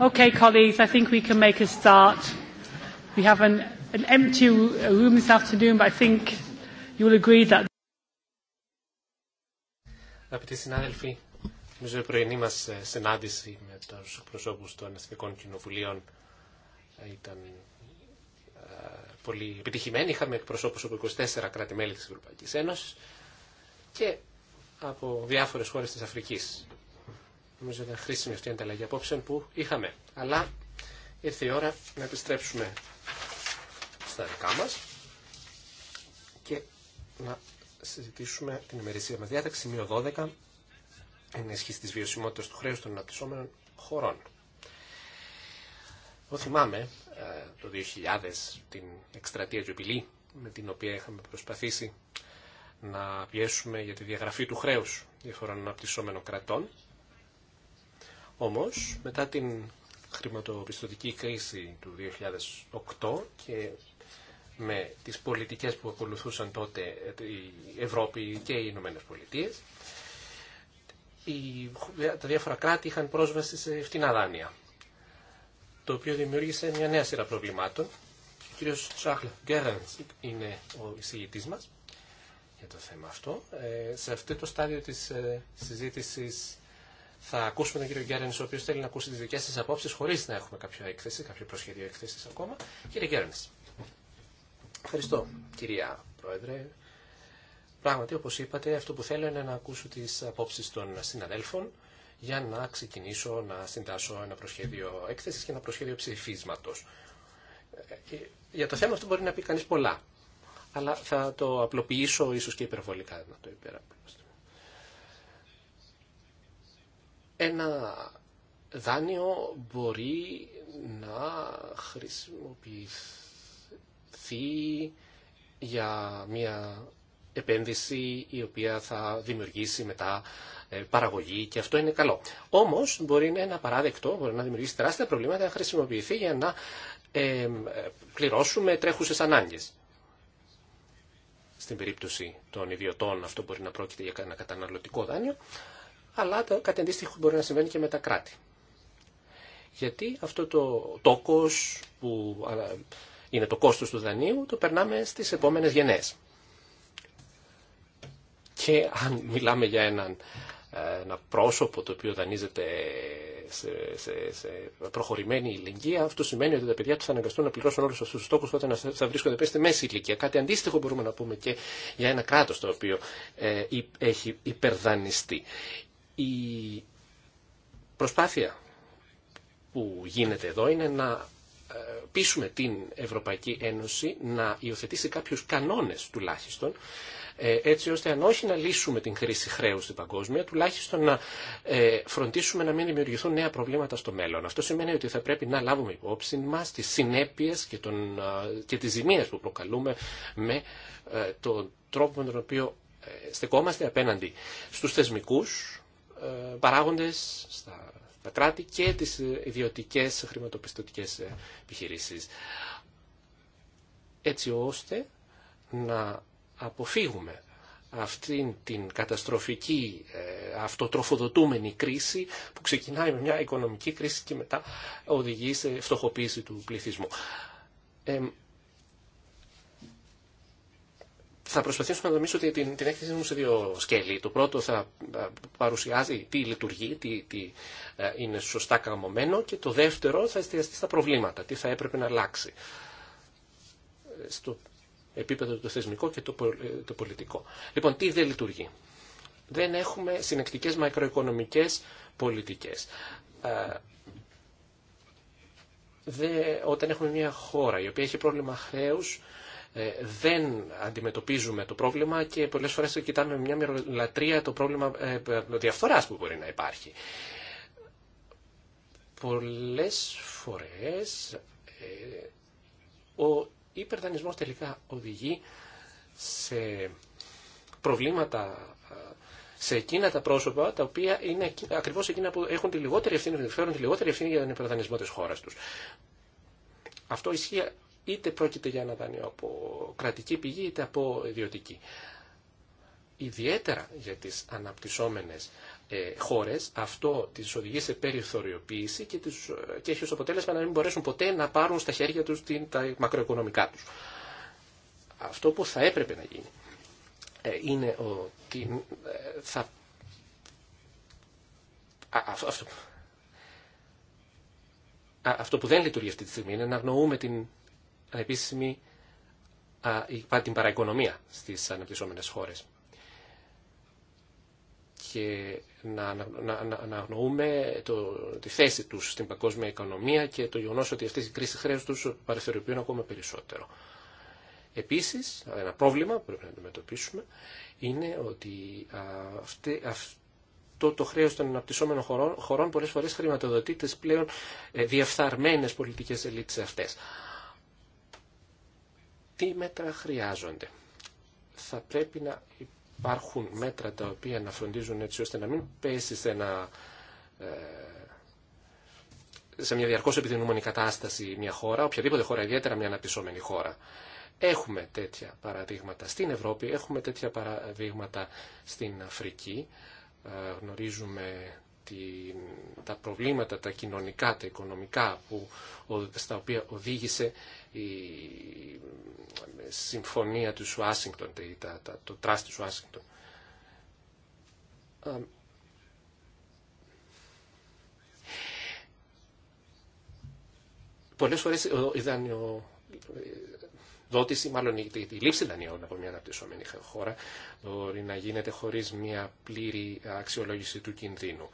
Okay, colleagues, I think we can make a start. We have an, an empty room this afternoon, but I think you will agree that... Αγαπητοί συνάδελφοι, νομίζω η πρωινή μας ε, συνάντηση με τους προσώπους των Εθνικών Κοινοβουλίων ήταν ε, πολύ επιτυχημένη. Είχαμε εκπροσώπους από 24 κράτη-μέλη της Ευρωπαϊκής Ένωσης και από διάφορες χώρες της Αφρικής Νομίζω ήταν χρήσιμη αυτή η ανταλλαγή απόψεων που είχαμε. Αλλά ήρθε η ώρα να επιστρέψουμε στα δικά μας και να συζητήσουμε την ημερησία μα διάταξη, σημείο 12, ενίσχυση τη βιωσιμότητα του χρέου των αναπτυσσόμενων χωρών. Εγώ θυμάμαι ε, το 2000 την εκστρατεία του επιλή με την οποία είχαμε προσπαθήσει να πιέσουμε για τη διαγραφή του χρέους διαφορών αναπτυσσόμενων κρατών όμως, μετά την χρηματοπιστωτική κρίση του 2008 και με τις πολιτικές που ακολουθούσαν τότε ε, η Ευρώπη και οι Ηνωμένε Πολιτείε. Τα διάφορα κράτη είχαν πρόσβαση σε φτηνά δάνεια, το οποίο δημιούργησε μια νέα σειρά προβλημάτων. Ο κύριος Τσάχλ Γκέρανς είναι ο εισηγητής μας για το θέμα αυτό. Ε, σε αυτό το στάδιο της ε, συζήτησης θα ακούσουμε τον κύριο Γκέρνη, ο οποίο θέλει να ακούσει τι δικέ σα απόψει, χωρί να έχουμε κάποια έκθεση, κάποιο προσχέδιο έκθεση ακόμα. Κύριε Γκέρνη. Ευχαριστώ, κυρία Πρόεδρε. Πράγματι, όπω είπατε, αυτό που θέλω είναι να ακούσω τι απόψει των συναδέλφων για να ξεκινήσω να συντάσω ένα προσχέδιο έκθεση και ένα προσχέδιο ψηφίσματο. Ε, για το θέμα αυτό μπορεί να πει κανεί πολλά, αλλά θα το απλοποιήσω ίσω και υπερβολικά να το υπεραπλώσω. ένα δάνειο μπορεί να χρησιμοποιηθεί για μια επένδυση η οποία θα δημιουργήσει μετά ε, παραγωγή και αυτό είναι καλό. Όμως μπορεί να είναι παράδεκτο, μπορεί να δημιουργήσει τεράστια προβλήματα να χρησιμοποιηθεί για να ε, πληρώσουμε τρέχουσες ανάγκες. Στην περίπτωση των ιδιωτών αυτό μπορεί να πρόκειται για ένα καταναλωτικό δάνειο, αλλά το κάτι αντίστοιχο μπορεί να συμβαίνει και με τα κράτη. Γιατί αυτό το τόκος που είναι το κόστος του δανείου το περνάμε στις επόμενες γενναίες. Και αν μιλάμε για έναν ε, ένα πρόσωπο το οποίο δανείζεται σε, σε, σε προχωρημένη ηλικία, αυτό σημαίνει ότι τα παιδιά του θα αναγκαστούν να πληρώσουν όλου αυτού του τόκους όταν θα βρίσκονται πέστε μέση ηλικία. Κάτι αντίστοιχο μπορούμε να πούμε και για ένα κράτο το οποίο ε, έχει υπερδανιστεί. Η προσπάθεια που γίνεται εδώ είναι να ε, πείσουμε την Ευρωπαϊκή Ένωση να υιοθετήσει κάποιους κανόνες τουλάχιστον ε, έτσι ώστε αν όχι να λύσουμε την κρίση χρέου στην παγκόσμια, τουλάχιστον να ε, φροντίσουμε να μην δημιουργηθούν νέα προβλήματα στο μέλλον. Αυτό σημαίνει ότι θα πρέπει να λάβουμε υπόψη μα τι συνέπειε και, και τι ζημίε που προκαλούμε με τον τρόπο με τον οποίο στεκόμαστε απέναντι στους θεσμικούς ε, παράγοντες, στα, στα κράτη και τις ιδιωτικές χρηματοπιστωτικές επιχειρήσεις. Έτσι ώστε να αποφύγουμε αυτήν την καταστροφική ε, αυτοτροφοδοτούμενη κρίση που ξεκινάει με μια οικονομική κρίση και μετά οδηγεί σε φτωχοποίηση του πληθυσμού. Ε, Θα προσπαθήσω να δομήσω ότι την, την έκθεση μου σε δύο σκέλη. Το πρώτο θα παρουσιάζει τι λειτουργεί, τι, είναι σωστά καμωμένο και το δεύτερο θα εστιαστεί στα προβλήματα, τι θα έπρεπε να αλλάξει ε, στο επίπεδο το θεσμικό και το, ε, το πολιτικό. Λοιπόν, τι δεν λειτουργεί. Δεν έχουμε συνεκτικές μακροοικονομικές πολιτικές. όταν έχουμε μια χώρα η οποία έχει πρόβλημα χρέους, ε, δεν αντιμετωπίζουμε το πρόβλημα και πολλές φορές το κοιτάμε με μια μυρολατρεία το πρόβλημα ε, διαφθοράς που μπορεί να υπάρχει. Πολλές φορές ε, ο υπερδανισμός τελικά οδηγεί σε προβλήματα σε εκείνα τα πρόσωπα τα οποία είναι ακριβώς εκείνα που έχουν τη λιγότερη ευθύνη, τη λιγότερη ευθύνη για τον υπερδανισμό της χώρας τους. Αυτό ισχύει είτε πρόκειται για ένα δάνειο από κρατική πηγή είτε από ιδιωτική. Ιδιαίτερα για τις αναπτυσσόμενες ε, χώρες αυτό τις οδηγεί σε περιθωριοποίηση και, τις, ε, και έχει ως αποτέλεσμα να μην μπορέσουν ποτέ να πάρουν στα χέρια τους την, τα μακροοικονομικά τους. Αυτό που θα έπρεπε να γίνει ε, είναι ότι θα... αυτό, που δεν λειτουργεί αυτή τη στιγμή είναι να αγνοούμε την επίσημη την παραοικονομία στις αναπτυσσόμενες χώρες. Και να, να, να αναγνωρούμε το, τη θέση τους στην παγκόσμια οικονομία και το γεγονός ότι αυτή η κρίση χρέους τους παρεθωριοποιούν ακόμα περισσότερο. Επίσης, ένα πρόβλημα που πρέπει να αντιμετωπίσουμε είναι ότι αυτό το χρέος των αναπτυσσόμενων χωρών, χωρών πολλές φορές χρηματοδοτεί πλέον ε, πολιτικέ πολιτικές ελίτσες αυτές τι μέτρα χρειάζονται. Θα πρέπει να υπάρχουν μέτρα τα οποία να φροντίζουν έτσι ώστε να μην πέσει σε, ένα, ε, σε μια διαρκώς επιδεινούμενη κατάσταση μια χώρα, οποιαδήποτε χώρα, ιδιαίτερα μια αναπτυσσόμενη χώρα. Έχουμε τέτοια παραδείγματα στην Ευρώπη, έχουμε τέτοια παραδείγματα στην Αφρική. Ε, γνωρίζουμε τα προβλήματα, τα κοινωνικά, τα οικονομικά που, στα οποία οδήγησε η συμφωνία του Σουάσιγκτον, το τράστι του Σουάσιγκτον. Πολλές φορές ο, ο, δότηση, μάλλον η, η, λήψη δανείων από μια αναπτυσσόμενη χώρα μπορεί να γίνεται χωρίς μια πλήρη αξιολόγηση του κινδύνου.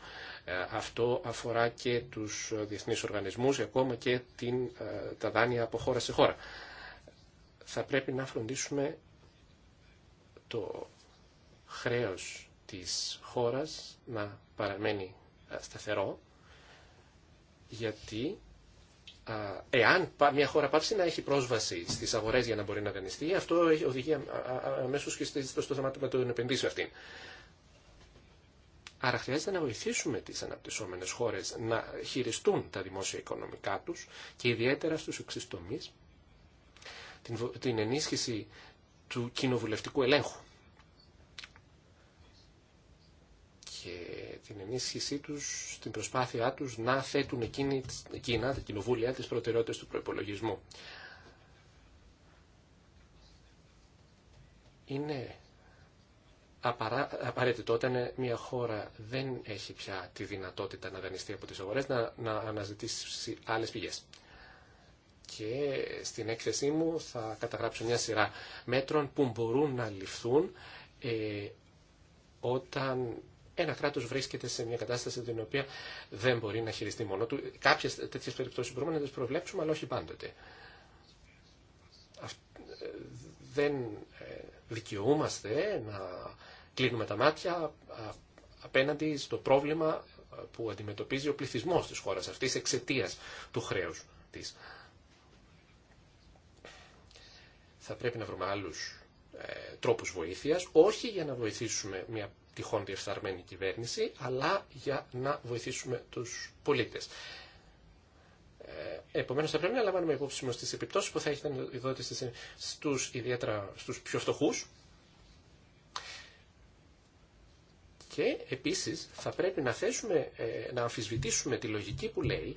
Ε, αυτό αφορά και τους ε, διεθνείς οργανισμούς, ακόμα και την, ε, τα δάνεια από χώρα σε χώρα. Θα πρέπει να φροντίσουμε το χρέος της χώρας να παραμένει σταθερό, γιατί εάν μια χώρα πάψει να έχει πρόσβαση στι αγορέ για να μπορεί να δανειστεί, αυτό οδηγεί αμέσως και στο θέμα με επενδύσεων αυτήν. Άρα χρειάζεται να βοηθήσουμε τι αναπτυσσόμενες χώρε να χειριστούν τα δημόσια οικονομικά του και ιδιαίτερα στους εξή την, την ενίσχυση του κοινοβουλευτικού ελέγχου την ενίσχυσή τους, στην προσπάθειά τους να θέτουν εκείνη, εκείνα τα κοινοβούλια τι προτεραιότητε του προπολογισμού. Είναι απαραίτητο όταν μια χώρα δεν έχει πια τη δυνατότητα να δανειστεί από τις αγορέ, να, να αναζητήσει άλλες πηγές. Και στην έκθεσή μου θα καταγράψω μια σειρά μέτρων που μπορούν να ληφθούν ε, όταν ένα κράτο βρίσκεται σε μια κατάσταση την οποία δεν μπορεί να χειριστεί μόνο του. Κάποιες τέτοιες περιπτώσεις μπορούμε να τι προβλέψουμε, αλλά όχι πάντοτε. Δεν ε, δικαιούμαστε να κλείνουμε τα μάτια απέναντι στο πρόβλημα που αντιμετωπίζει ο πληθυσμός της χώρας αυτής εξαιτία του χρέους τη. Θα πρέπει να βρούμε άλλου ε, τρόπους βοήθειας, όχι για να βοηθήσουμε μια τυχόν διεφθαρμένη κυβέρνηση, αλλά για να βοηθήσουμε τους πολίτες. Ε, Επομένω, θα πρέπει να λαμβάνουμε υπόψη μα τι επιπτώσει που θα έχει η δότηση στου ιδιαίτερα στους πιο φτωχού. Και επίσης θα πρέπει να, θέσουμε, ε, να αμφισβητήσουμε τη λογική που λέει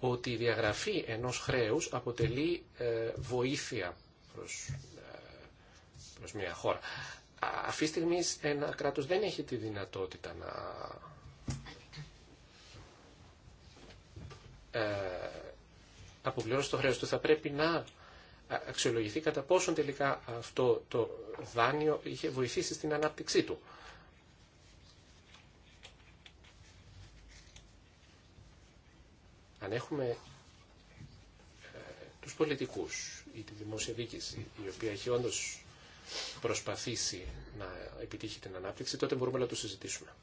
ότι η διαγραφή ενός χρέους αποτελεί ε, βοήθεια προ μια χώρα αυτή τη στιγμή ένα κράτος δεν έχει τη δυνατότητα να ε, αποπληρώσει το χρέος του. Θα πρέπει να ε, αξιολογηθεί κατά πόσον τελικά αυτό το δάνειο είχε βοηθήσει στην ανάπτυξή του. Αν έχουμε ε, τους πολιτικούς ή τη δημόσια δίκηση, η τη δημοσια έχει όντως προσπαθήσει να επιτύχει την ανάπτυξη, τότε μπορούμε να το συζητήσουμε.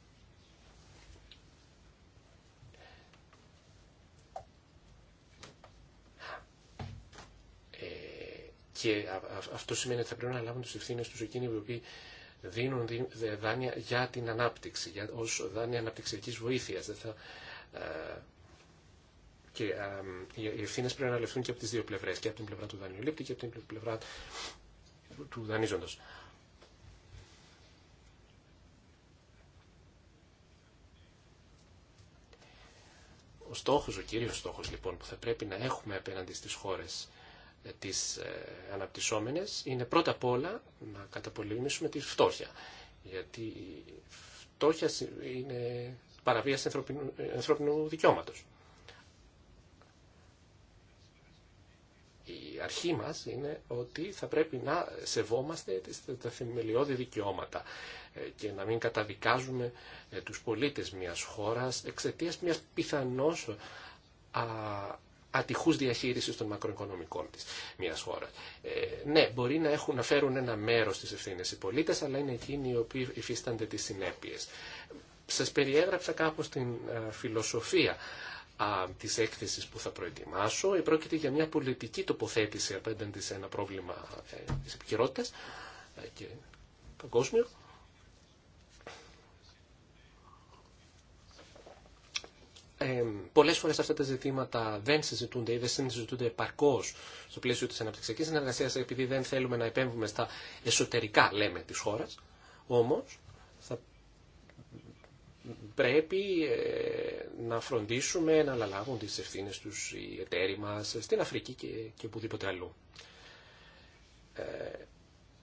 Ε, και αυτό σημαίνει ότι θα πρέπει να λάβουν τις ευθύνες τους εκείνοι οι οποίοι δίνουν δάνεια για την ανάπτυξη, για, ως δάνεια αναπτυξιακής βοήθειας. θα, ε, και ε, οι ευθύνε πρέπει να λεφθούν και από τις δύο πλευρές, και από την πλευρά του δανειολήπτη και από την πλευρά του Ο στόχος, ο κύριος στόχος λοιπόν που θα πρέπει να έχουμε απέναντι στις χώρες ε, τις ε, αναπτυσσόμενες είναι πρώτα απ' όλα να καταπολεμήσουμε τη φτώχεια. Γιατί η φτώχεια είναι παραβίαση ε, ανθρώπινου δικαιώματος. η αρχή μας είναι ότι θα πρέπει να σεβόμαστε τα θεμελιώδη δικαιώματα ε, και να μην καταδικάζουμε ε, τους πολίτες μιας χώρας εξαιτίας μιας πιθανώς ατυχούς διαχείρισης των μακροοικονομικών της μιας χώρας. Ε, ναι, μπορεί να, έχουν, να φέρουν ένα μέρος της ευθύνε οι πολίτες, αλλά είναι εκείνοι οι οποίοι υφίστανται τις συνέπειες. Σας περιέγραψα κάπως την φιλοσοφία α, της έκθεσης που θα προετοιμάσω. Ε, πρόκειται για μια πολιτική τοποθέτηση απέναντι σε ένα πρόβλημα ε, της ε, και παγκόσμιο. Ε, πολλές φορές αυτά τα ζητήματα δεν συζητούνται ή δεν συζητούνται επαρκώς στο πλαίσιο της αναπτυξιακής συνεργασίας επειδή δεν θέλουμε να επέμβουμε στα εσωτερικά, λέμε, της χώρας. Όμως, πρέπει ε, να φροντίσουμε να αναλάβουν τις ευθύνες τους οι εταίροι μας στην Αφρική και, και οπουδήποτε αλλού. Ε,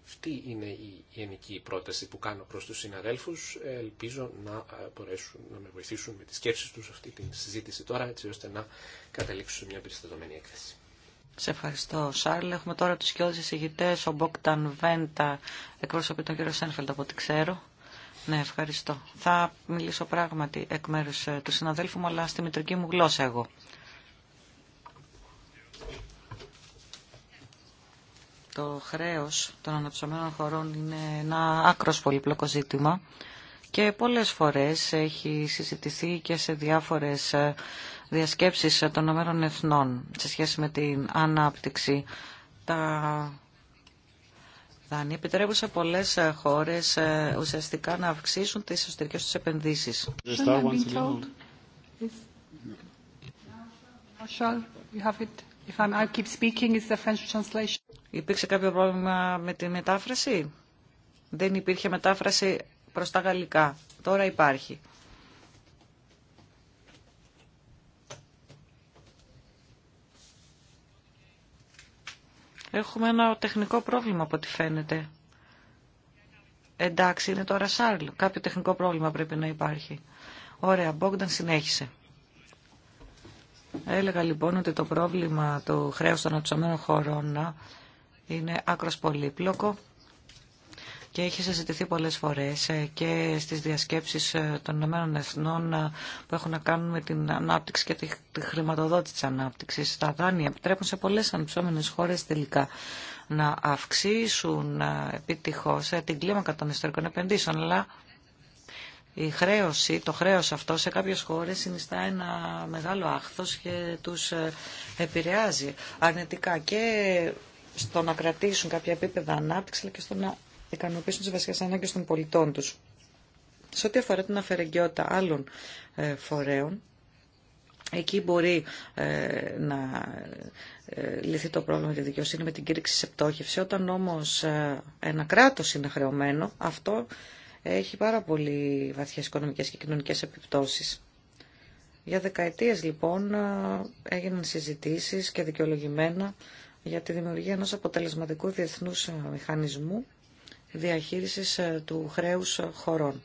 αυτή είναι η γενική πρόταση που κάνω προς τους συναδέλφους. Ελπίζω να ε, μπορέσουν να με βοηθήσουν με τις σκέψεις τους αυτή τη συζήτηση τώρα, έτσι ώστε να καταλήξουν σε μια περιστατωμένη έκθεση. Σε ευχαριστώ, Σάρλ. Έχουμε τώρα τους κοιόδους εισηγητές, ο Μπόκταν Βέντα, εκπρόσωπη τον κύριο Σένφελντ, από ό,τι ξέρω. Ναι, ευχαριστώ. Θα μιλήσω πράγματι εκ μέρους ε, του συναδέλφου μου, αλλά στη μητρική μου γλώσσα εγώ. Το χρέος των αναψωμένων χωρών είναι ένα άκρος πολύπλοκο ζήτημα και πολλές φορές έχει συζητηθεί και σε διάφορες ε, διασκέψεις των ΗΕ Εθνών σε σχέση με την ανάπτυξη. Τα δάνεια επιτρέπουν σε πολλές ε, χώρες ε, ουσιαστικά να αυξήσουν τις εσωτερικέ του επενδύσεις. Υπήρξε κάποιο πρόβλημα με τη μετάφραση. Δεν υπήρχε μετάφραση προς τα γαλλικά. Τώρα υπάρχει. Έχουμε ένα τεχνικό πρόβλημα από ό,τι φαίνεται. Εντάξει, είναι το Σάρλ. Κάποιο τεχνικό πρόβλημα πρέπει να υπάρχει. Ωραία, Μπόγκταν συνέχισε. Έλεγα λοιπόν ότι το πρόβλημα του χρέους των αναπτυσσομένων χωρών είναι άκρος πολύπλοκο και έχει συζητηθεί πολλές φορές ε, και στις διασκέψεις ε, των Ηνωμένων Εθνών ε, που έχουν να κάνουν με την ανάπτυξη και τη χρηματοδότηση της ανάπτυξης. Τα δάνεια επιτρέπουν σε πολλές ανυψόμενες χώρες τελικά να αυξήσουν επιτυχώς την κλίμακα των ιστορικών επενδύσεων, αλλά η χρέωση, το χρέος αυτό σε κάποιες χώρες συνιστά ένα μεγάλο άχθος και τους επηρεάζει αρνητικά και στο να κρατήσουν κάποια επίπεδα ανάπτυξη αλλά και στο να ικανοποιήσουν τι βασικέ ανάγκε των πολιτών του. Σε ό,τι αφορά την αφαιρεγκαιότητα άλλων ε, φορέων, εκεί μπορεί ε, να ε, λυθεί το πρόβλημα για τη δικαιοσύνη με την κήρυξη σε πτώχευση. Όταν όμως ένα κράτο είναι χρεωμένο, αυτό έχει πάρα πολύ βαθιές οικονομικέ και κοινωνικέ επιπτώσει. Για δεκαετίες λοιπόν έγιναν συζητήσει και δικαιολογημένα για τη δημιουργία ενός αποτελεσματικού διεθνούς μηχανισμού διαχείρισης ε, του χρέους ε, χωρών.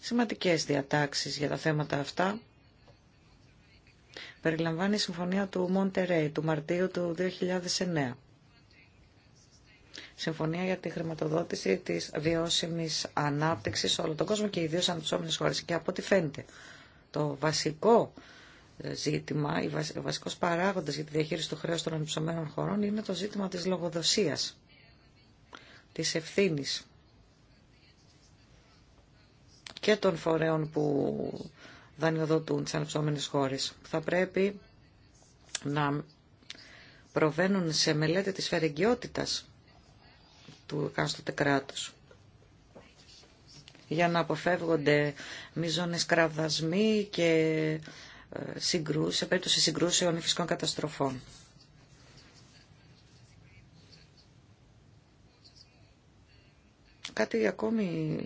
Σημαντικές διατάξεις για τα θέματα αυτά περιλαμβάνει η Συμφωνία του Μοντερέι του Μαρτίου του 2009. Συμφωνία για τη χρηματοδότηση της βιώσιμης ανάπτυξης σε όλο τον κόσμο και ιδίως αναπτυσσόμενες χώρες. Και από ό,τι φαίνεται, το βασικό ε, ζήτημα, ο βασικός παράγοντας για τη διαχείριση του χρέους των αναπτυσσομένων χωρών είναι το ζήτημα της λογοδοσίας της ευθύνης και των φορέων που δανειοδοτούν τις ανεψόμενες χώρες. Θα πρέπει να προβαίνουν σε μελέτη της φερεγγιότητας του κάστοτε κράτους για να αποφεύγονται μίζωνες κραυδασμοί και ε, σε περίπτωση συγκρούσεων ή φυσικών καταστροφών. Κάτι ακόμη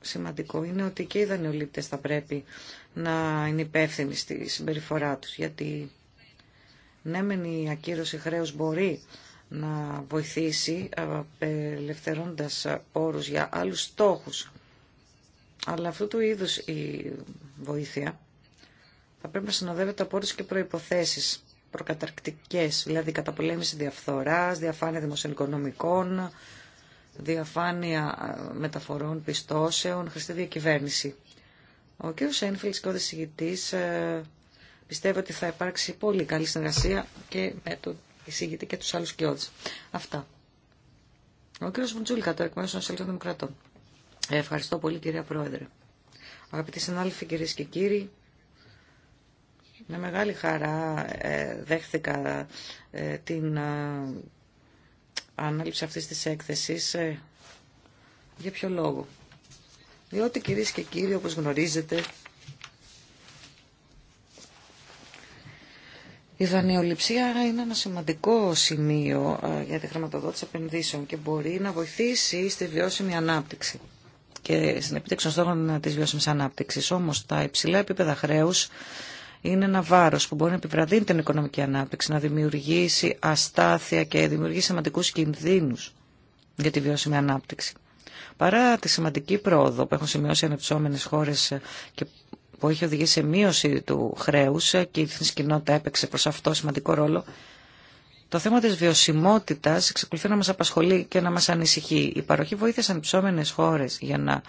σημαντικό είναι ότι και οι δανειολήπτες θα πρέπει να είναι υπεύθυνοι στη συμπεριφορά τους, γιατί ναι μεν η ακύρωση χρέους μπορεί να βοηθήσει απελευθερώντας πόρους για άλλους στόχους. Αλλά αυτού του είδους η βοήθεια θα πρέπει να συνοδεύεται από όρους και προϋποθέσεις προκαταρκτικές, δηλαδή καταπολέμηση διαφθοράς, διαφάνεια δημοσιοοικονομικών, διαφάνεια μεταφορών πιστώσεων, χρηστή διακυβέρνηση. Ο κ. και ο εισηγητής, ε, πιστεύω ότι θα υπάρξει πολύ καλή συνεργασία και με τον εισηγητή και τους άλλους κοιότητες. Αυτά. Ο κ. Βουντζούλικα, το εκμέσιο των Σελίδων Δημοκρατών. Ε, ευχαριστώ πολύ κυρία Πρόεδρε. Αγαπητοί συνάδελφοι κυρίες και κύριοι, με μεγάλη χαρά ε, δέχθηκα την ανάληψη αυτής της έκθεσης. Ε, για ποιο λόγο. Διότι κυρίε και κύριοι όπως γνωρίζετε η δανειοληψία είναι ένα σημαντικό σημείο ε, για τη χρηματοδότηση επενδύσεων και μπορεί να βοηθήσει στη βιώσιμη ανάπτυξη και στην επίτευξη των στόχων της βιώσιμης ανάπτυξης. Όμως τα υψηλά επίπεδα χρέους είναι ένα βάρο που μπορεί να επιβραδύνει την οικονομική ανάπτυξη, να δημιουργήσει αστάθεια και δημιουργήσει σημαντικού κινδύνους για τη βιώσιμη ανάπτυξη. Παρά τη σημαντική πρόοδο που έχουν σημειώσει οι χώρε χώρες και που έχει οδηγήσει σε μείωση του χρέου και η διεθνή κοινότητα έπαιξε προ αυτό σημαντικό ρόλο, το θέμα τη βιωσιμότητα εξακολουθεί να μα απασχολεί και να μα ανησυχεί. Η παροχή βοήθεια ανεψόμενε χώρε για να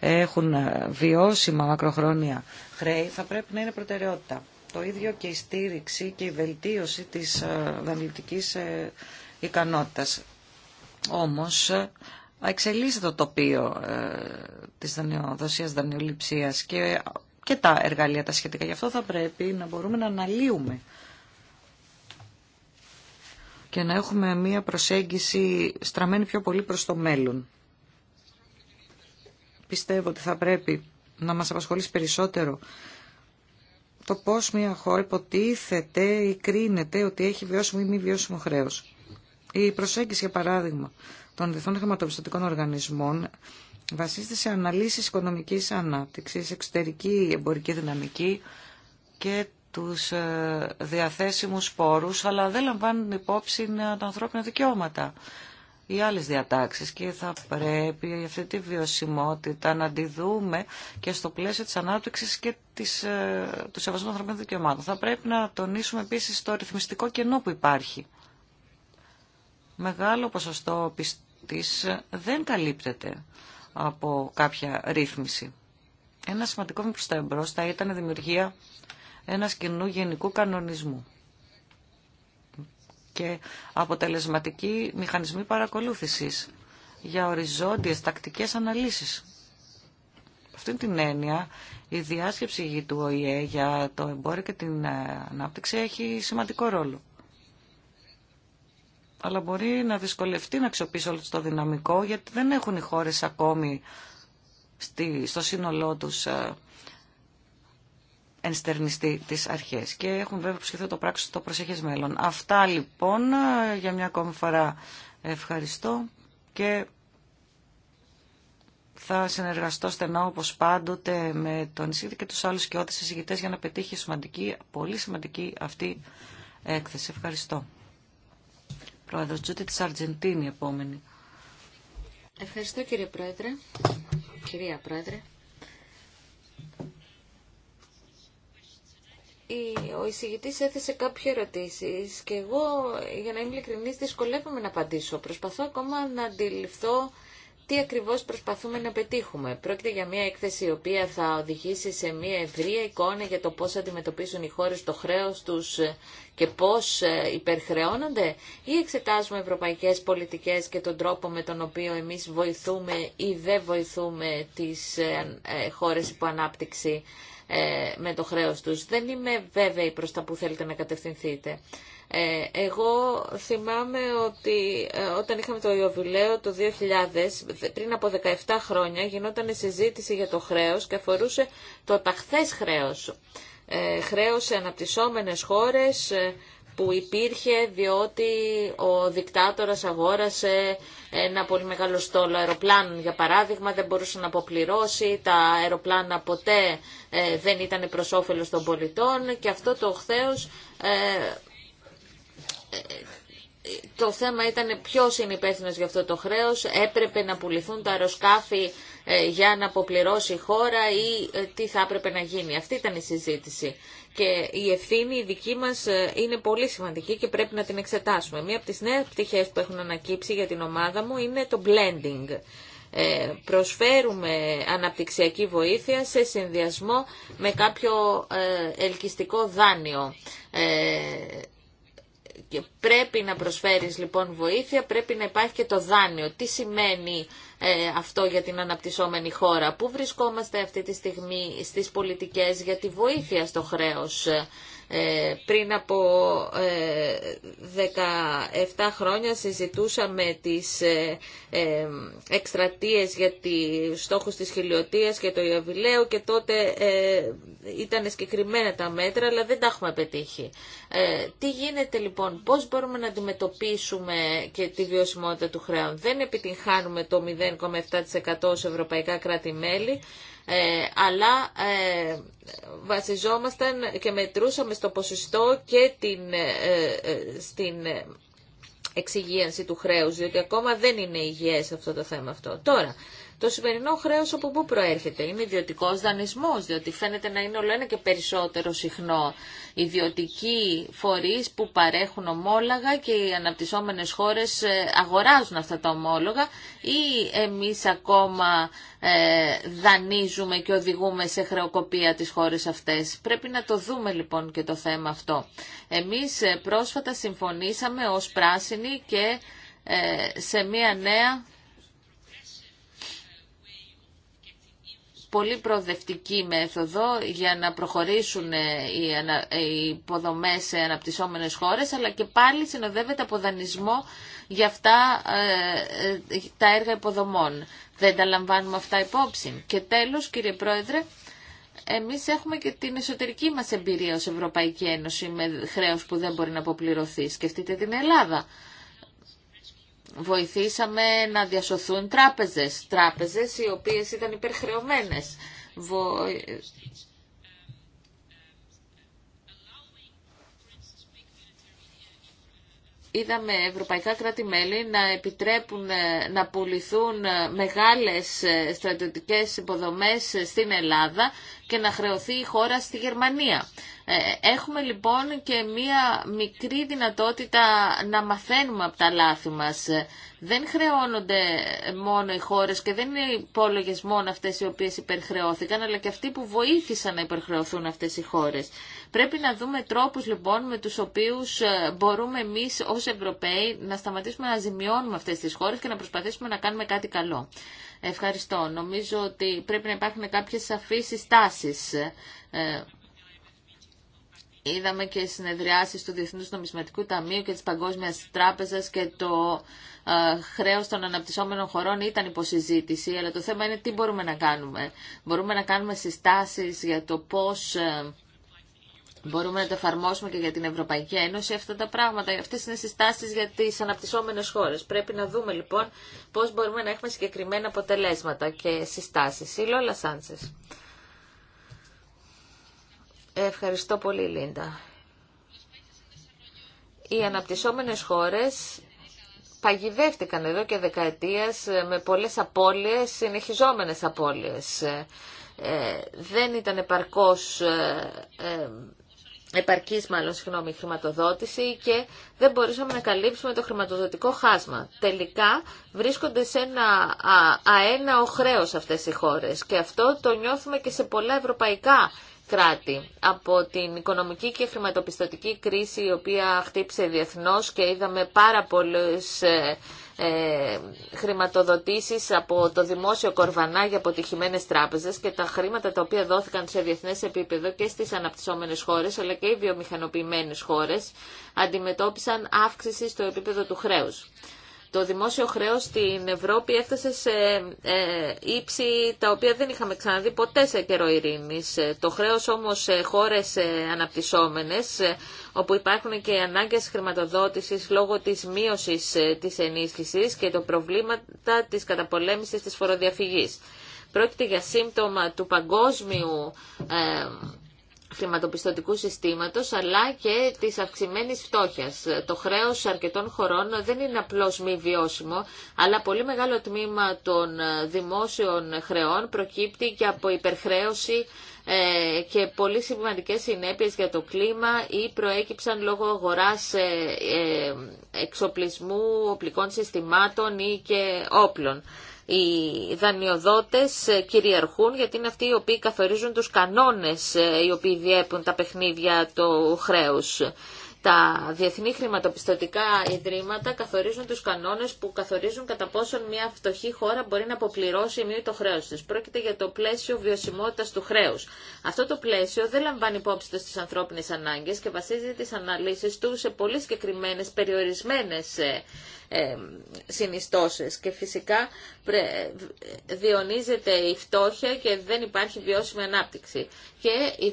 έχουν ε, βιώσιμα μακροχρόνια χρέη θα πρέπει να είναι προτεραιότητα. Το ίδιο και η στήριξη και η βελτίωση της δανειλητικής ε, ε, ικανότητας. Όμως εξελίσσεται το τοπίο της δανειοδοσίας, δανειοληψίας και, και τα εργαλεία τα σχετικά. Γι' αυτό θα πρέπει να μπορούμε να αναλύουμε και να έχουμε μία προσέγγιση στραμμένη πιο πολύ προς το μέλλον πιστεύω ότι θα πρέπει να μας απασχολήσει περισσότερο το πώς μια χώρα υποτίθεται ή κρίνεται ότι έχει βιώσιμο ή μη βιώσιμο χρέος. Η προσέγγιση, για παράδειγμα, των διεθνών χρηματοπιστωτικών οργανισμών βασίζεται σε αναλύσεις οικονομικής ανάπτυξης, εξωτερική εμπορική δυναμική και τους ε, διαθέσιμους πόρους, αλλά δεν λαμβάνουν υπόψη ε, τα ανθρώπινα δικαιώματα οι άλλες διατάξεις και θα πρέπει αυτή τη βιωσιμότητα να τη δούμε και στο πλαίσιο της ανάπτυξης και της, ε, του σεβασμού ανθρωπίνων δικαιωμάτων. Θα πρέπει να τονίσουμε επίσης το ρυθμιστικό κενό που υπάρχει. Μεγάλο ποσοστό πιστής δεν καλύπτεται από κάποια ρύθμιση. Ένα σημαντικό μήπως τα εμπρός θα ήταν η δημιουργία ένας κοινού γενικού κανονισμού και αποτελεσματικοί μηχανισμοί παρακολούθησης για οριζόντιες τακτικές αναλύσεις. Αυτή την έννοια η διάσκεψη του ΟΗΕ για το εμπόριο και την ε, ανάπτυξη έχει σημαντικό ρόλο. Αλλά μπορεί να δυσκολευτεί να αξιοποιήσει όλο το δυναμικό γιατί δεν έχουν οι χώρες ακόμη στο σύνολό τους ε, ενστερνιστεί τι αρχέ και έχουν βέβαια προσχεθεί το πράξο στο προσεχέ μέλλον. Αυτά λοιπόν για μια ακόμη φορά ευχαριστώ και θα συνεργαστώ στενά όπως πάντοτε με τον Ισίδη και τους άλλους και ό,τι εισηγητές για να πετύχει σημαντική, πολύ σημαντική αυτή έκθεση. Ευχαριστώ. Πρόεδρο Τζούτη της Αργεντίνη επόμενη. Ευχαριστώ κύριε Πρόεδρε. Κυρία Πρόεδρε. ο εισηγητής έθεσε κάποιες ερωτήσεις και εγώ, για να είμαι ειλικρινής, δυσκολεύομαι να απαντήσω. Προσπαθώ ακόμα να αντιληφθώ τι ακριβώς προσπαθούμε να πετύχουμε. Πρόκειται για μια έκθεση η οποία θα οδηγήσει σε μια ευρία εικόνα για το πώς αντιμετωπίζουν οι χώρες το χρέος τους και πώς ε, υπερχρεώνονται ή εξετάζουμε ευρωπαϊκές πολιτικές και τον τρόπο με τον οποίο εμείς βοηθούμε ή δεν βοηθούμε τις ε, ε, χώρες υπό ανάπτυξη ε, με το χρέος τους. Δεν είμαι βέβαιη προς τα που θέλετε να κατευθυνθείτε. Ε, εγώ θυμάμαι ότι ε, όταν είχαμε το Ιωβιλέο το 2000, πριν από 17 χρόνια, γινόταν συζήτηση για το χρέος και αφορούσε το ταχθές χρέος. Χρέος σε αναπτυσσόμενες χώρες, που υπήρχε διότι ο δικτάτορας αγόρασε ένα πολύ μεγάλο στόλο αεροπλάνων. Για παράδειγμα δεν μπορούσε να αποπληρώσει, τα αεροπλάνα ποτέ ε, δεν ήταν προς όφελος των πολιτών και αυτό το χθέως ε, ε, το θέμα ήταν ποιος είναι υπεύθυνο για αυτό το χρέος, έπρεπε να πουληθούν τα αεροσκάφη ε, για να αποπληρώσει η χώρα ή ε, τι θα έπρεπε να γίνει. Αυτή ήταν η συζήτηση. Και η ευθύνη η δική μας ε, είναι πολύ σημαντική και πρέπει να την εξετάσουμε. Μία από τι νέε πτυχές που έχουν ανακύψει για την ομάδα μου είναι το blending. προσφέρουμε αναπτυξιακή βοήθεια σε συνδυασμό με κάποιο ελκυστικό δάνειο. και πρέπει να προσφέρεις λοιπόν βοήθεια, πρέπει να υπάρχει και το δάνειο. Τι σημαίνει ε, αυτό για την αναπτυσσόμενη χώρα. Πού βρισκόμαστε αυτή τη στιγμή στις πολιτικές για τη βοήθεια στο χρέος ε, ε, πριν από 17 ε, χρόνια συζητούσαμε τις ε, εκστρατείες για τους στόχους της χιλιοτίας και το Ιαβιλέο και τότε ήταν συγκεκριμένα τα μέτρα αλλά δεν τα έχουμε πετύχει. Τι γίνεται λοιπόν, πώς μπορούμε να αντιμετωπίσουμε και τη βιωσιμότητα του χρέου. Δεν επιτυγχάνουμε το 0,7% σε ευρωπαϊκά κράτη-μέλη ε, αλλά ε, βασιζόμασταν και μετρούσαμε στο ποσοστό και την, ε, στην εξυγίανση του χρέους, διότι ακόμα δεν είναι υγιές αυτό το θέμα αυτό. Τώρα, το σημερινό χρέος από πού προέρχεται. Είναι ιδιωτικό δανισμό, διότι φαίνεται να είναι όλο ένα και περισσότερο συχνό. Ιδιωτικοί φορείς που παρέχουν ενα και περισσοτερο συχνο ιδιωτικοι φορει που παρεχουν ομολογα και οι αναπτυσσόμενες χώρες ε, αγοράζουν αυτά τα ομόλογα ή εμείς ακόμα ε, δανείζουμε και οδηγούμε σε χρεοκοπία τις χώρες αυτές. Πρέπει να το δούμε λοιπόν και το θέμα αυτό. Εμείς ε, πρόσφατα συμφωνήσαμε ως πράσινοι και σε μία νέα πολύ προοδευτική μέθοδο για να προχωρήσουν ε, ε, οι υποδομές σε αναπτυσσόμενες χώρες, αλλά και πάλι συνοδεύεται από δανεισμό για αυτά ε, τα έργα υποδομών. Δεν τα λαμβάνουμε αυτά υπόψη. Και τέλος, κύριε Πρόεδρε, εμείς έχουμε και την εσωτερική μας εμπειρία ως Ευρωπαϊκή Ένωση με χρέος που δεν μπορεί να αποπληρωθεί. Σκεφτείτε την Ελλάδα. Βοηθήσαμε να διασωθούν τράπεζες, τράπεζες οι οποίες ήταν υπερχρεωμένες. είδαμε ευρωπαϊκά κράτη-μέλη να επιτρέπουν ε, να πουληθούν ε, μεγάλες ε, στρατιωτικές υποδομές στην Ελλάδα και να χρεωθεί η χώρα στη Γερμανία. Έχουμε λοιπόν και μία μικρή δυνατότητα να μαθαίνουμε από τα λάθη μας. Δεν χρεώνονται μόνο οι χώρες και δεν είναι υπόλογες μόνο αυτές οι οποίες υπερχρεώθηκαν, αλλά και αυτοί που βοήθησαν να υπερχρεωθούν αυτές οι χώρες. Πρέπει να δούμε τρόπους λοιπόν με τους οποίους ε, μπορούμε εμείς ως Ευρωπαίοι να σταματήσουμε να ζημιώνουμε αυτές τις χώρες και να προσπαθήσουμε να κάνουμε κάτι καλό. Ευχαριστώ. Νομίζω ότι πρέπει να υπάρχουν κάποιες σαφείς συστάσεις. Ε, είδαμε και συνεδριάσεις του Διεθνούς Νομισματικού Ταμείου και της Παγκόσμιας Τράπεζας και το ε, χρέος των αναπτυσσόμενων χωρών ήταν υποσυζήτηση, αλλά το θέμα είναι τι μπορούμε να κάνουμε. Μπορούμε να κάνουμε συστάσεις για το πώς Μπορούμε να το εφαρμόσουμε και για την Ευρωπαϊκή Ένωση αυτά τα πράγματα. Αυτέ είναι συστάσει για τι αναπτυσσόμενε χώρε. Πρέπει να δούμε λοιπόν πώ μπορούμε να έχουμε συγκεκριμένα αποτελέσματα και συστάσει. Η Λόλα Σάντσε. Ευχαριστώ πολύ, Λίντα. Οι αναπτυσσόμενες χώρες παγιδεύτηκαν εδώ και δεκαετίες με πολλέ απώλειε, συνεχιζόμενε απώλειε. Ε, δεν ήταν επαρκώς ε, ε επαρκής μάλλον συγγνώμη, χρηματοδότηση και δεν μπορούσαμε να καλύψουμε το χρηματοδοτικό χάσμα. Τελικά βρίσκονται σε ένα αένα χρέο αυτές οι χώρες και αυτό το νιώθουμε και σε πολλά ευρωπαϊκά κράτη από την οικονομική και χρηματοπιστωτική κρίση η οποία χτύπησε διεθνώς και είδαμε πάρα πολλές ε, ε, χρηματοδοτήσεις από το δημόσιο κορβανά για αποτυχημένες τράπεζες και τα χρήματα τα οποία δόθηκαν σε διεθνές επίπεδο και στις αναπτυσσόμενες χώρες αλλά και οι βιομηχανοποιημένες χώρες αντιμετώπισαν αύξηση στο επίπεδο του χρέους. Το δημόσιο χρέος στην Ευρώπη έφτασε σε ε, ύψη τα οποία δεν είχαμε ξαναδεί ποτέ σε καιρό ειρήνης. Το χρέος όμως σε χώρες ε, αναπτυσσόμενες ε, όπου υπάρχουν και ανάγκες χρηματοδότησης λόγω της μείωσης της ενίσχυσης και των προβλήματα της καταπολέμησης της φοροδιαφυγής. Πρόκειται για σύμπτωμα του παγκόσμιου χρηματοπιστωτικού συστήματος αλλά και της αυξημένης φτώχειας. Το χρέος αρκετών χωρών δεν είναι απλώς μη βιώσιμο, αλλά πολύ μεγάλο τμήμα των δημόσιων χρεών προκύπτει και από υπερχρέωση ε, και πολύ σημαντικές συνέπειες για το κλίμα ή προέκυψαν λόγω αγοράς ε, ε, εξοπλισμού, οπλικών συστημάτων ή και όπλων. Οι δανειοδότες ε, κυριαρχούν γιατί είναι αυτοί οι οποίοι καθορίζουν τους κανόνες ε, οι οποίοι διέπουν τα παιχνίδια του χρέους τα διεθνή χρηματοπιστωτικά ιδρύματα καθορίζουν τους κανόνες που καθορίζουν κατά πόσον μια φτωχή χώρα μπορεί να αποπληρώσει ή μη το χρέος της. Πρόκειται για το πλαίσιο βιωσιμότητας του χρέους. Αυτό το πλαίσιο δεν λαμβάνει υπόψη του στις ανθρώπινες ανάγκες και βασίζει τι αναλύσεις του σε πολύ συγκεκριμένε περιορισμένες ε, ε, συνιστώσεις και φυσικά διονύζεται η φτώχεια και δεν υπάρχει βιώσιμη ανάπτυξη. Και οι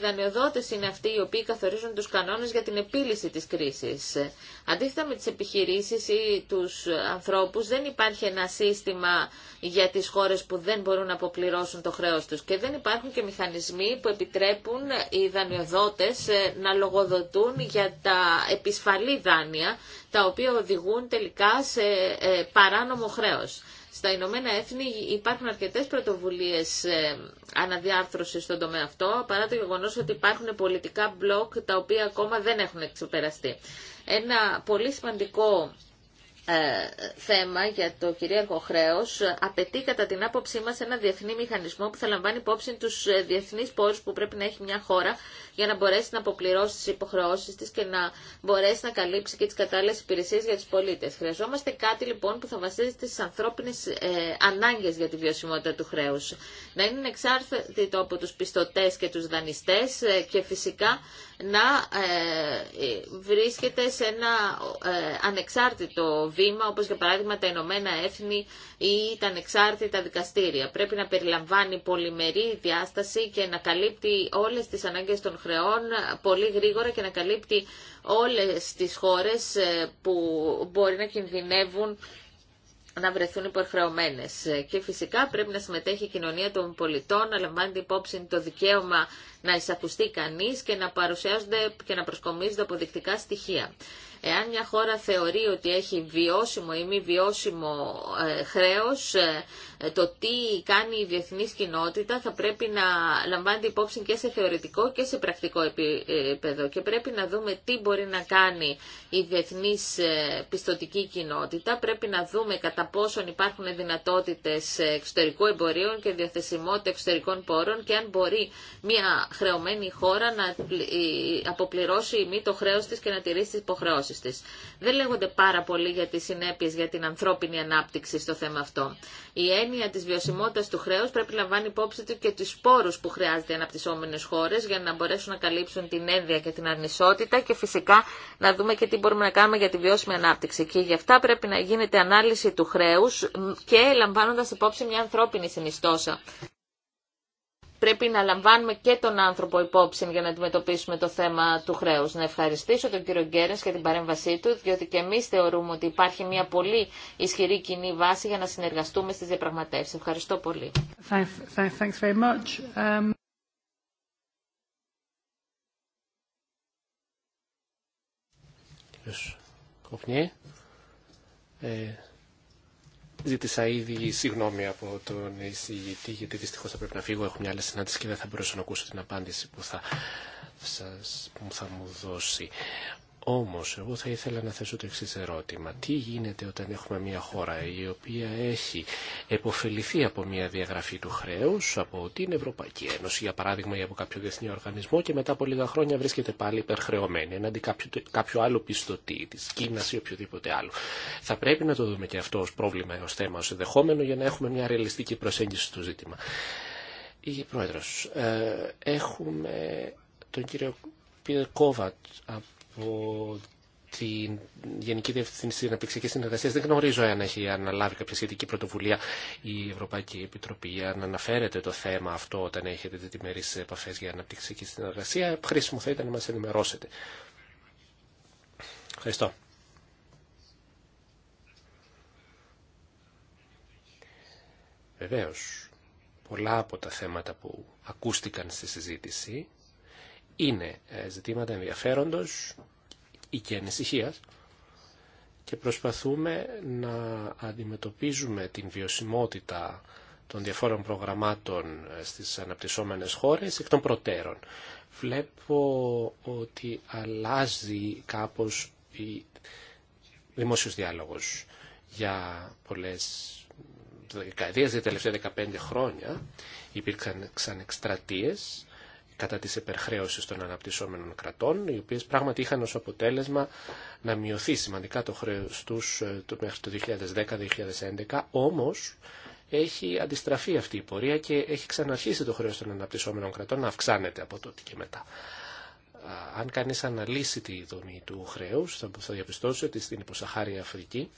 είναι αυτοί οι οποίοι καθορίζουν τους κανόνες για την επίλυση της κρίσης. Αντίθετα με τις επιχειρήσεις ή τους ανθρώπους δεν υπάρχει ένα σύστημα για τις χώρες που δεν μπορούν να αποπληρώσουν το χρέος τους και δεν υπάρχουν και μηχανισμοί που επιτρέπουν οι δανειοδότες ε, να λογοδοτούν για τα επισφαλή δάνεια τα οποία οδηγούν τελικά σε ε, παράνομο χρέος. Στα Ηνωμένα Έθνη υπάρχουν αρκετές πρωτοβουλίες ε, αναδιάρθρωσης στον τομέα αυτό, παρά το γεγονός ότι υπάρχουν πολιτικά μπλοκ τα οποία ακόμα δεν έχουν ξεπεραστεί. Ένα πολύ σημαντικό ε, θέμα για το κυρίαρχο χρέο απαιτεί κατά την άποψή μα ένα διεθνή μηχανισμό που θα λαμβάνει υπόψη του ε, διεθνεί πόρου που πρέπει να έχει μια χώρα για να μπορέσει να αποπληρώσει τι υποχρεώσει τη και να μπορέσει να καλύψει και τι κατάλληλε υπηρεσίε για του πολίτε. Χρειαζόμαστε κάτι λοιπόν που θα βασίζεται στι ανθρώπινε ε, ανάγκε για τη βιωσιμότητα του χρέου. Να είναι εξάρτητο από του πιστωτέ και του δανειστέ ε, και φυσικά να ε, ε, βρίσκεται σε ένα ε, ανεξάρτητο βήμα, όπως για παράδειγμα τα Ηνωμένα Έθνη ή τα ανεξάρτητα δικαστήρια. Πρέπει να περιλαμβάνει πολυμερή διάσταση και να καλύπτει όλες τις ανάγκες των χρεών πολύ γρήγορα και να καλύπτει όλες τις χώρες που μπορεί να κινδυνεύουν να βρεθούν υποχρεωμένε. Και φυσικά πρέπει να συμμετέχει η κοινωνία των πολιτών, να λαμβάνει υπόψη το δικαίωμα να εισακουστεί κανεί και να παρουσιάζονται και να προσκομίζονται αποδεικτικά στοιχεία. Εάν μια χώρα θεωρεί ότι έχει βιώσιμο ή μη βιώσιμο ε, χρέος, ε, ε, το τι κάνει η διεθνή κοινότητα θα πρέπει να λαμβάνεται υπόψη και σε θεωρητικό και σε πρακτικό επίπεδο και πρέπει να δούμε τι μπορεί να κάνει η διεθνής πιστοτική κοινότητα. Πρέπει να δούμε κατά πόσον υπάρχουν δυνατότητες εξωτερικού εμπορίου και διαθεσιμότητα εξωτερικών πόρων και αν μπορεί μια χρεωμένη χώρα να αποπληρώσει ή μη το χρέος της και να τηρήσει τις υποχρεώσεις δεν λέγονται πάρα πολύ για τι συνέπειε για την ανθρώπινη ανάπτυξη στο θέμα αυτό. Η έννοια της βιωσιμότητα του χρέου πρέπει να λαμβάνει υπόψη του και του σπόρους που χρειάζεται οι αναπτυσσόμενες χώρες για να μπορέσουν να καλύψουν την ένδια και την ανισότητα και φυσικά να δούμε και τι μπορούμε να κάνουμε για τη βιώσιμη ανάπτυξη. Και γι' αυτά πρέπει να γίνεται ανάλυση του χρέου και λαμβάνοντα υπόψη μια ανθρώπινη συνιστόσα πρέπει να λαμβάνουμε και τον άνθρωπο υπόψη για να αντιμετωπίσουμε το θέμα του χρέους. Να ευχαριστήσω τον κύριο Γκέρενς για την παρέμβασή του, διότι και εμείς θεωρούμε ότι υπάρχει μια πολύ ισχυρή κοινή βάση για να συνεργαστούμε στις διαπραγματεύσεις. Ευχαριστώ πολύ. Um, Ζήτησα ήδη συγγνώμη από τον εισηγητή, γιατί δυστυχώ θα πρέπει να φύγω. Έχω μια άλλη συνάντηση και δεν θα μπορέσω να ακούσω την απάντηση που θα, σας, που θα μου δώσει. Όμως, εγώ θα ήθελα να θέσω το εξή ερώτημα. Τι γίνεται όταν έχουμε μια χώρα η οποία έχει επωφεληθεί από μια διαγραφή του χρέους από την Ευρωπαϊκή Ένωση, για παράδειγμα ή από κάποιο διεθνή οργανισμό και μετά από λίγα χρόνια βρίσκεται πάλι υπερχρεωμένη εναντί κάποιου, κάποιου άλλου πιστωτή της Κίνας ή οποιοδήποτε άλλο. Θα πρέπει να το δούμε και αυτό ως πρόβλημα, ως θέμα, ως ενδεχόμενο για να έχουμε μια ρεαλιστική προσέγγιση στο ζήτημα. Η Πρόεδρος, ε, έχουμε τον κύριο Κόβατ από από τη Γενική Διευθυνσή Αναπτυξιακή Συνεργασία. Δεν γνωρίζω αν έχει αναλάβει κάποια σχετική πρωτοβουλία η Ευρωπαϊκή Επιτροπή. Αν αναφέρετε το θέμα αυτό όταν έχετε διτημερεί επαφέ για αναπτυξιακή συνεργασία, χρήσιμο θα ήταν να μα ενημερώσετε. Ευχαριστώ. Βεβαίως, πολλά από τα θέματα που ακούστηκαν στη συζήτηση είναι ε, ζητήματα ενδιαφέροντος ή και ανησυχία και προσπαθούμε να αντιμετωπίζουμε την βιωσιμότητα των διαφόρων προγραμμάτων ε, στις αναπτυσσόμενες χώρες εκ των προτέρων. Βλέπω ότι αλλάζει κάπως η δημόσιος διάλογος για πολλές δεκαετίες, για τα τελευταία 15 χρόνια υπήρξαν εξτρατείες κατά της υπερχρέωσης των αναπτυσσόμενων κρατών, οι οποίες πράγματι είχαν ως αποτέλεσμα να μειωθεί σημαντικά το χρέος τους ε, μέχρι το 2010-2011, όμως έχει αντιστραφεί αυτή η πορεία και έχει ξαναρχίσει το χρέος των αναπτυσσόμενων κρατών να αυξάνεται από τότε και μετά. Αν κανείς αναλύσει τη δομή του χρέους, θα διαπιστώσει ότι στην υποσαχάρια Αφρική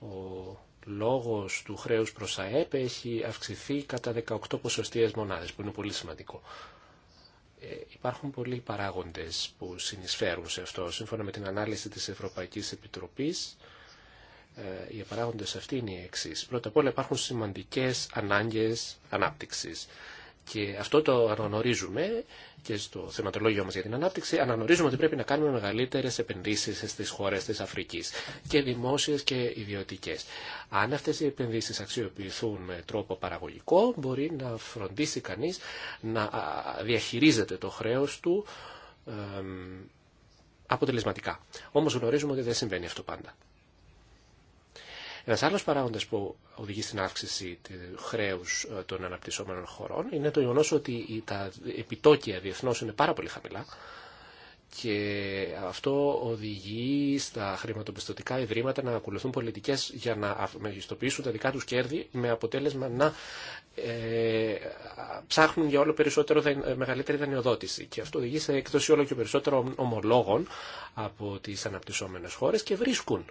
ο λόγος του χρέους προς ΑΕΠ έχει αυξηθεί κατά 18 ποσοστίες μονάδες, που είναι πολύ σημαντικό. Ε, υπάρχουν πολλοί παράγοντες που συνεισφέρουν σε αυτό. Σύμφωνα με την ανάλυση της Ευρωπαϊκής Επιτροπής, ε, οι παράγοντες αυτοί είναι οι εξής. Πρώτα απ' όλα υπάρχουν σημαντικές ανάγκες ανάπτυξης. Και αυτό το αναγνωρίζουμε και στο θεματολόγιο μας για την ανάπτυξη, αναγνωρίζουμε ότι πρέπει να κάνουμε μεγαλύτερες επενδύσεις στις χώρες της Αφρικής και δημόσιες και ιδιωτικές. Αν αυτές οι επενδύσεις αξιοποιηθούν με τρόπο παραγωγικό, μπορεί να φροντίσει κανείς να διαχειρίζεται το χρέος του αποτελεσματικά. Όμως γνωρίζουμε ότι δεν συμβαίνει αυτό πάντα. Ένας άλλος παράγοντας που οδηγεί στην αύξηση του χρέους ε, των αναπτυσσόμενων χωρών είναι το γεγονό ότι τα επιτόκια διεθνώς είναι πάρα πολύ χαμηλά και αυτό οδηγεί στα χρηματοπιστωτικά ιδρύματα να ακολουθούν πολιτικές για να μεγιστοποιήσουν τα δικά τους κέρδη με αποτέλεσμα να ε, ψάχνουν για όλο περισσότερο ε, μεγαλύτερη δανειοδότηση και αυτό οδηγεί σε έκδοση όλο και περισσότερο ομολόγων από τις αναπτυσσόμενες χώρες και βρίσκουν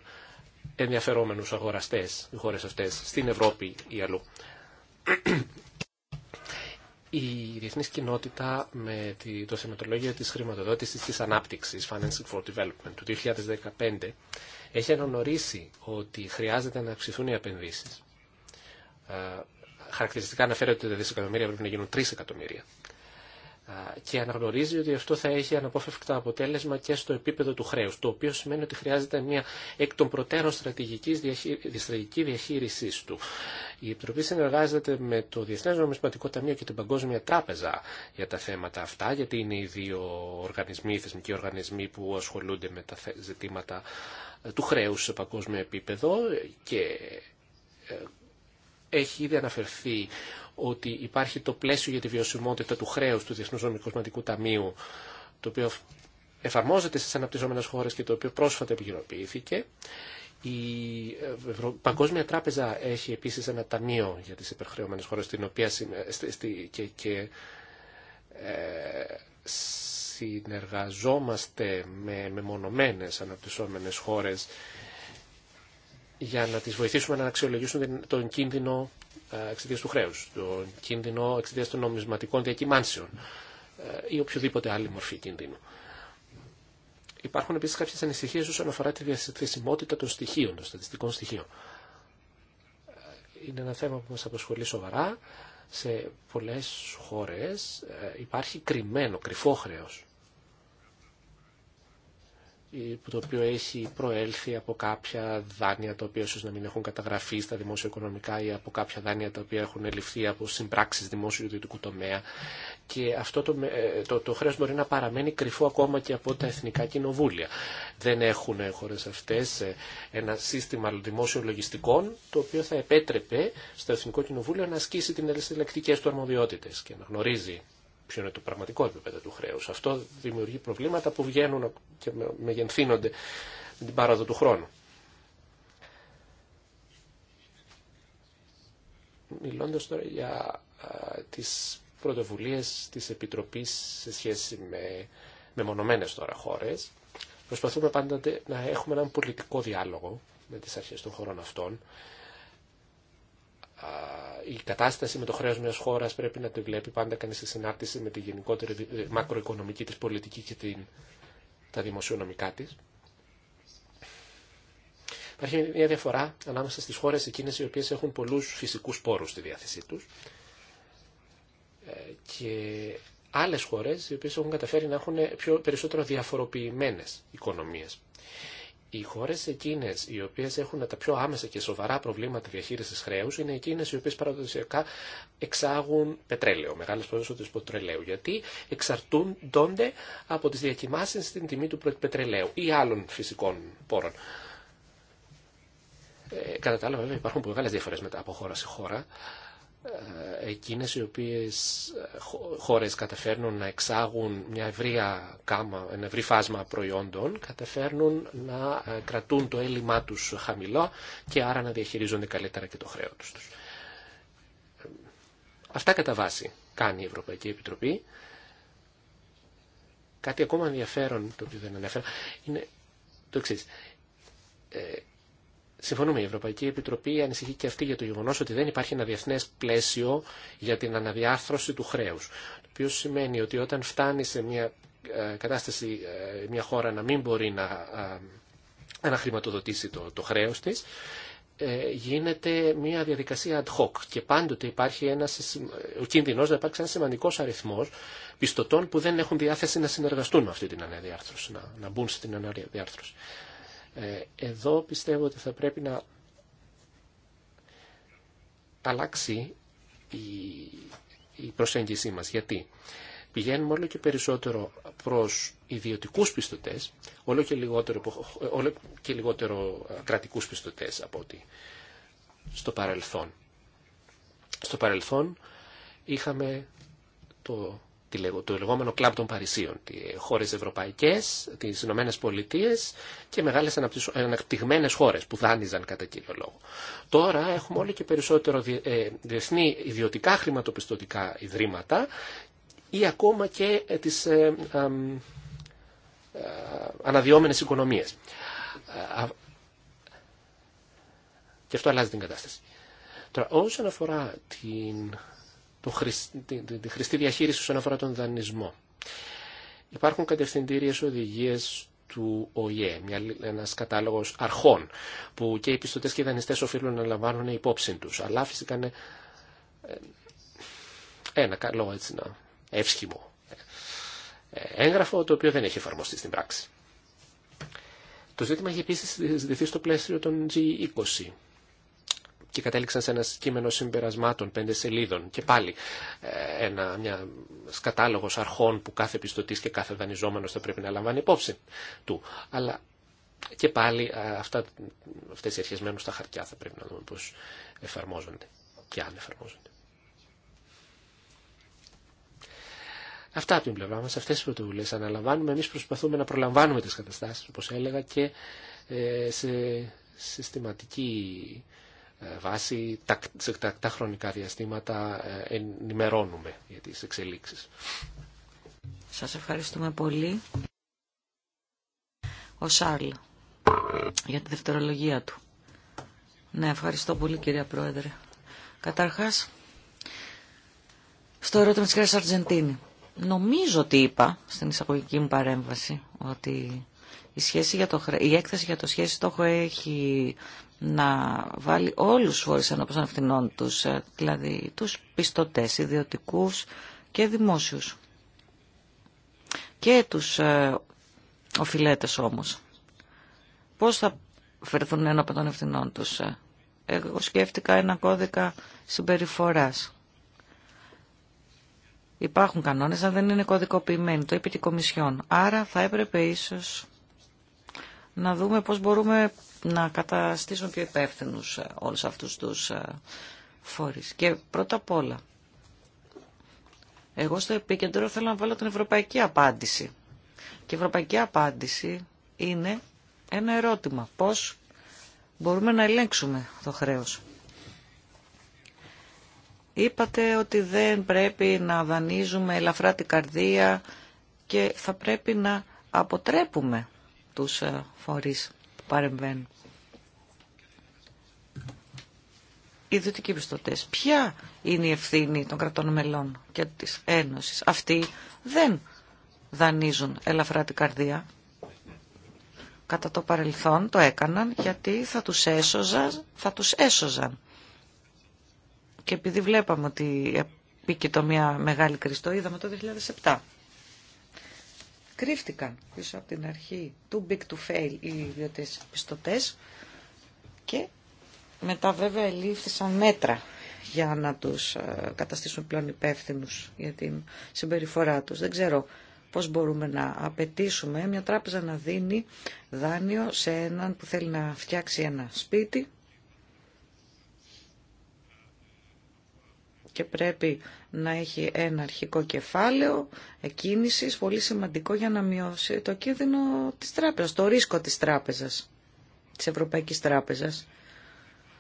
ενδιαφερόμενους αγοραστές, οι χώρες αυτές, στην Ευρώπη ή αλλού. Η διεθνή κοινότητα με το θεματολόγιο της χρηματοδότησης της ανάπτυξης, Financing for Development, του 2015, έχει αναγνωρίσει ότι χρειάζεται να αυξηθούν οι επενδύσεις. Χαρακτηριστικά αναφέρεται ότι τα δισεκατομμύρια πρέπει να γίνουν 3 εκατομμύρια και αναγνωρίζει ότι αυτό θα έχει αναπόφευκτα αποτέλεσμα και στο επίπεδο του χρέου, το οποίο σημαίνει ότι χρειάζεται μια εκ των προτέρων στρατηγική διαχείρισή του. Η Επιτροπή συνεργάζεται με το Διεθνέ Νομισματικό Ταμείο και την Παγκόσμια Τράπεζα για τα θέματα αυτά, γιατί είναι οι δύο οργανισμοί, οι θεσμικοί οργανισμοί που ασχολούνται με τα ζητήματα ε, του χρέου σε παγκόσμιο επίπεδο και ε, έχει ήδη αναφερθεί ότι υπάρχει το πλαίσιο για τη βιωσιμότητα του χρέους του Διεθνούς Νομικοσματικού Ταμείου, το οποίο εφαρμόζεται στις αναπτυσσόμενες χώρες και το οποίο πρόσφατα επικοινοποιήθηκε. Η ε, Παγκόσμια Τράπεζα έχει επίσης ένα ταμείο για τις υπερχρεωμένες χώρες στην οποία ε, και, ε, συνεργαζόμαστε με μεμονωμένες αναπτυσσόμενες χώρες για να τις βοηθήσουμε να αξιολογήσουν τον κίνδυνο ε, εξαιτία του χρέους, τον κίνδυνο εξαιτία των νομισματικών διακυμάνσεων ε, ή οποιοδήποτε άλλη μορφή κίνδυνου. Υπάρχουν επίσης κάποιες ανησυχίες όσον αφορά τη διαθεσιμότητα των στοιχείων, των στατιστικών στοιχείων. Ε, είναι ένα θέμα που μας απασχολεί σοβαρά. Σε πολλές χώρες υπάρχει κρυμμένο, κρυφό χρέος. Ε, το οποίο έχει προέλθει από κάποια δάνεια τα οποία ίσως να μην έχουν καταγραφεί στα δημόσια οικονομικα ή από κάποια δάνεια τα οποία έχουν ληφθεί από συμπράξεις δημόσιο-ιδιωτικού τομέα. Και αυτό το, ε, το, το χρέος μπορεί να παραμένει κρυφό ακόμα και από τα εθνικά κοινοβούλια. Δεν έχουν ε, χώρες αυτές ένα σύστημα δημόσιων λογιστικών το οποίο θα επέτρεπε στο Εθνικό Κοινοβούλιο να ασκήσει τις ελεκτικές του αρμοδιότητες και να γνωρίζει ποιο είναι το πραγματικό επίπεδο του χρέους. Αυτό δημιουργεί προβλήματα που βγαίνουν και μεγενθύνονται με την πάραδο του χρόνου. Μιλώντας τώρα για τις πρωτοβουλίες της Επιτροπής σε σχέση με μεμονωμένες τώρα χώρες, προσπαθούμε πάντα να έχουμε έναν πολιτικό διάλογο με τις αρχές των χωρών αυτών η κατάσταση με το χρέος μιας χώρας πρέπει να τη βλέπει πάντα κάνει σε συνάρτηση με τη γενικότερη ε, μακροοικονομική της πολιτική και την, τα δημοσιονομικά της. Υπάρχει μια διαφορά ανάμεσα στις χώρες εκείνες οι οποίες έχουν πολλούς φυσικούς πόρους στη διάθεσή τους ε, και άλλες χώρες οι οποίε έχουν καταφέρει να έχουν πιο περισσότερο διαφοροποιημένε οικονομίε. Οι χώρε εκείνε οι οποίε έχουν τα πιο άμεσα και σοβαρά προβλήματα διαχείριση χρέου είναι εκείνε οι οποίε παραδοσιακά εξάγουν πετρέλαιο, μεγάλε ποσότητε πετρελαίου, γιατί εξαρτούνται από τι διακοιμάσει στην τιμή του πετρελαίου ή άλλων φυσικών πόρων. Ε, κατά τα άλλα, βέβαια, υπάρχουν μεγάλε διαφορέ μετά από χώρα σε χώρα. Ε, εκείνες οι οποίες ε, χώρες καταφέρνουν να εξάγουν μια ευρία κάμα, ένα ευρύ φάσμα προϊόντων, καταφέρνουν να ε, κρατούν το έλλειμμά τους χαμηλό και άρα να διαχειρίζονται καλύτερα και το χρέο τους. Αυτά κατά βάση κάνει η Ευρωπαϊκή Επιτροπή. Κάτι ακόμα ενδιαφέρον, το οποίο δεν ανέφερα, είναι το εξής Συμφωνούμε, η Ευρωπαϊκή Επιτροπή ανησυχεί και αυτή για το γεγονό ότι δεν υπάρχει ένα διεθνέ πλαίσιο για την αναδιάρθρωση του χρέου. Το οποίο σημαίνει ότι όταν φτάνει σε μια ε, κατάσταση ε, μια χώρα να μην μπορεί να ε, αναχρηματοδοτήσει το, το τη, γίνεται μια διαδικασία ad hoc και πάντοτε υπάρχει ένας, ο κίνδυνο να υπάρξει ένα σημαντικό αριθμό πιστωτών που δεν έχουν διάθεση να συνεργαστούν με αυτή την αναδιάρθρωση, να, να μπουν στην αναδιάρθρωση. Ε, εδώ πιστεύω ότι θα πρέπει να αλλάξει η προσέγγιση μας. Γιατί πηγαίνουμε όλο και περισσότερο προς ιδιωτικούς πιστωτές, όλο και λιγότερο, όλο και λιγότερο ε, κρατικούς πιστωτές από ότι στο παρελθόν. Στο παρελθόν είχαμε το το λεγόμενο κλαμπ των Παρισίων, χώρες ευρωπαϊκές, τις Ηνωμένε Πολιτείε και μεγάλες αναπτυγμένες χώρες που δάνειζαν κατά κύριο λόγο. Τώρα έχουμε όλο και περισσότερο ε, διεθνή ιδιωτικά χρηματοπιστωτικά ιδρύματα ή ακόμα και ε, τις ε, αναδιόμενες οικονομίες. Και αυτό αλλάζει την κατάσταση. Τώρα όσον αφορά την τη χρηστή διαχείριση όσον αφορά τον δανεισμό. Υπάρχουν κατευθυντήριε οδηγίες του ΟΗΕ, ένα κατάλογο κατάλογος αρχών που και οι πιστωτέ και οι δανειστέ οφείλουν να λαμβάνουν υπόψη του. Αλλά φυσικά είναι ε, ένα καλό έτσι ε, έγγραφο το οποίο δεν έχει εφαρμοστεί στην πράξη. Το ζήτημα έχει επίση συζητηθεί στο πλαίσιο των G20 και κατέληξαν σε ένα κείμενο συμπερασμάτων πέντε σελίδων. Και πάλι ε, ένα, μια κατάλογος αρχών που κάθε πιστωτής και κάθε δανειζόμενος θα πρέπει να λαμβάνει υπόψη του. Αλλά και πάλι ε, αυτά, αυτές οι αρχές μένουν στα χαρτιά θα πρέπει να δούμε πώς εφαρμόζονται και αν εφαρμόζονται. Αυτά από την πλευρά μας, αυτές τις πρωτοβουλίες αναλαμβάνουμε. Εμείς προσπαθούμε να προλαμβάνουμε τις καταστάσεις, όπως έλεγα, και ε, σε συστηματική ε, βάση τα χρονικά διαστήματα ε, ενημερώνουμε για τις εξελίξεις. Σας ευχαριστούμε πολύ. Ο Σάρλ, για τη δευτερολογία του. Ναι, ευχαριστώ πολύ κυρία Πρόεδρε. Καταρχάς, στο ερώτημα της κυρίας Αργεντίνη. Νομίζω ότι είπα στην εισαγωγική μου παρέμβαση ότι η, σχέση για το, η έκθεση για το σχέση στόχο έχει να βάλει όλους τους φορείς αναπροσανευθυνών τους, δηλαδή τους πιστωτές, ιδιωτικούς και δημόσιους. Και τους ε, οφειλέτες όμως. Πώς θα φερθούν ένα από των ευθυνών τους. Ε? Εγώ σκέφτηκα ένα κώδικα συμπεριφοράς. Υπάρχουν κανόνες, αν δεν είναι κωδικοποιημένοι, το είπε και η Κομισιόν. Άρα θα έπρεπε ίσως να δούμε πώς μπορούμε να καταστήσουν πιο υπεύθυνου ε, όλους αυτούς τους ε, φόρους. Και πρώτα απ' όλα, εγώ στο επίκεντρο θέλω να βάλω την ευρωπαϊκή απάντηση. Και η ευρωπαϊκή απάντηση είναι ένα ερώτημα. Πώς μπορούμε να ελέγξουμε το χρέος. Είπατε ότι δεν πρέπει να δανείζουμε ελαφρά την καρδία και θα πρέπει να αποτρέπουμε τους ε, φορείς παρεμβαίνουν. δυτικοί πιστωτέ. Ποια είναι η ευθύνη των κρατών μελών και τη Ένωση. Αυτοί δεν δανείζουν ελαφρά την καρδία. Κατά το παρελθόν το έκαναν γιατί θα τους έσωζαν, θα τους έσωζαν. Και επειδή βλέπαμε ότι επίκειτο μια μεγάλη κρίση, το είδαμε το 2007 κρύφτηκαν πίσω από την αρχή του big to fail οι ιδιωτές πιστωτές και μετά βέβαια λήφθησαν μέτρα για να τους ε, καταστήσουν πλέον υπεύθυνου για την συμπεριφορά τους. Δεν ξέρω πώς μπορούμε να απαιτήσουμε μια τράπεζα να δίνει δάνειο σε έναν που θέλει να φτιάξει ένα σπίτι και πρέπει να έχει ένα αρχικό κεφάλαιο εκκίνησης πολύ σημαντικό για να μειώσει το κίνδυνο της τράπεζας, το ρίσκο της τράπεζας, της Ευρωπαϊκής Τράπεζας.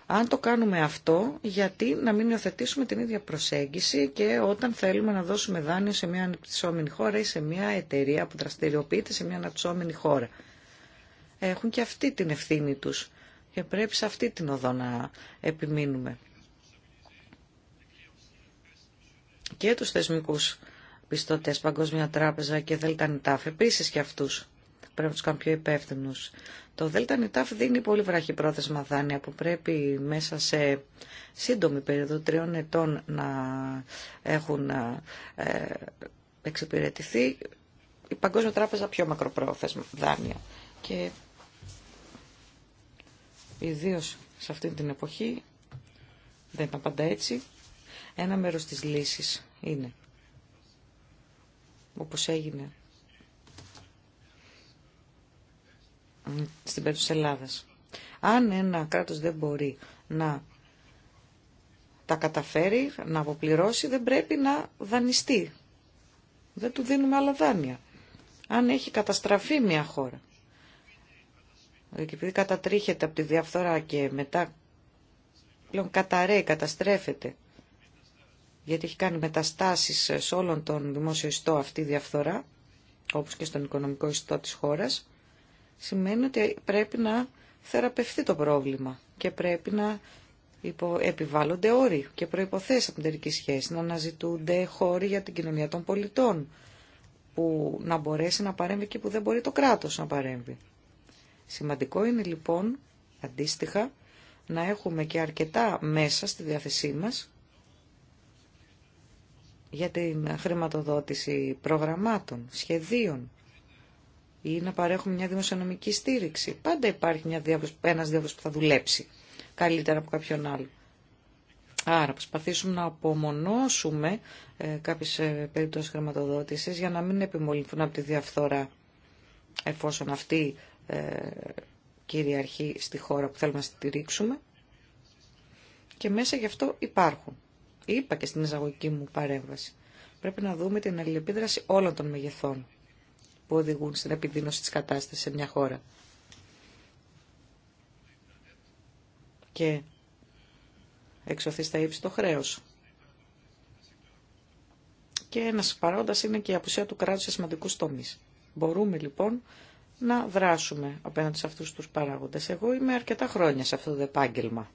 Αν το κάνουμε αυτό, γιατί να μην υιοθετήσουμε την ίδια προσέγγιση και όταν θέλουμε να δώσουμε δάνειο σε μια αναπτυσσόμενη χώρα ή σε μια εταιρεία που δραστηριοποιείται σε μια αναπτυσσόμενη χώρα. Έχουν και αυτή την ευθύνη τους και πρέπει σε αυτή την οδό να επιμείνουμε. και τους θεσμικούς πιστωτές Παγκόσμια Τράπεζα και Δέλτα Νιτάφ. Επίσης και αυτούς πρέπει να τους κάνουν πιο υπεύθυνους. Το Δέλτα Νιτάφ δίνει πολύ βράχη πρόθεσμα δάνεια που πρέπει μέσα σε σύντομη περίοδο τριών ετών να έχουν ε, εξυπηρετηθεί. Η Παγκόσμια Τράπεζα πιο μακροπρόθεσμα δάνεια. Και ιδίω σε αυτή την εποχή δεν ήταν πάντα έτσι. Ένα μέρος της λύσης είναι, όπως έγινε στην περίπτωση της Ελλάδας, αν ένα κράτος δεν μπορεί να τα καταφέρει, να αποπληρώσει, δεν πρέπει να δανειστεί. Δεν του δίνουμε άλλα δάνεια. Αν έχει καταστραφεί μια χώρα και επειδή κατατρίχεται από τη διαφθορά και μετά πλέον καταραίει, καταστρέφεται γιατί έχει κάνει μεταστάσεις σε όλον τον δημόσιο ιστό αυτή η διαφθορά, όπως και στον οικονομικό ιστό της χώρας, σημαίνει ότι πρέπει να θεραπευτεί το πρόβλημα και πρέπει να επιβάλλονται όροι και προϋποθέσεις από την εταιρική σχέση, να αναζητούνται χώροι για την κοινωνία των πολιτών, που να μπορέσει να παρέμβει και που δεν μπορεί το κράτος να παρέμβει. Σημαντικό είναι λοιπόν, αντίστοιχα, να έχουμε και αρκετά μέσα στη διάθεσή μας, για την χρηματοδότηση προγραμμάτων, σχεδίων ή να παρέχουμε μια δημοσιονομική στήριξη. Πάντα υπάρχει μια ένας διάβολος που θα δουλέψει καλύτερα από κάποιον άλλο. Άρα προσπαθήσουμε να απομονώσουμε ε, κάποιες ε, για να μην επιμολυνθούν από τη διαφθορά εφόσον αυτή ε, κυριαρχεί στη χώρα που θέλουμε να στηρίξουμε και μέσα γι' αυτό υπάρχουν Είπα και στην εισαγωγική μου παρέμβαση. Πρέπει να δούμε την αλληλεπίδραση όλων των μεγεθών που οδηγούν στην επιδείνωση της κατάστασης σε μια χώρα. Και εξωθεί στα ύψη το χρέος. Και ένας παρόντας είναι και η απουσία του κράτους σε σημαντικούς τομείς. Μπορούμε λοιπόν να δράσουμε απέναντι σε αυτούς τους παράγοντες. Εγώ είμαι αρκετά χρόνια σε αυτό το επάγγελμα.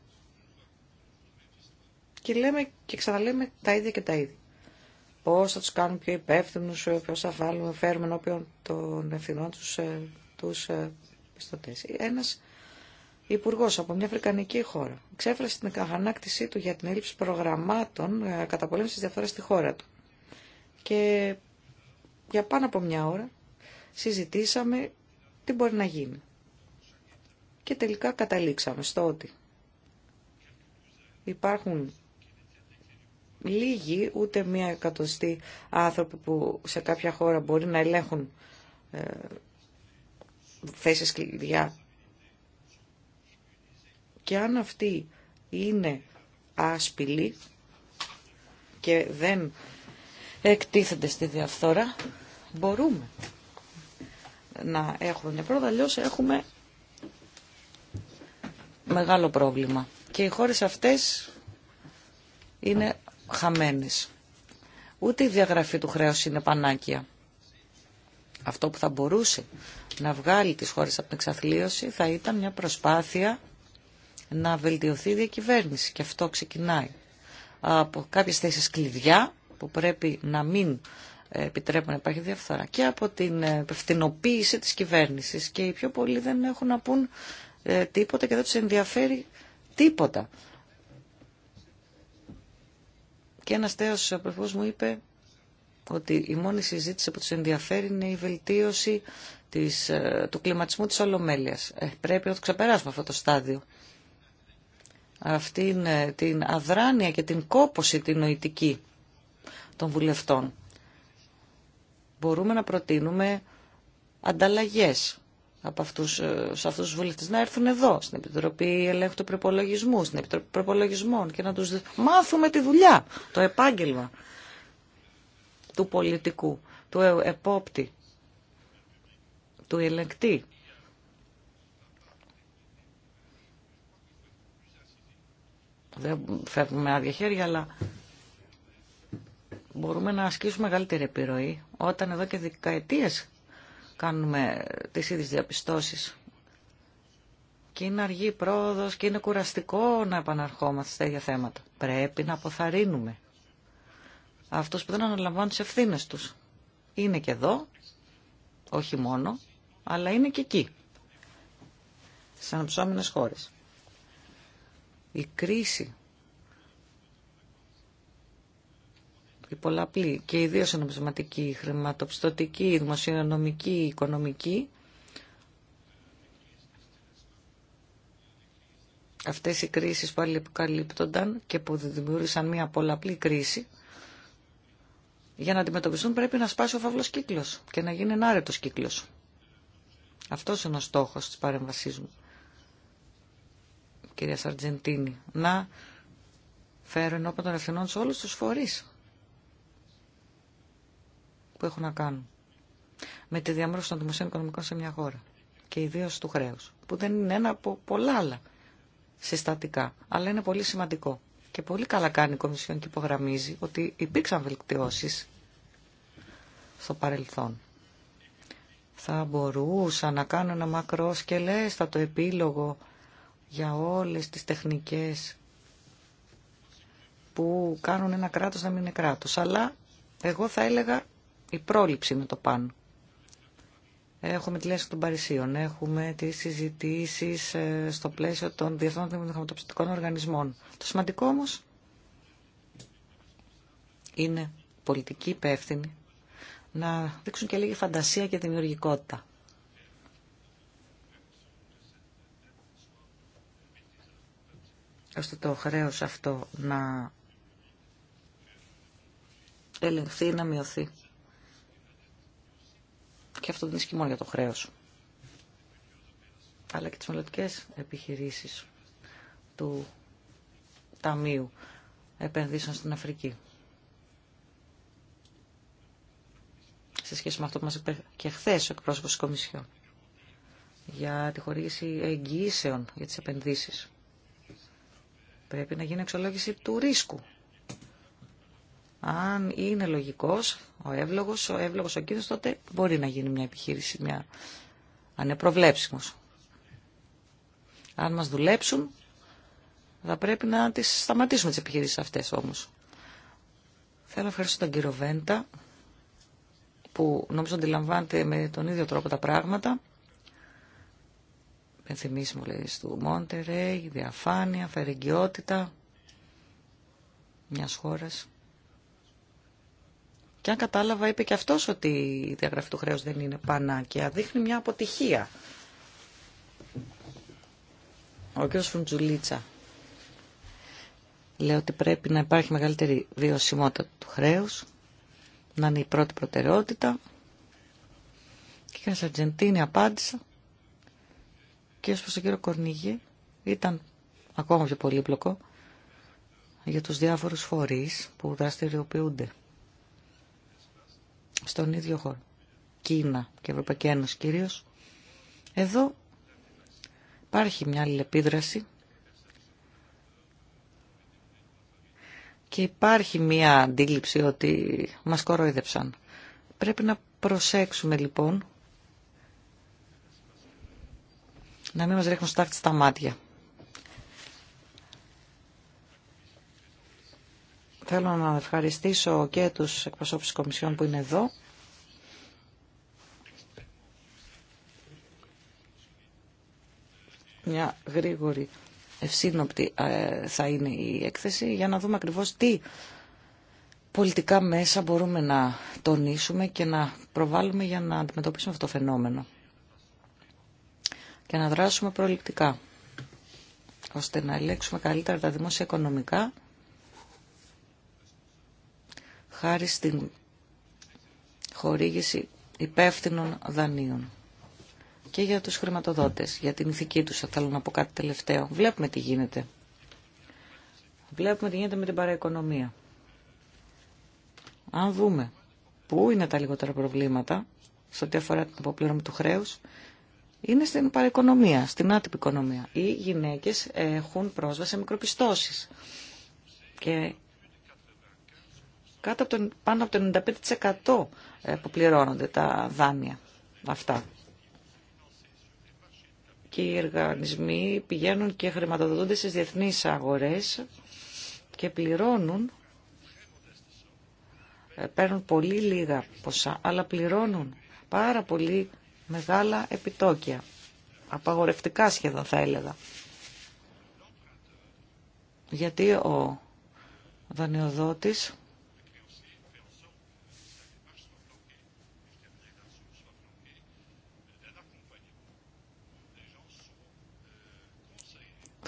Και λέμε και ξαναλέμε τα ίδια και τα ίδια. Πώ θα του κάνουμε πιο υπεύθυνου, πώ θα βάλουμε, φέρουμε ενώπιον των ευθυνών του τους, ε, ε, πιστωτέ. Ένα υπουργό από μια Αφρικανική χώρα ξέφρασε την αγανάκτησή του για την έλλειψη προγραμμάτων ε, καταπολέμηση διαφθορά στη χώρα του. Και για πάνω από μια ώρα συζητήσαμε τι μπορεί να γίνει. Και τελικά καταλήξαμε στο ότι υπάρχουν λίγοι ούτε μία εκατοστή άνθρωποι που σε κάποια χώρα μπορεί να ελέγχουν ε, θέσεις κλειδιά. Και αν αυτοί είναι άσπηλοι και δεν εκτίθενται στη διαφθόρα, μπορούμε να έχουμε μια πρόοδο, αλλιώς έχουμε μεγάλο πρόβλημα. Και οι χώρες αυτές είναι χαμένες. Ούτε η διαγραφή του χρέους είναι πανάκια. Αυτό που θα μπορούσε να βγάλει τις χώρες από την εξαθλίωση θα ήταν μια προσπάθεια να βελτιωθεί η διακυβέρνηση. Και αυτό ξεκινάει από κάποιες θέσεις κλειδιά που πρέπει να μην ε, επιτρέπουν να υπάρχει διαφθορά και από την ε, ευθυνοποίηση της κυβέρνησης και οι πιο πολλοί δεν έχουν να πούν ε, τίποτα και δεν τους ενδιαφέρει τίποτα και ένας τέος απορφός μου είπε ότι η μόνη συζήτηση που τους ενδιαφέρει είναι η βελτίωση ε, του κλιματισμού της ολομέλειας. Ε, πρέπει να το ξεπεράσουμε αυτό το στάδιο. Αυτή την αδράνεια και την κόποση την νοητική των βουλευτών. Μπορούμε να προτείνουμε ανταλλαγές από αυτούς, ε, σε αυτούς τους βουλευτές να έρθουν εδώ, στην Επιτροπή Ελέγχου του Προπολογισμού, στην Επιτροπή Προπολογισμών και να τους μάθουμε τη δουλειά, το επάγγελμα του πολιτικού, του ε, επόπτη, του ελεγκτή. Δεν φεύγουμε άδεια χέρια, αλλά μπορούμε να ασκήσουμε μεγαλύτερη επιρροή όταν εδώ και δεκαετίες κάνουμε τις ίδιες διαπιστώσεις. Και είναι αργή η πρόοδος και είναι κουραστικό να επαναρχόμαστε στα ίδια θέματα. Πρέπει να αποθαρρύνουμε Αυτος που δεν αναλαμβάνουν τις ευθύνες τους. Είναι και εδώ, όχι μόνο, αλλά είναι και εκεί, στις αναψόμενες χώρες. Η κρίση η πολλαπλή και ιδίω η νομισματική, η χρηματοπιστωτική, η δημοσιονομική, η οικονομική, αυτές οι κρίσεις που αλληλεπικαλύπτονταν και που δημιούργησαν μια πολλαπλή κρίση, για να αντιμετωπιστούν πρέπει να σπάσει ο φαύλος κύκλος και να γίνει ένα άρετος κύκλος. Αυτός είναι ο στόχος της παρέμβασής μου, κυρία Σαρτζεντίνη, να φέρω ενώπιον των ευθυνών σε όλους τους φορείς που έχουν να κάνουν με τη διαμόρφωση των δημοσίων οικονομικών σε μια χώρα και ιδίω του χρέου, που δεν είναι ένα από πολλά άλλα συστατικά, αλλά είναι πολύ σημαντικό. Και πολύ καλά κάνει η Κομισιόν και υπογραμμίζει ότι υπήρξαν βελτιώσει στο παρελθόν. Θα μπορούσα να κάνω ένα μακρό σκελέστατο επίλογο για όλες τις τεχνικές που κάνουν ένα κράτος να μην είναι κράτος. Αλλά εγώ θα έλεγα η πρόληψη είναι το πάνω. Έχουμε τη λέξη των Παρισίων, έχουμε τις συζητήσει ε, στο πλαίσιο των διεθνών δημοσιογραφικών οργανισμών. Το σημαντικό όμω είναι πολιτική υπεύθυνοι να δείξουν και λίγη φαντασία και δημιουργικότητα. ώστε το χρέος αυτό να ελεγχθεί ή να μειωθεί. Και αυτό δεν ισχύει μόνο για το χρέο. Αλλά και τις μελλοντικέ επιχειρήσεις του Ταμείου Επενδύσεων στην Αφρική. Σε σχέση με αυτό που μας είπε και χθε ο εκπρόσωπο της Κομισιόν για τη χορήγηση εγγυήσεων για τις επενδύσεις. Πρέπει να γίνει εξολόγηση του ρίσκου. Αν είναι λογικός, ο εύλογο, ο εύλογο ο κύριο τότε μπορεί να γίνει μια επιχείρηση, μια ανεπροβλέψιμος. Αν μας δουλέψουν, θα πρέπει να τι σταματήσουμε τι επιχείρησει αυτές όμως. Θέλω να ευχαριστώ τον κύριο Βέντα, που νομίζω αντιλαμβάνεται με τον ίδιο τρόπο τα πράγματα. Πενθυμίσει μου λέει του Μόντερεϊ, διαφάνεια, φερεγγιότητα μιας χώρας και αν κατάλαβα, είπε και αυτός ότι η διαγραφή του χρέους δεν είναι πανάκια. Δείχνει μια αποτυχία. Ο κ. Φουντζουλίτσα λέει ότι πρέπει να υπάρχει μεγαλύτερη βιωσιμότητα του χρέους, να είναι η πρώτη προτεραιότητα. Και η Αργεντίνη απάντησα. Και ω προς τον κύριο Κορνίγη ήταν ακόμα πιο πολύπλοκο για τους διάφορους φορείς που δραστηριοποιούνται στον ίδιο χώρο. Κίνα και Ευρωπαϊκή Ένωση κυρίως. Εδώ υπάρχει μια αλληλεπίδραση και υπάρχει μια αντίληψη ότι μας κοροϊδεψαν. Πρέπει να προσέξουμε λοιπόν να μην μας ρίχνουν στάχτη στα μάτια. Θέλω να ευχαριστήσω και τους εκπροσώπους της Κομισιόν που είναι εδώ. Μια γρήγορη, ευσύνοπτη ε, θα είναι η έκθεση για να δούμε ακριβώς τι πολιτικά μέσα μπορούμε να τονίσουμε και να προβάλλουμε για να αντιμετωπίσουμε αυτό το φαινόμενο και να δράσουμε προληπτικά ώστε να ελέγξουμε καλύτερα τα δημόσια οικονομικά χάρη στην χορήγηση υπεύθυνων δανείων και για τους χρηματοδότες, για την ηθική τους, θα θέλω να πω κάτι τελευταίο. Βλέπουμε τι γίνεται. Βλέπουμε τι γίνεται με την παραοικονομία. Αν δούμε πού είναι τα λιγότερα προβλήματα, σε ό,τι αφορά την αποπληρώμη του χρέους, είναι στην παραοικονομία, στην άτυπη οικονομία. Οι γυναίκες έχουν πρόσβαση σε μικροπιστώσεις. Και κάτω από τον, πάνω από το 95% ε, που πληρώνονται τα δάνεια αυτά. Και οι οργανισμοί πηγαίνουν και χρηματοδοτούνται στις διεθνείς αγορές και πληρώνουν, ε, παίρνουν πολύ λίγα ποσά, αλλά πληρώνουν πάρα πολύ μεγάλα επιτόκια. Απαγορευτικά σχεδόν θα έλεγα. Γιατί ο δανειοδότης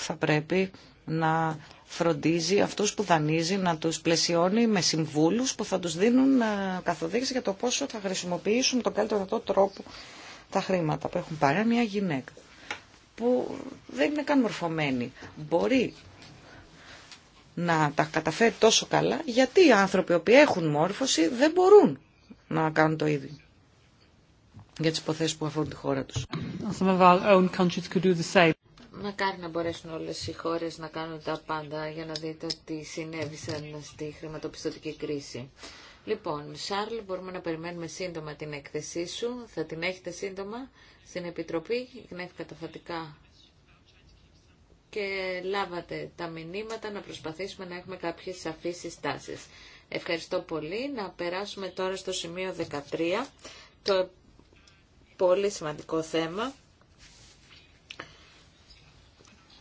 θα πρέπει να φροντίζει αυτούς που δανείζει να τους πλαισιώνει με συμβούλους που θα τους δίνουν ε, καθοδήγηση για το πόσο θα χρησιμοποιήσουν τον καλύτερο τρόπο τα χρήματα που έχουν πάρει. Μια γυναίκα που δεν είναι καν μορφωμένη μπορεί να τα καταφέρει τόσο καλά γιατί οι άνθρωποι που έχουν μόρφωση δεν μπορούν να κάνουν το ίδιο για τις υποθέσεις που αφορούν τη χώρα τους. Μακάρι να μπορέσουν όλες οι χώρες να κάνουν τα πάντα για να δείτε τι συνέβησαν στη χρηματοπιστωτική κρίση. Λοιπόν, Σάρλ, μπορούμε να περιμένουμε σύντομα την έκθεσή σου. Θα την έχετε σύντομα στην Επιτροπή Γνέφη Καταφατικά. Και λάβατε τα μηνύματα να προσπαθήσουμε να έχουμε κάποιες σαφείς συστάσεις. Ευχαριστώ πολύ. Να περάσουμε τώρα στο σημείο 13, το πολύ σημαντικό θέμα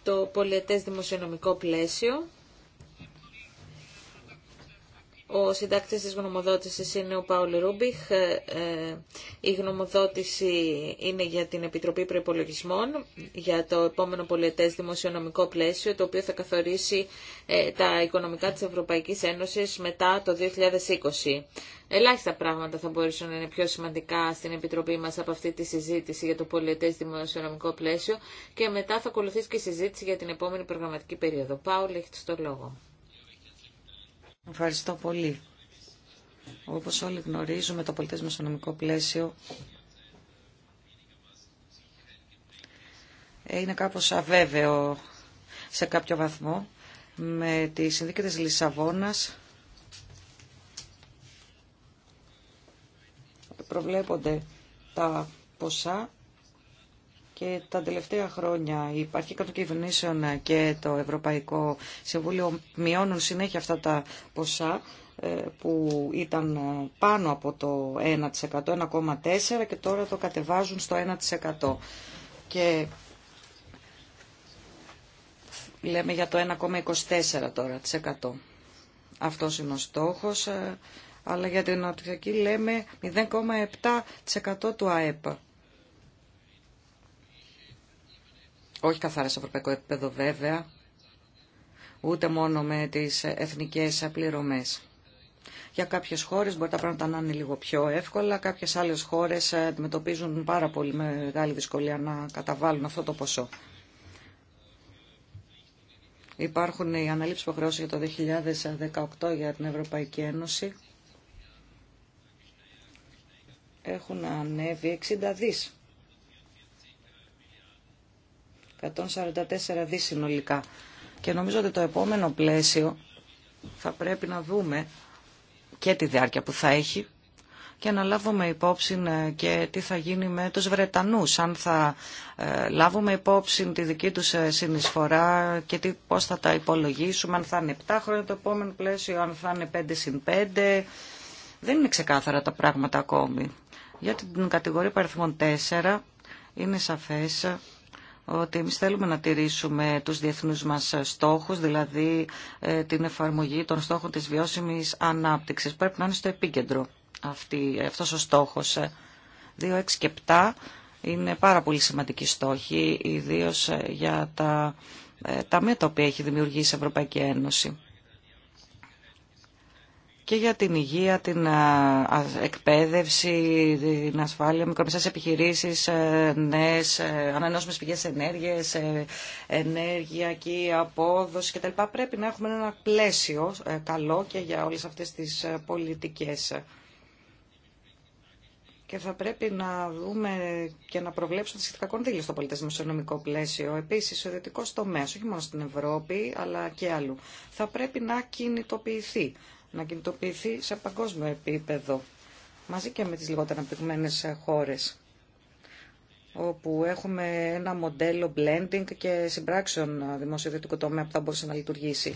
το πολιετές δημοσιονομικό πλαίσιο ο συντάκτης της γνωμοδότησης είναι ο Παουλ Ρούμπιχ. Ε, ε, η γνωμοδότηση είναι για την Επιτροπή Προϋπολογισμών για το επόμενο πολιετές δημοσιονομικό πλαίσιο, το οποίο θα καθορίσει ε, τα οικονομικά της Ευρωπαϊκής Ένωσης μετά το 2020. Ελάχιστα πράγματα θα μπορούσαν να είναι πιο σημαντικά στην Επιτροπή μας από αυτή τη συζήτηση για το πολιετές δημοσιονομικό πλαίσιο και μετά θα ακολουθήσει και η συζήτηση για την επόμενη προγραμματική περίοδο. Πάουλ, έχετε το λόγο. Ευχαριστώ πολύ. Όπως όλοι γνωρίζουμε, το πολιτές μεσονομικό πλαίσιο είναι κάπως αβέβαιο σε κάποιο βαθμό με τη συνδίκη της Λισαβόνας προβλέπονται τα ποσά και τα τελευταία χρόνια η των κυβερνήσεων και το Ευρωπαϊκό Συμβούλιο μειώνουν συνέχεια αυτά τα ποσά ε, που ήταν ε, πάνω από το 1%, 1,4% και τώρα το κατεβάζουν στο 1%. Και λέμε για το 1,24% τώρα. Αυτός είναι ο στόχος, ε, αλλά για την αναπτυξιακή λέμε 0,7% του ΑΕΠ. όχι καθαρά σε ευρωπαϊκό επίπεδο βέβαια, ούτε μόνο με τις εθνικές πληρωμές. Για κάποιες χώρες μπορεί τα πράγματα να είναι λίγο πιο εύκολα, κάποιες άλλες χώρες αντιμετωπίζουν πάρα πολύ μεγάλη δυσκολία να καταβάλουν αυτό το ποσό. Υπάρχουν οι αναλήψεις υποχρεώσεων για το 2018 για την Ευρωπαϊκή Ένωση. Έχουν ανέβει 60 δις 144 δί συνολικά. Και νομίζω ότι το επόμενο πλαίσιο θα πρέπει να δούμε και τη διάρκεια που θα έχει και να λάβουμε υπόψη ε, και τι θα γίνει με τους Βρετανούς, αν θα ε, λάβουμε υπόψη τη δική τους ε, συνεισφορά και τι, πώς θα τα υπολογίσουμε, αν θα είναι 7 χρόνια το επόμενο πλαίσιο, αν θα είναι 5 συν 5. Δεν είναι ξεκάθαρα τα πράγματα ακόμη. Για την κατηγορία παριθμών 4 είναι σαφές ότι εμείς θέλουμε να τηρήσουμε τους διεθνούς μας στόχους, δηλαδή ε, την εφαρμογή των στόχων της βιώσιμης ανάπτυξης. Πρέπει να είναι στο επίκεντρο αυτή, αυτός ο στόχος. 2, ε, και 7 είναι πάρα πολύ σημαντικοί στόχοι, ιδίως ε, για τα ταμεία τα οποία έχει δημιουργήσει η Ευρωπαϊκή Ένωση και για την υγεία, την εκπαίδευση, την ασφάλεια, μικρομεσαίες επιχειρήσεις, ε, νέες ε, ανανεώσιμες πηγές ενέργειας, ε, και απόδοση κτλ. Πρέπει να έχουμε ένα πλαίσιο καλό και για όλες αυτές τις πολιτικές. Και θα πρέπει να δούμε και να προβλέψουμε τα σχετικά κονδύλια στο νομικό πλαίσιο. Επίση, ο ιδιωτικό τομέα, όχι μόνο στην Ευρώπη, αλλά και αλλού, θα πρέπει να κινητοποιηθεί να κινητοποιηθεί σε παγκόσμιο επίπεδο, μαζί και με τις λιγότερα αναπτυγμένες χώρες, όπου έχουμε ένα μοντέλο blending και συμπράξεων δημοσιοδιωτικού τομέα που θα μπορούσε να λειτουργήσει.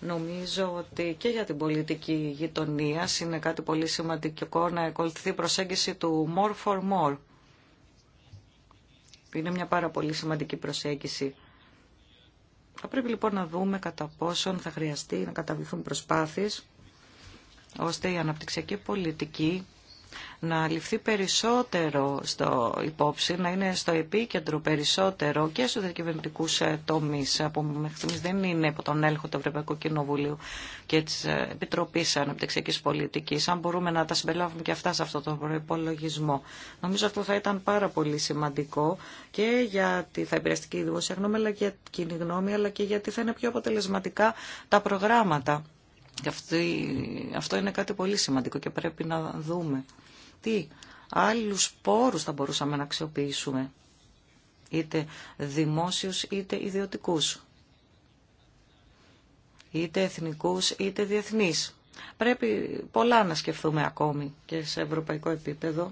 Νομίζω ότι και για την πολιτική γειτονία είναι κάτι πολύ σημαντικό να ακολουθεί η προσέγγιση του more for more. Είναι μια πάρα πολύ σημαντική προσέγγιση. Θα πρέπει λοιπόν να δούμε κατά πόσον θα χρειαστεί να καταβληθούν προσπάθειες ώστε η αναπτυξιακή πολιτική να ληφθεί περισσότερο στο υπόψη, να είναι στο επίκεντρο περισσότερο και στους διακυβερνητικούς ε, τομείς ε, που μέχρι στιγμής δεν είναι υπό τον έλεγχο του Ευρωπαϊκού Κοινοβουλίου και της ε, Επιτροπής Αναπτυξιακής Πολιτικής. Αν μπορούμε να τα συμπεριλάβουμε και αυτά σε αυτό το προπολογισμό. Νομίζω αυτό θα ήταν πάρα πολύ σημαντικό και γιατί θα επηρεαστεί η δημόσια αλλά και κοινή γνώμη, αλλά και γιατί θα είναι πιο αποτελεσματικά τα προγράμματα και αυτό είναι κάτι πολύ σημαντικό και πρέπει να δούμε. Τι άλλους πόρους θα μπορούσαμε να αξιοποιήσουμε, είτε δημόσιους είτε ιδιωτικούς, είτε εθνικούς είτε διεθνείς. Πρέπει πολλά να σκεφτούμε ακόμη και σε ευρωπαϊκό επίπεδο.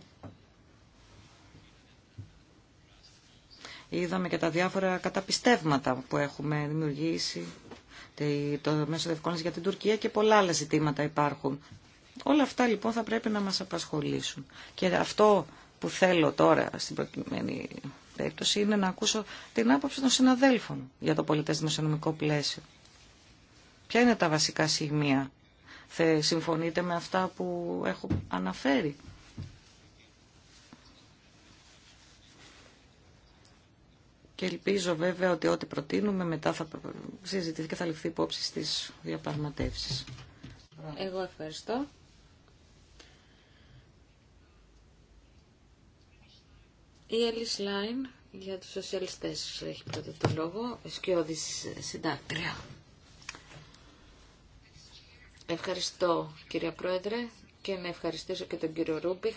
Είδαμε και τα διάφορα καταπιστεύματα που έχουμε δημιουργήσει το μέσο διευκόλυνση για την Τουρκία και πολλά άλλα ζητήματα υπάρχουν. Όλα αυτά λοιπόν θα πρέπει να μας απασχολήσουν. Και αυτό που θέλω τώρα στην προκειμένη περίπτωση είναι να ακούσω την άποψη των συναδέλφων για το πολιτές δημοσιονομικό πλαίσιο. Ποια είναι τα βασικά σημεία. Θε συμφωνείτε με αυτά που έχω αναφέρει. και ελπίζω βέβαια ότι ό,τι προτείνουμε μετά θα συζητηθεί και θα ληφθεί υπόψη στις διαπραγματεύσεις. Εγώ ευχαριστώ. Η Έλλη Λάιν για τους σοσιαλιστές έχει πρώτα το λόγο, σκιώδης συντάκτρια. Ευχαριστώ κυρία Πρόεδρε και να ευχαριστήσω και τον κύριο Ρούμπιχ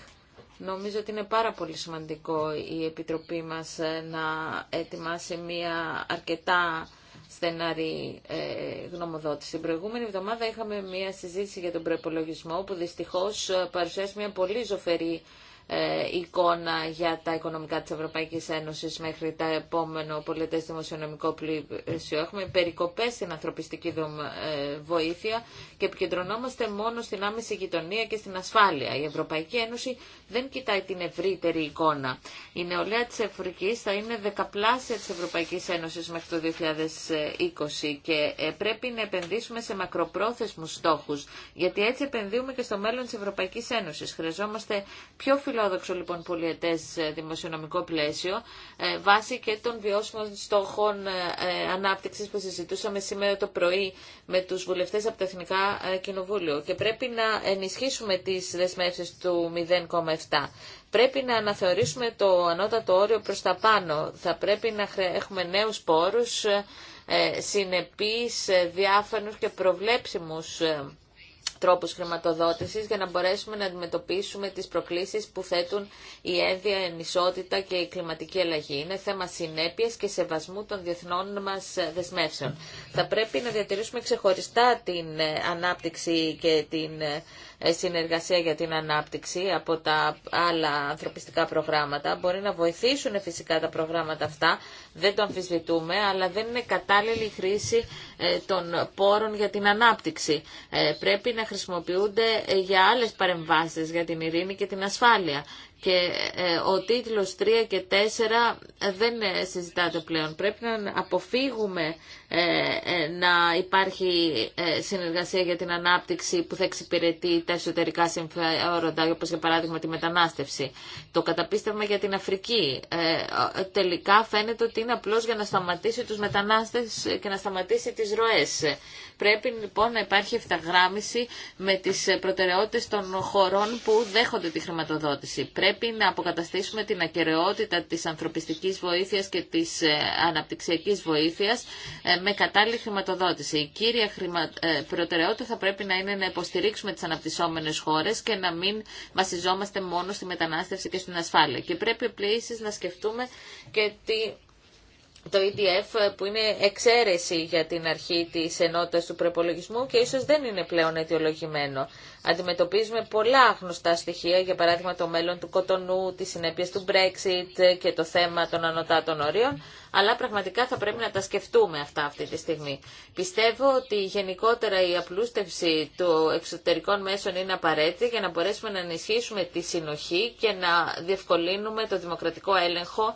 Νομίζω ότι είναι πάρα πολύ σημαντικό η Επιτροπή μας ε, να ετοιμάσει μια αρκετά στεναρή ε, γνωμοδότηση. Την προηγούμενη εβδομάδα είχαμε μια συζήτηση για τον προπολογισμό που δυστυχώς ε, παρουσιάζει μια πολύ ζωφερή ε, εικόνα για τα οικονομικά της Ευρωπαϊκής Ένωσης μέχρι τα επόμενο πολιτές δημοσιονομικό πλήσιο. Έχουμε περικοπές στην ανθρωπιστική ε, βοήθεια και επικεντρωνόμαστε μόνο στην άμεση γειτονία και στην ασφάλεια. Η Ευρωπαϊκή Ένωση δεν κοιτάει την ευρύτερη εικόνα. Η νεολαία της ευρωπαϊκής θα είναι δεκαπλάσια της Ευρωπαϊκής Ένωσης μέχρι το 2020 και ε, πρέπει να επενδύσουμε σε μακροπρόθεσμους στόχους, γιατί έτσι επενδύουμε και στο μέλλον της Ευρωπαϊκής Ένωσης. Χρειαζόμαστε πιο φιλόδοξο λοιπόν πολιετές ε, δημοσιονομικό πλαίσιο ε, βάσει και των βιώσιμων στόχων ε, ανάπτυξης που συζητούσαμε σήμερα το πρωί με τους βουλευτές από το Εθνικά Κοινοβούλιο και πρέπει να ενισχύσουμε τις δεσμεύσεις του 0,7. Πρέπει να αναθεωρήσουμε το ανώτατο όριο προς τα πάνω. Θα πρέπει να έχουμε νέους πόρους, συνεπείς, διάφανους και προβλέψιμους τρόπους χρηματοδότησης για να μπορέσουμε να αντιμετωπίσουμε τις προκλήσεις που θέτουν η ένδια ενισότητα και η κλιματική αλλαγή. Είναι θέμα συνέπειας και σεβασμού των διεθνών μας δεσμεύσεων. Θα πρέπει να διατηρήσουμε ξεχωριστά την ε, ανάπτυξη και την ε, ε, συνεργασία για την ανάπτυξη από τα άλλα ανθρωπιστικά προγράμματα. Μπορεί να βοηθήσουν φυσικά τα προγράμματα αυτά, δεν το αμφισβητούμε, αλλά δεν είναι κατάλληλη η χρήση ε, των πόρων για την ανάπτυξη. Ε, πρέπει να χρησιμοποιούνται για άλλες παρεμβάσεις για την ειρήνη και την ασφάλεια. Και ε, ο τίτλος 3 και 4 ε, δεν ε, συζητάται πλέον. Πρέπει να αποφύγουμε να υπάρχει συνεργασία για την ανάπτυξη που θα εξυπηρετεί τα εσωτερικά συμφέροντα, όπως για παράδειγμα τη μετανάστευση. Το καταπίστευμα για την Αφρική τελικά φαίνεται ότι είναι απλώς για να σταματήσει τους μετανάστες και να σταματήσει τις ροές. Πρέπει λοιπόν να υπάρχει εφταγράμμιση με τις προτεραιότητε των χωρών που δέχονται τη χρηματοδότηση. Πρέπει να αποκαταστήσουμε την ακαιρεότητα της ανθρωπιστικής βοήθειας και της ε, αναπτυξιακής βοήθειας ε, με κατάλληλη χρηματοδότηση. Η κύρια ε, προτεραιότητα θα πρέπει να είναι να υποστηρίξουμε τις αναπτυσσόμενε χώρε και να μην βασιζόμαστε μόνο στη μετανάστευση και στην ασφάλεια. Και πρέπει επίση να σκεφτούμε και τη το EDF ε, που είναι εξαίρεση για την αρχή της ενότητας του προπολογισμού και ίσως δεν είναι πλέον αιτιολογημένο. Αντιμετωπίζουμε πολλά γνωστά στοιχεία, για παράδειγμα το μέλλον του κοτονού, τις συνέπειες του Brexit ε, και το θέμα των ανωτάτων ορίων, αλλά πραγματικά θα πρέπει να τα σκεφτούμε αυτά αυτή τη στιγμή. Πιστεύω ότι γενικότερα η απλούστευση των εξωτερικών μέσων είναι απαραίτητη για να μπορέσουμε να ενισχύσουμε τη συνοχή και να διευκολύνουμε το δημοκρατικό έλεγχο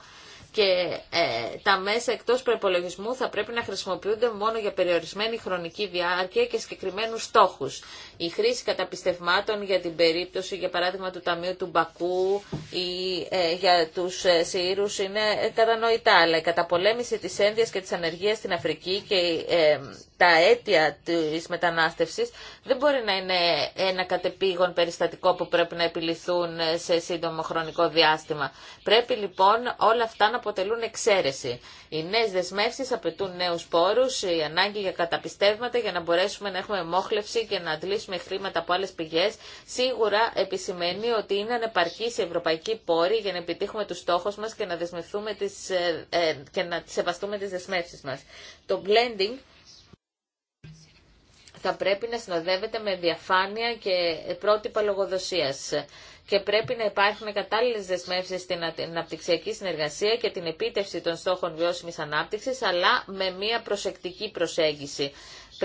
και ε, τα μέσα εκτός προπολογισμού θα πρέπει να χρησιμοποιούνται μόνο για περιορισμένη χρονική διάρκεια και συγκεκριμένους στόχους. Η χρήση καταπιστευμάτων για την περίπτωση, για παράδειγμα, του Ταμείου του Μπακού ή ε, για τους ε, Σύρους είναι κατανοητά, αλλά η καταπολέμηση της ένδυας και της ανεργίας στην Αφρική και ε, τα αίτια της μετανάστευσης δεν μπορεί να είναι ένα κατεπήγον περιστατικό που πρέπει να επιληθούν σε σύντομο χρονικό διάστημα. Πρέπει λοιπόν όλα αυτά να αποτελούν εξαίρεση. Οι νέε δεσμεύσει απαιτούν νέου πόρου, η ανάγκη για καταπιστεύματα για να μπορέσουμε να έχουμε μόχλευση και να αντλήσουμε χρήματα από άλλε πηγέ. Σίγουρα επισημαίνει ότι είναι ανεπαρκή η ευρωπαϊκή πόρη για να επιτύχουμε του στόχου μα και να, δεσμευτούμε τις, ε, ε και να σεβαστούμε Το blending θα πρέπει να συνοδεύεται με διαφάνεια και πρότυπα λογοδοσία. και πρέπει να υπάρχουν κατάλληλε δεσμεύσει στην αναπτυξιακή συνεργασία και την επίτευξη των στόχων βιώσιμη ανάπτυξη, αλλά με μια προσεκτική προσέγγιση.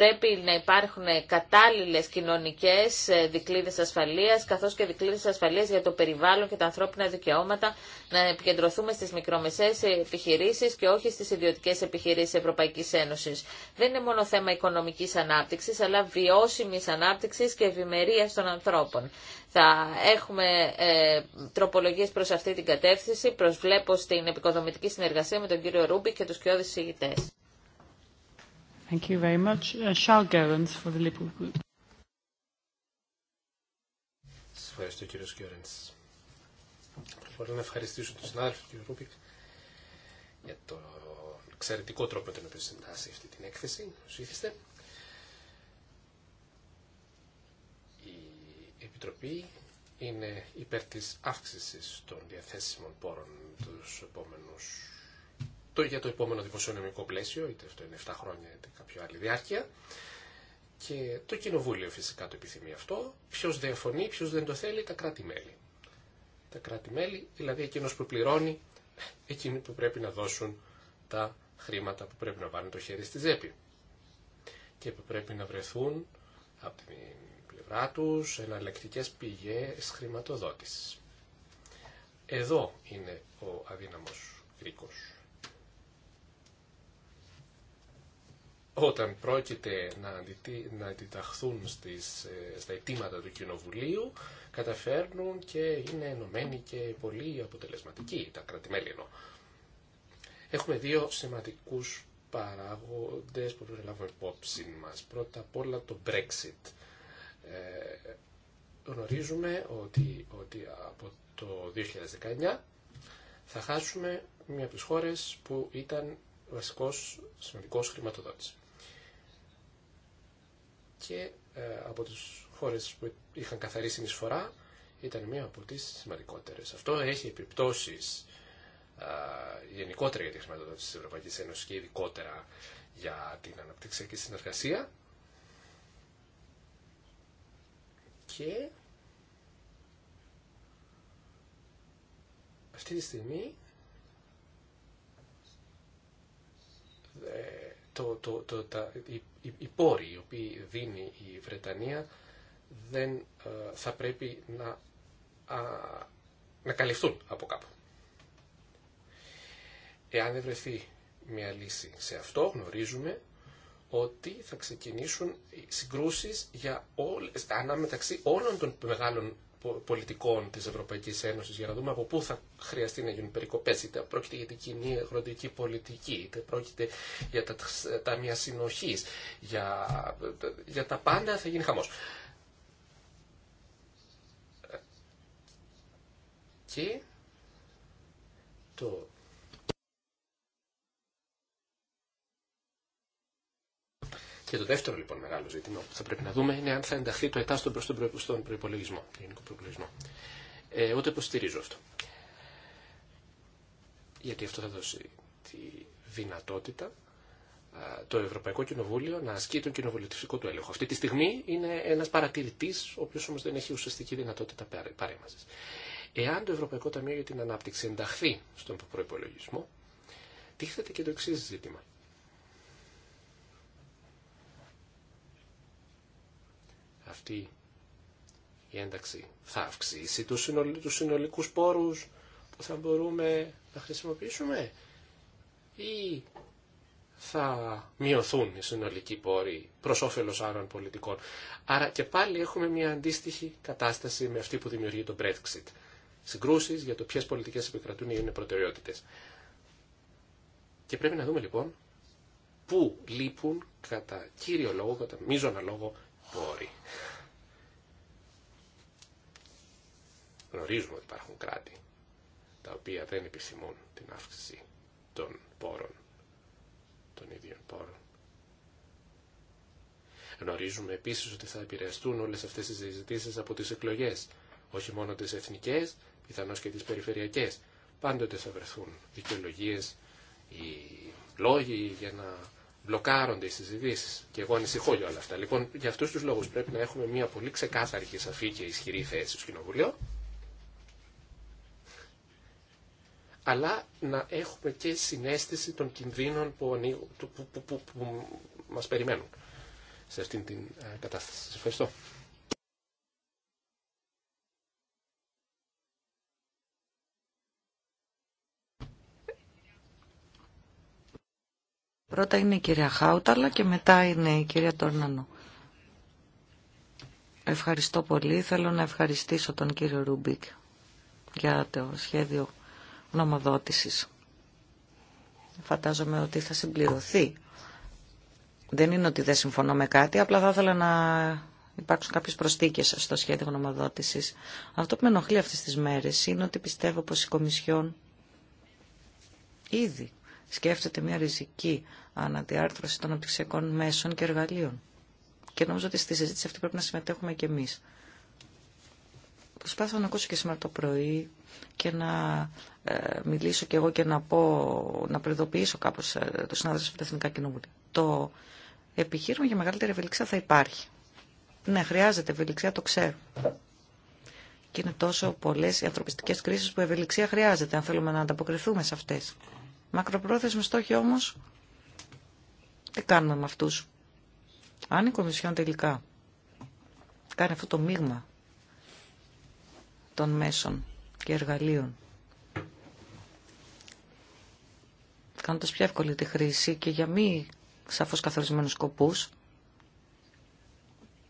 Πρέπει να υπάρχουν κατάλληλες κοινωνικές ε, δικλείδες ασφαλείας, καθώς και δικλείδες ασφαλείας για το περιβάλλον και τα ανθρώπινα δικαιώματα, να επικεντρωθούμε στις μικρομεσαίες επιχειρήσεις και όχι στις ιδιωτικές επιχειρήσεις Ευρωπαϊκής Ένωσης. Δεν είναι μόνο θέμα οικονομικής ανάπτυξης, αλλά βιώσιμης ανάπτυξης και ευημερίας των ανθρώπων. Θα έχουμε ε, τροπολογίες προς αυτή την κατεύθυνση. Προσβλέπω στην επικοδομητική συνεργασία με τον κύριο Ρούμπι και τους κοιόδης συγητέ. Thank you very much. Uh, Charles Gerens for the Liberal Group. ευχαριστώ κύριος Γκέρενς. Θέλω να ευχαριστήσω τον συνάδελφο κύριο Ρούπικ για το εξαιρετικό τρόπο με τον οποίο συντάσσει αυτή την έκθεση. Ουσήθηστε. Η Επιτροπή είναι υπέρ της αύξησης των διαθέσιμων πόρων τους επόμενους το, για το επόμενο δημοσιονομικό πλαίσιο, είτε αυτό είναι 7 χρόνια είτε κάποια άλλη διάρκεια. Και το κοινοβούλιο φυσικά το επιθυμεί αυτό. Ποιο διαφωνεί, ποιο δεν το θέλει, τα κράτη-μέλη. Τα κράτη-μέλη, δηλαδή εκείνο που πληρώνει, εκείνοι που πρέπει να δώσουν τα χρήματα που πρέπει να βάλουν το χέρι στη ζέπη. Και που πρέπει να βρεθούν από την πλευρά του εναλλακτικέ πηγέ χρηματοδότηση. Εδώ είναι ο αδύναμος γρήκος όταν πρόκειται να αντιταχθούν στις, ε, στα αιτήματα του Κοινοβουλίου, καταφέρνουν και είναι ενωμένοι και πολύ αποτελεσματικοί, τα κρατημέλη ενώ. Έχουμε δύο σημαντικούς παράγοντες που πρέπει να λάβουμε υπόψη μας. Πρώτα απ' όλα το Brexit. Ε, γνωρίζουμε ότι, ότι από το 2019 θα χάσουμε μια από τις χώρες που ήταν βασικός σημαντικός χρηματοδότης και ε, από τις χώρες που είχαν καθαρή συνεισφορά ήταν μία από τις σημαντικότερες. Αυτό έχει επιπτώσεις γενικότερα για τη χρηματοδότηση της Ευρωπαϊκής Ένωσης και ειδικότερα για την αναπτυξιακή συνεργασία και αυτή τη στιγμή ε, το, το, το, τα, οι, πόροι οι οποίοι δίνει η Βρετανία δεν ε, θα πρέπει να, να καλυφθούν από κάπου. Εάν δεν βρεθεί μια λύση σε αυτό, γνωρίζουμε ότι θα ξεκινήσουν συγκρούσεις για όλες, ανάμεταξύ όλων των μεγάλων πολιτικών της Ευρωπαϊκής Ένωσης για να δούμε από πού θα χρειαστεί να γίνουν περικοπέ. Είτε πρόκειται για την κοινή αγροτική πολιτική, είτε πρόκειται για τα ταμεία συνοχή για, για τα πάντα θα γίνει χαμός. Ε, και το Και το δεύτερο λοιπόν μεγάλο ζήτημα που θα πρέπει να δούμε είναι αν θα ενταχθεί το ΕΤΑ στον προπολογισμό, γενικό προπολογισμό. Ε, ούτε υποστηρίζω αυτό. Γιατί αυτό θα δώσει τη δυνατότητα το Ευρωπαϊκό Κοινοβούλιο να ασκεί τον κοινοβουλευτικό του έλεγχο. Αυτή τη στιγμή είναι ένα παρατηρητή, ο οποίο όμω δεν έχει ουσιαστική δυνατότητα παρέμβαση. Εάν το Ευρωπαϊκό Ταμείο για την Ανάπτυξη ενταχθεί στον προπολογισμό, τίθεται και το εξή ζήτημα. αυτή η ένταξη θα αυξήσει τους, τους συνολικούς πόρους που θα μπορούμε να χρησιμοποιήσουμε ή θα μειωθούν οι συνολικοί πόροι προς όφελος άλλων πολιτικών. Άρα και πάλι έχουμε μια αντίστοιχη κατάσταση με αυτή που δημιουργεί το Brexit. Συγκρούσεις για το ποιε πολιτικές επικρατούν ή είναι προτεραιότητες. Και πρέπει να δούμε λοιπόν πού λείπουν κατά κύριο λόγο, κατά μείζωνα λόγο, πόροι. Γνωρίζουμε ότι υπάρχουν κράτη τα οποία δεν επισημούν την αύξηση των πόρων, των ίδιων πόρων. Γνωρίζουμε επίσης ότι θα επηρεαστούν όλες αυτές τις συζητήσει από τις εκλογές, όχι μόνο τις εθνικές, πιθανώς και τις περιφερειακές. Πάντοτε θα βρεθούν δικαιολογίε ή λόγοι για να μπλοκάρονται οι συζητήσει. Και εγώ ανησυχώ για όλα αυτά. Λοιπόν, για αυτού του λόγου πρέπει να έχουμε μια πολύ ξεκάθαρη και σαφή και ισχυρή θέση στο Κοινοβουλίο. Αλλά να έχουμε και συνέστηση των κινδύνων που, που, που, που, που μα περιμένουν σε αυτήν την ε, κατάσταση. Σας ευχαριστώ. Πρώτα είναι η κυρία Χάουταλα και μετά είναι η κυρία Τόρνανο. Ευχαριστώ πολύ. Θέλω να ευχαριστήσω τον κύριο Ρούμπικ για το σχέδιο νομοδότησης. Φαντάζομαι ότι θα συμπληρωθεί. Δεν είναι ότι δεν συμφωνώ με κάτι, απλά θα ήθελα να υπάρξουν κάποιε προστίκε στο σχέδιο γνωμοδότηση. Αυτό που με ενοχλεί αυτέ τι μέρε είναι ότι πιστεύω πω η Κομισιόν ήδη σκέφτεται μια ριζική αναδιάρθρωση των οπτικών μέσων και εργαλείων. Και νομίζω ότι στη συζήτηση αυτή πρέπει να συμμετέχουμε και εμείς. Προσπάθησα να ακούσω και σήμερα το πρωί και να ε, μιλήσω κι εγώ και να πω, να προειδοποιήσω κάπω ε, του συνάδελφου από τα Εθνικά Κοινοβούλια. Το επιχείρημα για μεγαλύτερη ευελιξία θα υπάρχει. Ναι, χρειάζεται ευελιξία, το ξέρω. Και είναι τόσο πολλέ οι ανθρωπιστικές κρίσει που ευελιξία χρειάζεται, αν θέλουμε να ανταποκριθούμε σε αυτέ. Μακροπρόθεσμοι στόχοι όμως, τι κάνουμε με αυτούς. Αν η Κομισιόν τελικά κάνει αυτό το μείγμα των μέσων και εργαλείων, κάνοντας πιο εύκολη τη χρήση και για μη σαφώς καθορισμένους σκοπούς,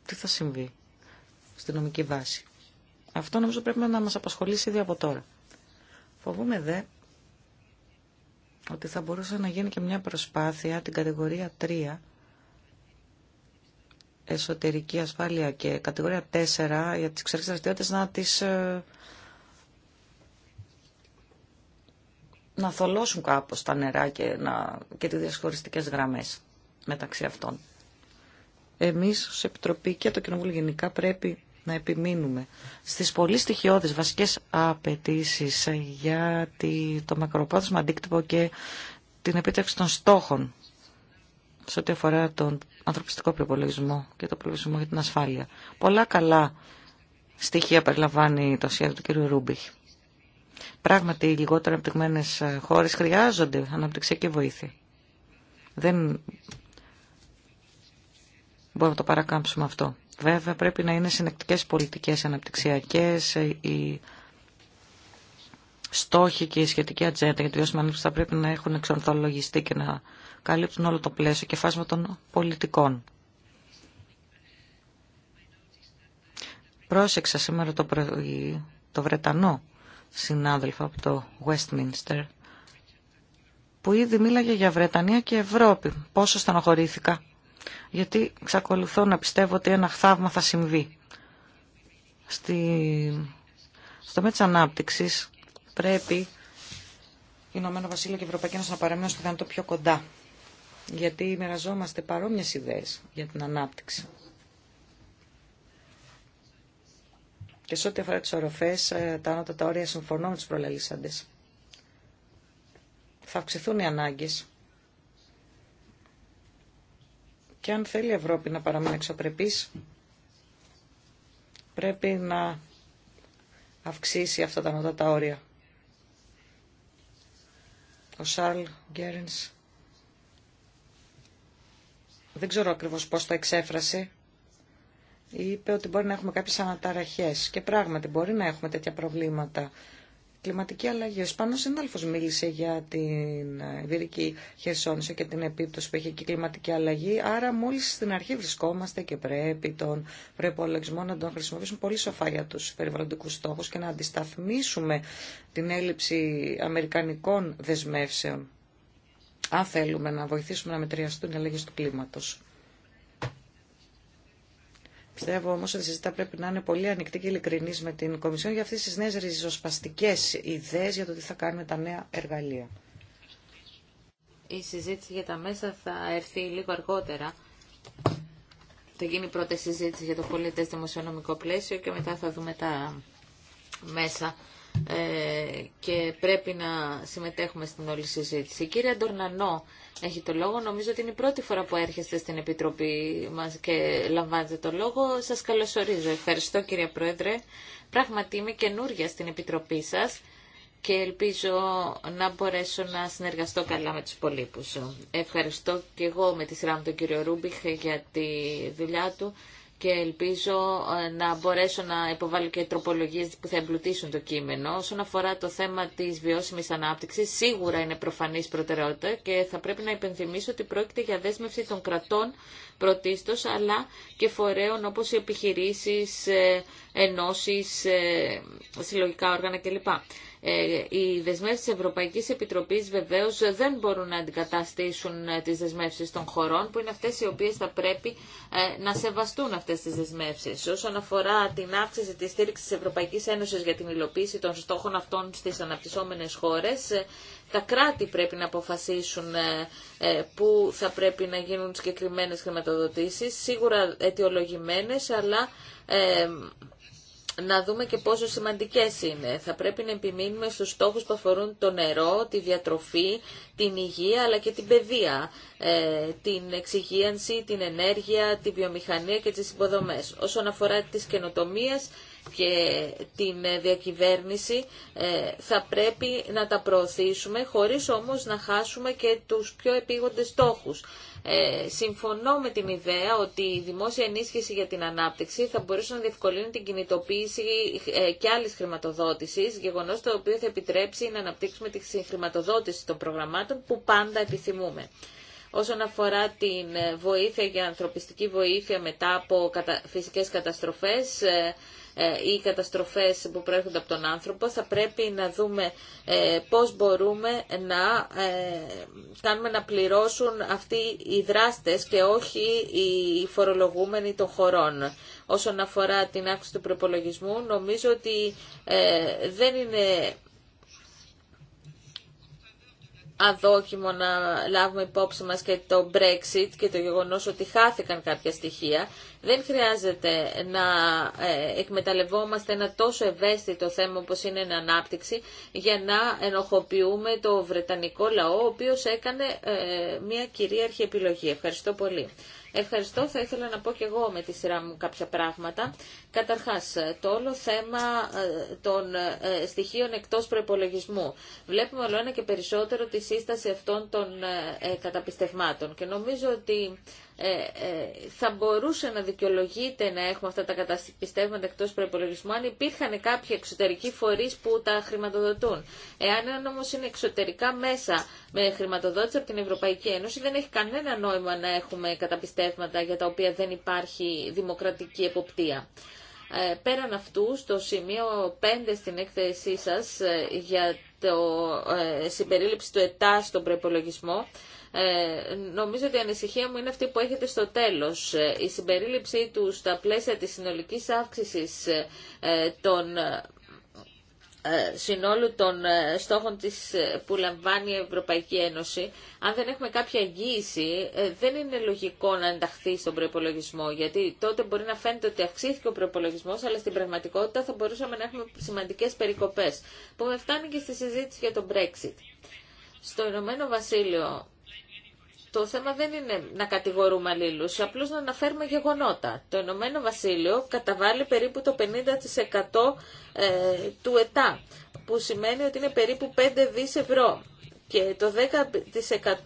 τι θα συμβεί στη νομική βάση. Αυτό νομίζω πρέπει να μας απασχολήσει ήδη από τώρα. Φοβούμε δε ότι θα μπορούσε να γίνει και μια προσπάθεια την κατηγορία 3 εσωτερική ασφάλεια και κατηγορία 4 για τις ξέρεις δραστηριότητες να τις ε, να θολώσουν κάπως τα νερά και, να, και τις διασχωριστικές γραμμές μεταξύ αυτών. Εμείς ως Επιτροπή και το Κοινοβούλιο γενικά πρέπει να επιμείνουμε στις πολύ στοιχειώδεις βασικές απαιτήσει για το μακροπρόθεσμο αντίκτυπο και την επίτευξη των στόχων σε ό,τι αφορά τον ανθρωπιστικό προπολογισμό και το προπολογισμό για την ασφάλεια. Πολλά καλά στοιχεία περιλαμβάνει το σχέδιο του κ. Ρούμπιχ. Πράγματι, οι λιγότερο αναπτυγμένε χώρε χρειάζονται αναπτυξιακή βοήθεια. Δεν μπορούμε να το παρακάμψουμε αυτό. Βέβαια πρέπει να είναι συνεκτικές πολιτικές αναπτυξιακές, οι στόχοι και η σχετική ατζέντα γιατί όσοι θα πρέπει να έχουν εξορθολογιστεί και να καλύπτουν όλο το πλαίσιο και φάσμα των πολιτικών. Πρόσεξα σήμερα το, το Βρετανό συνάδελφο από το Westminster που ήδη μίλαγε για Βρετανία και Ευρώπη. Πόσο στενοχωρήθηκα γιατί εξακολουθώ να πιστεύω ότι ένα θαύμα θα συμβεί. Στη... Στο μέτρο τη ανάπτυξης πρέπει Ηνωμένο Βασίλειο και η Ευρωπαϊκή Ένωση να παραμείνουν στο δυνατό πιο κοντά. Γιατί μοιραζόμαστε παρόμοιες ιδέες για την ανάπτυξη. Και σε ό,τι αφορά τις οροφές, ε, τα άνωτα τα όρια συμφωνώ με τους προλαλήσαντες. Θα αυξηθούν οι ανάγκες Και αν θέλει η Ευρώπη να παραμείνει εξωπρεπής, πρέπει να αυξήσει αυτά τα τα όρια. Ο Σαρλ Γκέρινς δεν ξέρω ακριβώς πώς το εξέφρασε, είπε ότι μπορεί να έχουμε κάποιες αναταραχές και πράγματι μπορεί να έχουμε τέτοια προβλήματα κλιματική αλλαγή. Ο Σπάνος Συνάλφος μίλησε για την ε, Βυρική Χερσόνησο και την επίπτωση που έχει κλιματική αλλαγή. Άρα μόλις στην αρχή βρισκόμαστε και πρέπει τον προπολογισμό να τον χρησιμοποιήσουμε πολύ σοφά για τους περιβαλλοντικούς στόχους και να αντισταθμίσουμε την έλλειψη αμερικανικών δεσμεύσεων αν θέλουμε να βοηθήσουμε να μετριαστούν οι αλλαγές του κλίματος. Πιστεύω όμως ότι η συζήτηση πρέπει να είναι πολύ ανοιχτή και ειλικρινή με την Κομισιόν για αυτέ τις νέες ριζοσπαστικέ ιδέες για το τι θα κάνουμε τα νέα εργαλεία. Η συζήτηση για τα μέσα θα έρθει λίγο αργότερα. Θα γίνει η πρώτη συζήτηση για το πολιτέ δημοσιονομικό πλαίσιο και μετά θα δούμε τα μέσα ε, και πρέπει να συμμετέχουμε στην όλη συζήτηση έχει το λόγο. Νομίζω ότι είναι η πρώτη φορά που έρχεστε στην Επιτροπή μας και λαμβάνετε το λόγο. Σας καλωσορίζω. Ευχαριστώ κύριε Πρόεδρε. Πράγματι είμαι καινούρια στην Επιτροπή σας και ελπίζω να μπορέσω να συνεργαστώ καλά με τους υπολείπους. Ευχαριστώ και εγώ με τη σειρά μου τον κύριο Ρούμπιχ για τη δουλειά του και ελπίζω ε, να μπορέσω να υποβάλω και τροπολογίες που θα εμπλουτίσουν το κείμενο. Όσον αφορά το θέμα της βιώσιμης ανάπτυξης, σίγουρα είναι προφανής προτεραιότητα και θα πρέπει να υπενθυμίσω ότι πρόκειται για δέσμευση των κρατών πρωτίστως, αλλά και φορέων όπως οι επιχειρήσεις, ε, ενώσεις, ε, συλλογικά όργανα κλπ. Ε, οι δεσμεύσεις τη Ευρωπαϊκής Επιτροπής βεβαίως δεν μπορούν να αντικαταστήσουν ε, τις δεσμεύσεις των χωρών που είναι αυτές οι οποίες θα πρέπει ε, να σεβαστούν αυτές τις δεσμεύσεις. Όσον αφορά την αύξηση της στήριξη τη Ευρωπαϊκής Ένωσης για την υλοποίηση των στόχων αυτών στις αναπτυσσόμενες χώρες, τα κράτη πρέπει να αποφασίσουν πού θα πρέπει να γίνουν συγκεκριμένε χρηματοδοτήσει, σίγουρα αιτιολογημένες, αλλά να δούμε και πόσο σημαντικές είναι. Θα πρέπει να επιμείνουμε στους στόχους που αφορούν το νερό, τη διατροφή, την υγεία αλλά και την παιδεία, ε, την εξυγίανση, την ενέργεια, τη βιομηχανία και τις υποδομές. Όσον αφορά τις καινοτομίες και την ε, διακυβέρνηση ε, θα πρέπει να τα προωθήσουμε χωρίς όμως να χάσουμε και τους πιο επίγοντες στόχους. Ε, συμφωνώ με την ιδέα ότι η δημόσια ενίσχυση για την ανάπτυξη θα μπορούσε να διευκολύνει την κινητοποίηση ε, και άλλη χρηματοδότηση, γεγονό το οποίο θα επιτρέψει να αναπτύξουμε τη χρηματοδότηση των προγραμμάτων που πάντα επιθυμούμε. Όσον αφορά την ε, βοήθεια για ανθρωπιστική βοήθεια μετά από φυσικές καταστροφές, ε, ή ε, καταστροφές που προέρχονται από τον άνθρωπο, θα πρέπει να δούμε ε, πώς μπορούμε να ε, κάνουμε να πληρώσουν αυτοί οι δράστες και όχι οι φορολογούμενοι των χωρών. Όσον αφορά την άξιση του προπολογισμού, νομίζω ότι δεν είναι αδόκιμο να λάβουμε υπόψη μας και το Brexit και το γεγονός ότι χάθηκαν κάποια στοιχεία δεν χρειάζεται να ε, εκμεταλλευόμαστε ένα τόσο ευαίσθητο θέμα όπως είναι η ανάπτυξη για να ενοχοποιούμε το βρετανικό λαό ο οποίος έκανε ε, μια κυρίαρχη επιλογή. Ευχαριστώ πολύ. Ευχαριστώ. Θα ήθελα να πω και εγώ με τη σειρά μου κάποια πράγματα. Καταρχάς, το όλο θέμα ε, των στοιχείων εκτός προπολογισμού. Βλέπουμε όλο ένα και περισσότερο τη σύσταση αυτών των καταπιστευμάτων και νομίζω ότι ε, ε, θα μπορούσε να δικαιολογείται να έχουμε αυτά τα καταπιστεύματα εκτός προϋπολογισμού αν υπήρχαν κάποιοι εξωτερικοί φορείς που τα χρηματοδοτούν. Εάν όμως είναι εξωτερικά μέσα με χρηματοδότηση από την Ευρωπαϊκή Ένωση δεν έχει κανένα νόημα να έχουμε καταπιστεύματα για τα οποία δεν υπάρχει δημοκρατική εποπτεία. Ε, πέραν αυτού, στο σημείο 5 στην έκθεσή σας ε, για το ε, συμπερίληψη του ΕΤΑ στον προπολογισμό, ε, νομίζω ότι η ανησυχία μου είναι αυτή που έχετε στο τέλος. Ε, η συμπερίληψή του στα πλαίσια της συνολικής αύξησης ε, των ε, συνόλου των ε, στόχων της που λαμβάνει η Ευρωπαϊκή Ένωση, αν δεν έχουμε κάποια εγγύηση, δεν είναι λογικό να ενταχθεί στον προπολογισμό, γιατί τότε μπορεί να φαίνεται ότι αυξήθηκε ο προπολογισμό, αλλά στην πραγματικότητα θα μπορούσαμε να έχουμε σημαντικές περικοπές, που με φτάνει και στη συζήτηση για τον Brexit. Στο Ηνωμένο Βασίλειο το θέμα δεν είναι να κατηγορούμε αλλήλους, απλώς να αναφέρουμε γεγονότα. Το Ηνωμένο Βασίλειο καταβάλει περίπου το 50% ε, του ΕΤΑ, που σημαίνει ότι είναι περίπου 5 δις ευρώ και το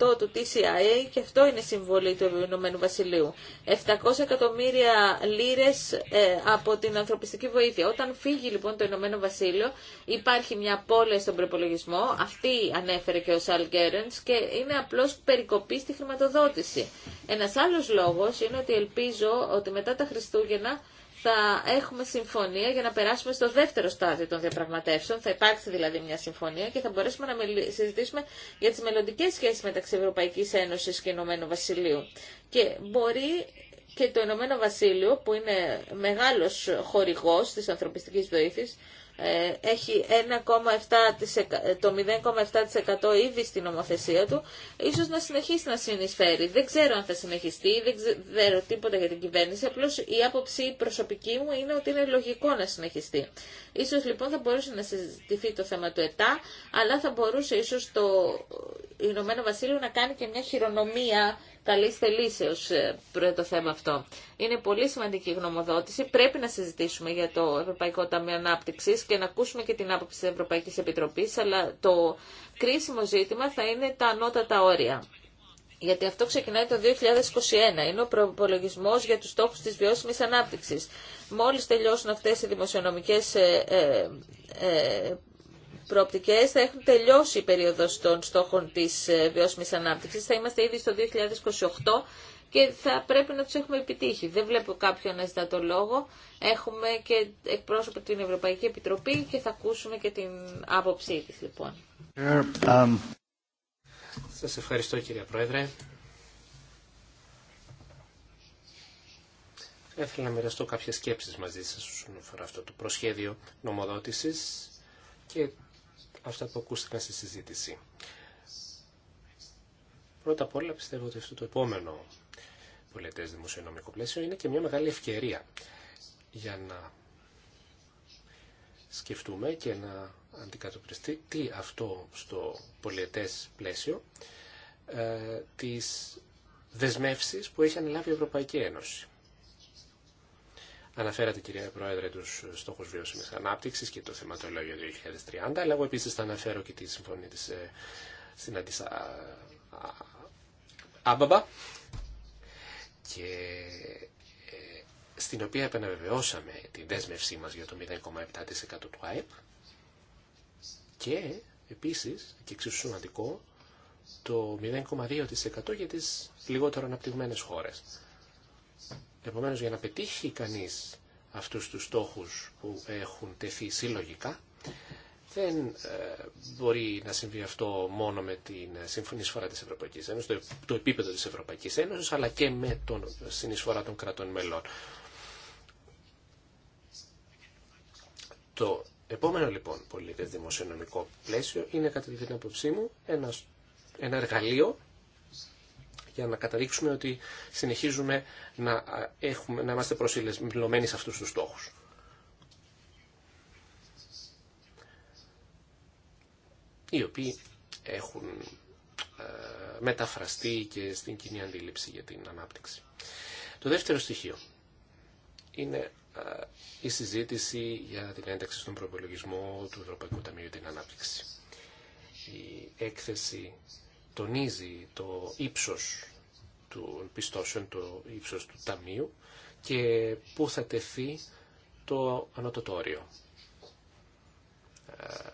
10% του TCIA και αυτό είναι συμβολή του Ηνωμένου Βασιλείου. 700 εκατομμύρια λίρες ε, από την ανθρωπιστική βοήθεια. Όταν φύγει λοιπόν το Ηνωμένο Βασίλειο υπάρχει μια πόλη στον προπολογισμό, αυτή ανέφερε και ο Σαλ Γκέρενς και είναι απλώς περικοπή στη χρηματοδότηση. Ένας άλλος λόγος είναι ότι ελπίζω ότι μετά τα Χριστούγεννα θα έχουμε συμφωνία για να περάσουμε στο δεύτερο στάδιο των διαπραγματεύσεων. Θα υπάρξει δηλαδή μια συμφωνία και θα μπορέσουμε να συζητήσουμε για τις μελλοντικέ σχέσεις μεταξύ Ευρωπαϊκής Ένωσης και Ηνωμένου Βασιλείου. Και μπορεί και το Ηνωμένο Βασίλειο, που είναι μεγάλος χορηγός τη ανθρωπιστική βοήθεια, ε, έχει 1,7%, το 0,7% ήδη στην ομοθεσία του, ίσως να συνεχίσει να συνεισφέρει. Δεν ξέρω αν θα συνεχιστεί, δεν ξέρω τίποτα για την κυβέρνηση, απλώς η άποψη προσωπική μου είναι ότι είναι λογικό να συνεχιστεί. Ίσως λοιπόν θα μπορούσε να συζητηθεί το θέμα του ΕΤΑ, αλλά θα μπορούσε ίσως το Ηνωμένο Βασίλειο να κάνει και μια χειρονομία καλή θελήσεω ε, το θέμα αυτό. Είναι πολύ σημαντική η γνωμοδότηση. Πρέπει να συζητήσουμε για το Ευρωπαϊκό Ταμείο Ανάπτυξη και να ακούσουμε και την άποψη τη Ευρωπαϊκή Επιτροπή, αλλά το κρίσιμο ζήτημα θα είναι τα ανώτατα όρια. Γιατί αυτό ξεκινάει το 2021. Είναι ο προπολογισμό για του στόχου τη βιώσιμη ανάπτυξη. Μόλι τελειώσουν αυτέ οι δημοσιονομικέ ε, ε, ε θα έχουν τελειώσει η περίοδος των στόχων της ε, βιώσιμης ανάπτυξης. Θα είμαστε ήδη στο 2028 και θα πρέπει να τους έχουμε επιτύχει. Δεν βλέπω κάποιον να ζητά το λόγο. Έχουμε και εκπρόσωπο την Ευρωπαϊκή Επιτροπή και θα ακούσουμε και την άποψή της λοιπόν. Um, σας ευχαριστώ κύριε Πρόεδρε. Θα ήθελα να μοιραστώ κάποιες σκέψεις μαζί σας όσον αφορά αυτό το προσχέδιο νομοδότησης και αυτά που ακούστηκαν στη συζήτηση. Πρώτα απ' όλα πιστεύω ότι αυτό το επόμενο πολιτέ δημοσιονομικό πλαίσιο είναι και μια μεγάλη ευκαιρία για να σκεφτούμε και να αντικατοπτριστεί τι αυτό στο πολιετές πλαίσιο ε, τις δεσμεύσεις που έχει αναλάβει η Ευρωπαϊκή Ένωση. Αναφέρατε, κυρία Πρόεδρε, του στόχου βιώσιμη ανάπτυξη και το θεματολόγιο 2030, αλλά εγώ επίση θα αναφέρω και τη συμφωνία τη ε, Αντισα... Άμπαμπα και ε, στην οποία επαναβεβαιώσαμε την δέσμευσή μας για το 0,7% του ΑΕΠ και επίσης, και εξίσου σημαντικό, το 0,2% για τις λιγότερο αναπτυγμένες χώρες. Επομένως, για να πετύχει κανείς αυτούς τους στόχους που έχουν τεθεί συλλογικά, δεν ε, μπορεί να συμβεί αυτό μόνο με την ε, συνεισφορά της Ευρωπαϊκής Ένωσης, το, το επίπεδο της Ευρωπαϊκής Ένωσης, αλλά και με την συνεισφορά των κρατών μελών. Το επόμενο λοιπόν πολιτικό δημοσιονομικό πλαίσιο είναι κατά την άποψή μου ένα, ένα εργαλείο για να καταλήξουμε ότι συνεχίζουμε να, έχουμε, να είμαστε προσιλωμένοι σε αυτούς τους στόχους. οι οποίοι έχουν ε, μεταφραστεί και στην κοινή αντίληψη για την ανάπτυξη. Το δεύτερο στοιχείο είναι ε, η συζήτηση για την ένταξη στον προπολογισμό του Ευρωπαϊκού Ταμείου για την Ανάπτυξη. Η έκθεση τονίζει το ύψος του πιστώσεων, το ύψος του ταμείου και πού θα τεθεί το ανωτοτόριο. Ε,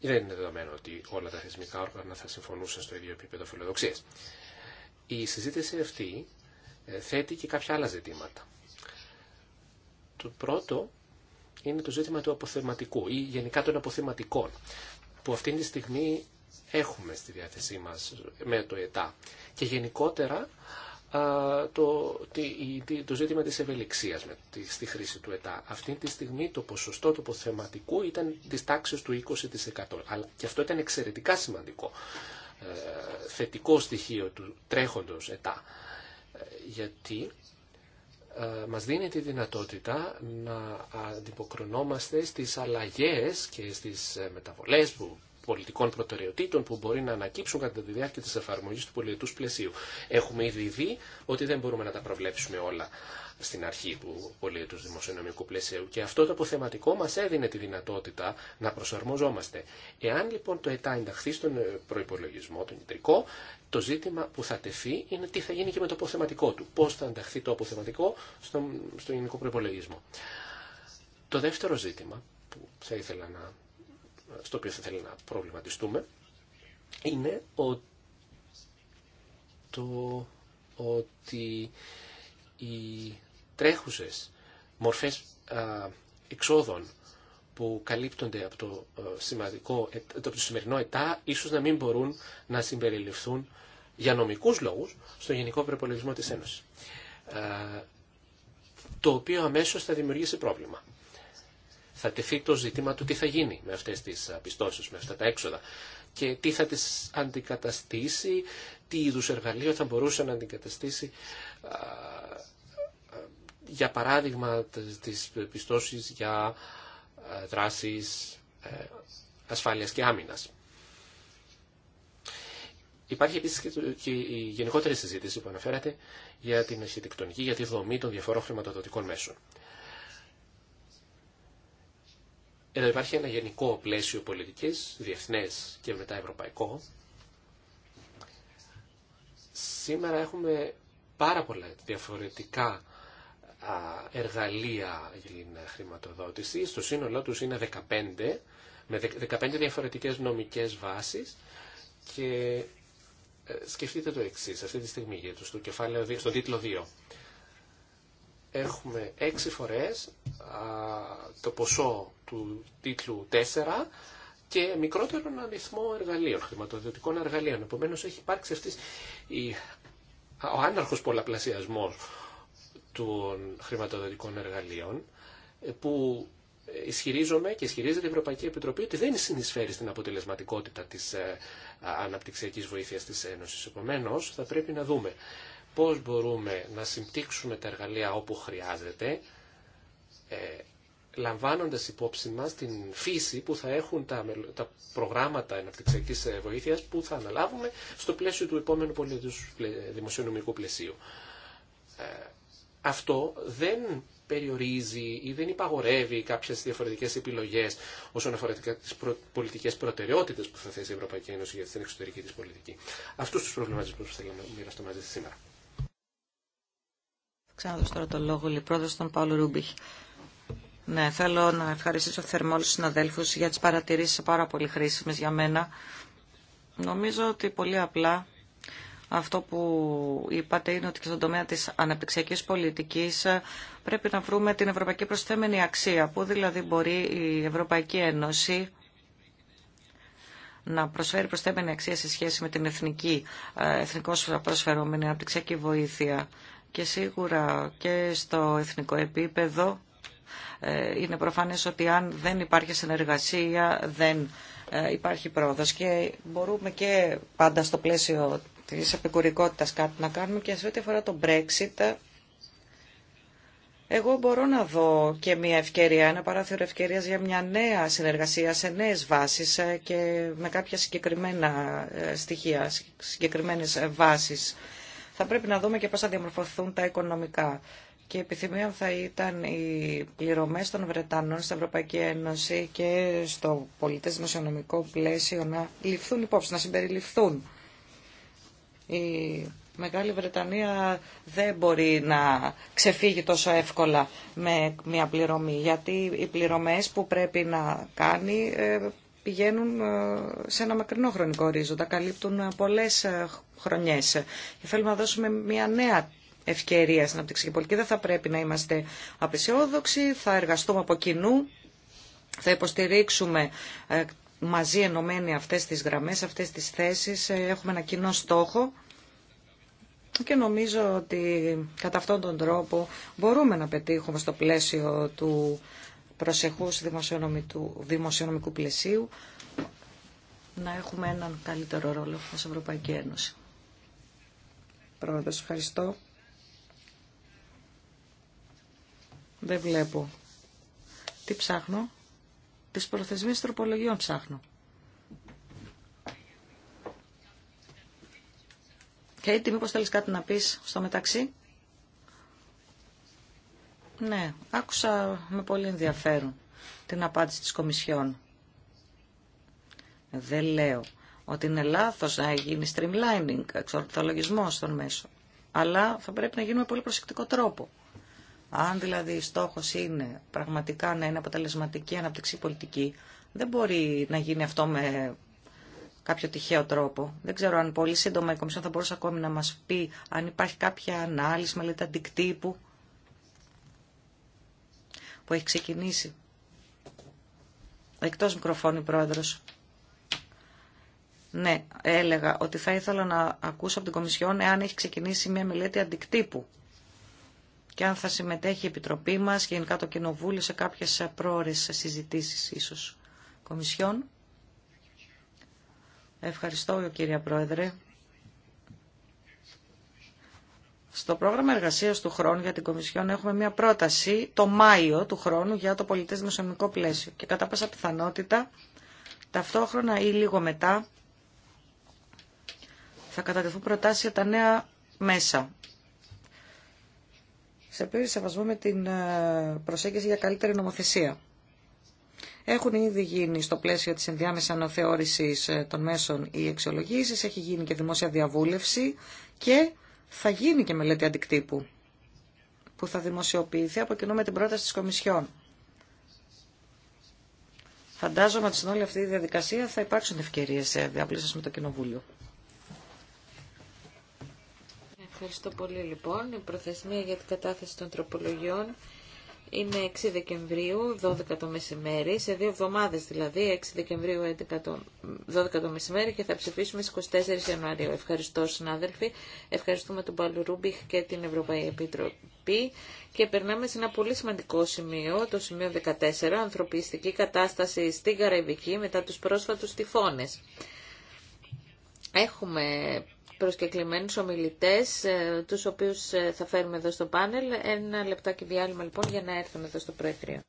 δεν είναι δεδομένο ότι όλα τα θεσμικά όργανα θα συμφωνούσαν στο ίδιο επίπεδο φιλοδοξίας. Η συζήτηση αυτή ε, θέτει και κάποια άλλα ζητήματα. Το πρώτο είναι το ζήτημα του αποθεματικού ή γενικά των αποθεματικών, που αυτή τη στιγμή έχουμε στη διάθεσή μας με το ΕΤΑ. Και γενικότερα το, το ζήτημα της ευελιξίας με, στη χρήση του ΕΤΑ. Αυτή τη στιγμή το ποσοστό του ποθεματικού ήταν της τάξης του 20%. Αλλά και αυτό ήταν εξαιρετικά σημαντικό ε, θετικό στοιχείο του τρέχοντος ΕΤΑ. Ε, γιατί ε, μας δίνει τη δυνατότητα να αντιποκρινόμαστε στις αλλαγές και στις μεταβολές που πολιτικών προτεραιοτήτων που μπορεί να ανακύψουν κατά τη διάρκεια της εφαρμογής του πολιετού πλαισίου. Έχουμε ήδη δει ότι δεν μπορούμε να τα προβλέψουμε όλα στην αρχή του πολιετού δημοσιονομικού πλαισίου και αυτό το αποθεματικό μας έδινε τη δυνατότητα να προσαρμοζόμαστε. Εάν λοιπόν το ΕΤΑ ενταχθεί στον ε, προϋπολογισμό, τον ιδρικό, το ζήτημα που θα τεθεί είναι τι θα γίνει και με το αποθεματικό του. Πώς θα ενταχθεί το αποθεματικό στον, στον γενικό προπολογισμό. Το δεύτερο ζήτημα που θα ήθελα να στο οποίο θα θέλει να προβληματιστούμε είναι το ότι οι τρέχουσες μορφές εξόδων που καλύπτονται από το, ε, σημαντικό, ε, το σημερινό ΕΤΑ ίσως να μην μπορούν να συμπεριληφθούν για νομικούς λόγους στο Γενικό Προπολογισμό της Ένωσης. Το οποίο αμέσως θα δημιουργήσει πρόβλημα θα τεθεί το ζήτημα του τι θα γίνει με αυτές τις πιστώσεις, με αυτά τα έξοδα και τι θα τις αντικαταστήσει, τι είδους εργαλείο θα μπορούσε να αντικαταστήσει για παράδειγμα τις πιστώσεις για δράσεις ε, ασφάλειας και άμυνας. Υπάρχει επίση και η γενικότερη συζήτηση που αναφέρατε για την αρχιτεκτονική, για τη δομή των διαφορών χρηματοδοτικών μέσων. Ενώ υπάρχει ένα γενικό πλαίσιο πολιτικής, διεθνές και μετά ευρωπαϊκό, σήμερα έχουμε πάρα πολλά διαφορετικά εργαλεία για την χρηματοδότηση. Στο σύνολό τους είναι 15, με 15 διαφορετικές νομικές βάσεις και ε, σκεφτείτε το εξής αυτή τη στιγμή για το, στο, κεφάλαιο, στον τίτλο 2 έχουμε έξι φορές το ποσό του τίτλου 4 και μικρότερον αριθμό εργαλείων, χρηματοδοτικών εργαλείων. Επομένω έχει υπάρξει αυτή ο άναρχος πολλαπλασιασμό των χρηματοδοτικών εργαλείων ε, που ισχυρίζομαι και ισχυρίζεται η Ευρωπαϊκή Επιτροπή ότι δεν συνεισφέρει στην αποτελεσματικότητα της ε, αναπτυξιακής βοήθειας της Ένωσης. Επομένως, θα πρέπει να δούμε πώς μπορούμε να συμπτύξουμε τα εργαλεία όπου χρειάζεται, ε, λαμβάνοντας υπόψη μας την φύση που θα έχουν τα, τα προγράμματα αναπτυξιακής ε, βοήθειας που θα αναλάβουμε στο πλαίσιο του επόμενου πολιτικού δημοσιονομικού πλαισίου. Ε, αυτό δεν περιορίζει ή δεν υπαγορεύει κάποιες διαφορετικές επιλογές όσον αφορά τις πολιτικές προτεραιότητες που θα θέσει η Ευρωπαϊκή Ένωση για την εξωτερική της πολιτική. Αυτούς τους προβληματισμούς που θέλω να μοιραστώ μαζί σήμερα. Ξαναδώσω τώρα το λόγο, λοιπόν, των Παύλο Ρούμπιχ. Ναι, θέλω να ευχαριστήσω θερμό όλου τους συναδέλφους για τι παρατηρήσει πάρα πολύ χρήσιμε για μένα. Νομίζω ότι πολύ απλά αυτό που είπατε είναι ότι και στον τομέα της αναπτυξιακής πολιτικής πρέπει να βρούμε την ευρωπαϊκή προσθέμενη αξία, που δηλαδή μπορεί η Ευρωπαϊκή Ένωση να προσφέρει προσθέμενη αξία σε σχέση με την εθνική, ε, εθνικώ προσφερόμενη αναπτυξιακή βοήθεια και σίγουρα και στο εθνικό επίπεδο ε, είναι προφανές ότι αν δεν υπάρχει συνεργασία δεν ε, υπάρχει πρόοδος και μπορούμε και πάντα στο πλαίσιο της επικουρικότητας κάτι να κάνουμε και σε ό,τι αφορά το Brexit εγώ μπορώ να δω και μια ευκαιρία, ένα παράθυρο ευκαιρίας για μια νέα συνεργασία σε νέες βάσεις ε, και με κάποια συγκεκριμένα στοιχεία, συγκεκριμένες βάσεις θα πρέπει να δούμε και πώς θα διαμορφωθούν τα οικονομικά. Και η επιθυμία θα ήταν οι πληρωμές των Βρετανών στην Ευρωπαϊκή Ένωση και στο πολιτές δημοσιονομικό πλαίσιο να ληφθούν υπόψη, να συμπεριληφθούν. Η Μεγάλη Βρετανία δεν μπορεί να ξεφύγει τόσο εύκολα με μια πληρωμή, γιατί οι πληρωμές που πρέπει να κάνει ε, πηγαίνουν ε, σε ένα μακρινό χρονικό ορίζοντα, καλύπτουν ε, πολλές ε, χρονιές. Και θέλουμε να δώσουμε μια νέα ευκαιρία στην αναπτυξιακή πολιτική. Δεν θα πρέπει να είμαστε απεσιόδοξοι, θα εργαστούμε από κοινού, θα υποστηρίξουμε μαζί ενωμένοι αυτές τις γραμμές, αυτές τις θέσεις. Έχουμε ένα κοινό στόχο και νομίζω ότι κατά αυτόν τον τρόπο μπορούμε να πετύχουμε στο πλαίσιο του προσεχούς δημοσιονομικού πλαισίου να έχουμε έναν καλύτερο ρόλο ως Ευρωπαϊκή Ένωση. Πρόεδρος, ευχαριστώ. Δεν βλέπω. Τι ψάχνω. Τις προθεσμίες τροπολογιών ψάχνω. Κέιτι, μήπως θέλεις κάτι να πεις στο μεταξύ. Ναι, άκουσα με πολύ ενδιαφέρον την απάντηση της Κομισιόν. Δεν λέω ότι είναι λάθος να γίνει streamlining, εξορθολογισμό των μέσων. Αλλά θα πρέπει να γίνουμε πολύ προσεκτικό τρόπο. Αν δηλαδή στόχος είναι πραγματικά να είναι αποτελεσματική αναπτυξή πολιτική, δεν μπορεί να γίνει αυτό με κάποιο τυχαίο τρόπο. Δεν ξέρω αν πολύ σύντομα η Κομισιόν θα μπορούσε ακόμη να μας πει αν υπάρχει κάποια ανάλυση, μελέτη αντικτύπου που έχει ξεκινήσει. Εκτός μικροφώνου, πρόεδρος. Ναι, έλεγα ότι θα ήθελα να ακούσω από την Κομισιόν εάν έχει ξεκινήσει μια μελέτη αντικτύπου και αν θα συμμετέχει η Επιτροπή μας και γενικά το Κοινοβούλιο σε κάποιες πρόορες συζητήσεις ίσως. Κομισιόν. Ευχαριστώ, κύριε Πρόεδρε. Στο πρόγραμμα εργασίας του χρόνου για την Κομισιόν έχουμε μια πρόταση το Μάιο του χρόνου για το πολιτές πλαίσιο και κατά πάσα πιθανότητα ταυτόχρονα ή λίγο μετά θα κατατεθούν προτάσεις για τα νέα μέσα. Σε πλήρη σεβασμό με την ε, προσέγγιση για καλύτερη νομοθεσία. Έχουν ήδη γίνει στο πλαίσιο τη ενδιάμεσης αναθεώρησης ε, των μέσων οι εξολογήσεις, έχει γίνει και δημόσια διαβούλευση και θα γίνει και μελέτη αντικτύπου που θα δημοσιοποιηθεί από κοινού με την πρόταση της Κομισιόν. Φαντάζομαι ότι στην όλη αυτή τη διαδικασία θα υπάρξουν ευκαιρίες σε διαπλήσεις με το Κοινοβούλιο. Ευχαριστώ πολύ λοιπόν. Η προθεσμία για την κατάθεση των τροπολογιών είναι 6 Δεκεμβρίου, 12 το μεσημέρι, σε δύο εβδομάδες δηλαδή, 6 Δεκεμβρίου, 12 το μεσημέρι και θα ψηφίσουμε στις 24 Ιανουαρίου. Ευχαριστώ συνάδελφοι, ευχαριστούμε τον Παλουρούμπιχ και την Ευρωπαϊκή Επιτροπή και περνάμε σε ένα πολύ σημαντικό σημείο, το σημείο 14, ανθρωπιστική κατάσταση στην Καραϊβική μετά τους πρόσφατους τυφώνες. Έχουμε προσκεκλημένους ομιλητές, ε, τους οποίους ε, θα φέρουμε εδώ στο πάνελ. Ένα λεπτάκι διάλειμμα λοιπόν για να έρθουμε εδώ στο Προεδρείο.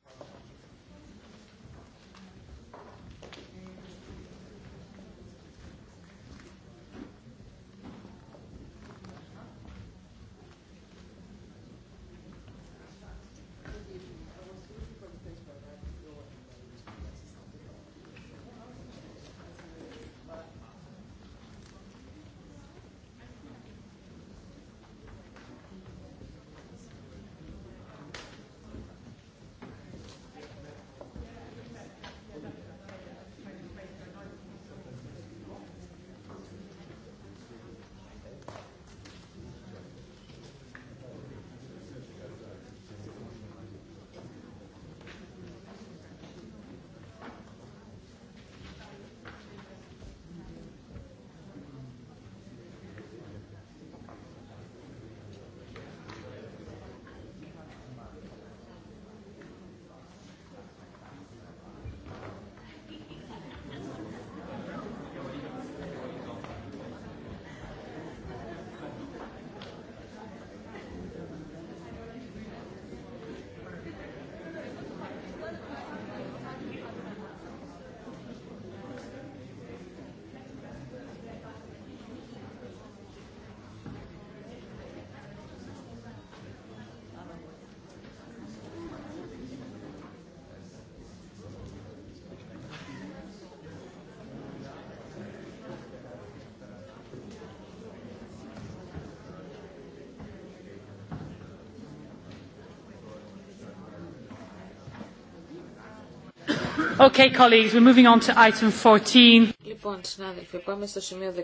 Okay, colleagues, we're moving on to item 14. Λοιπόν, συνάδελφοι, πάμε στο σημείο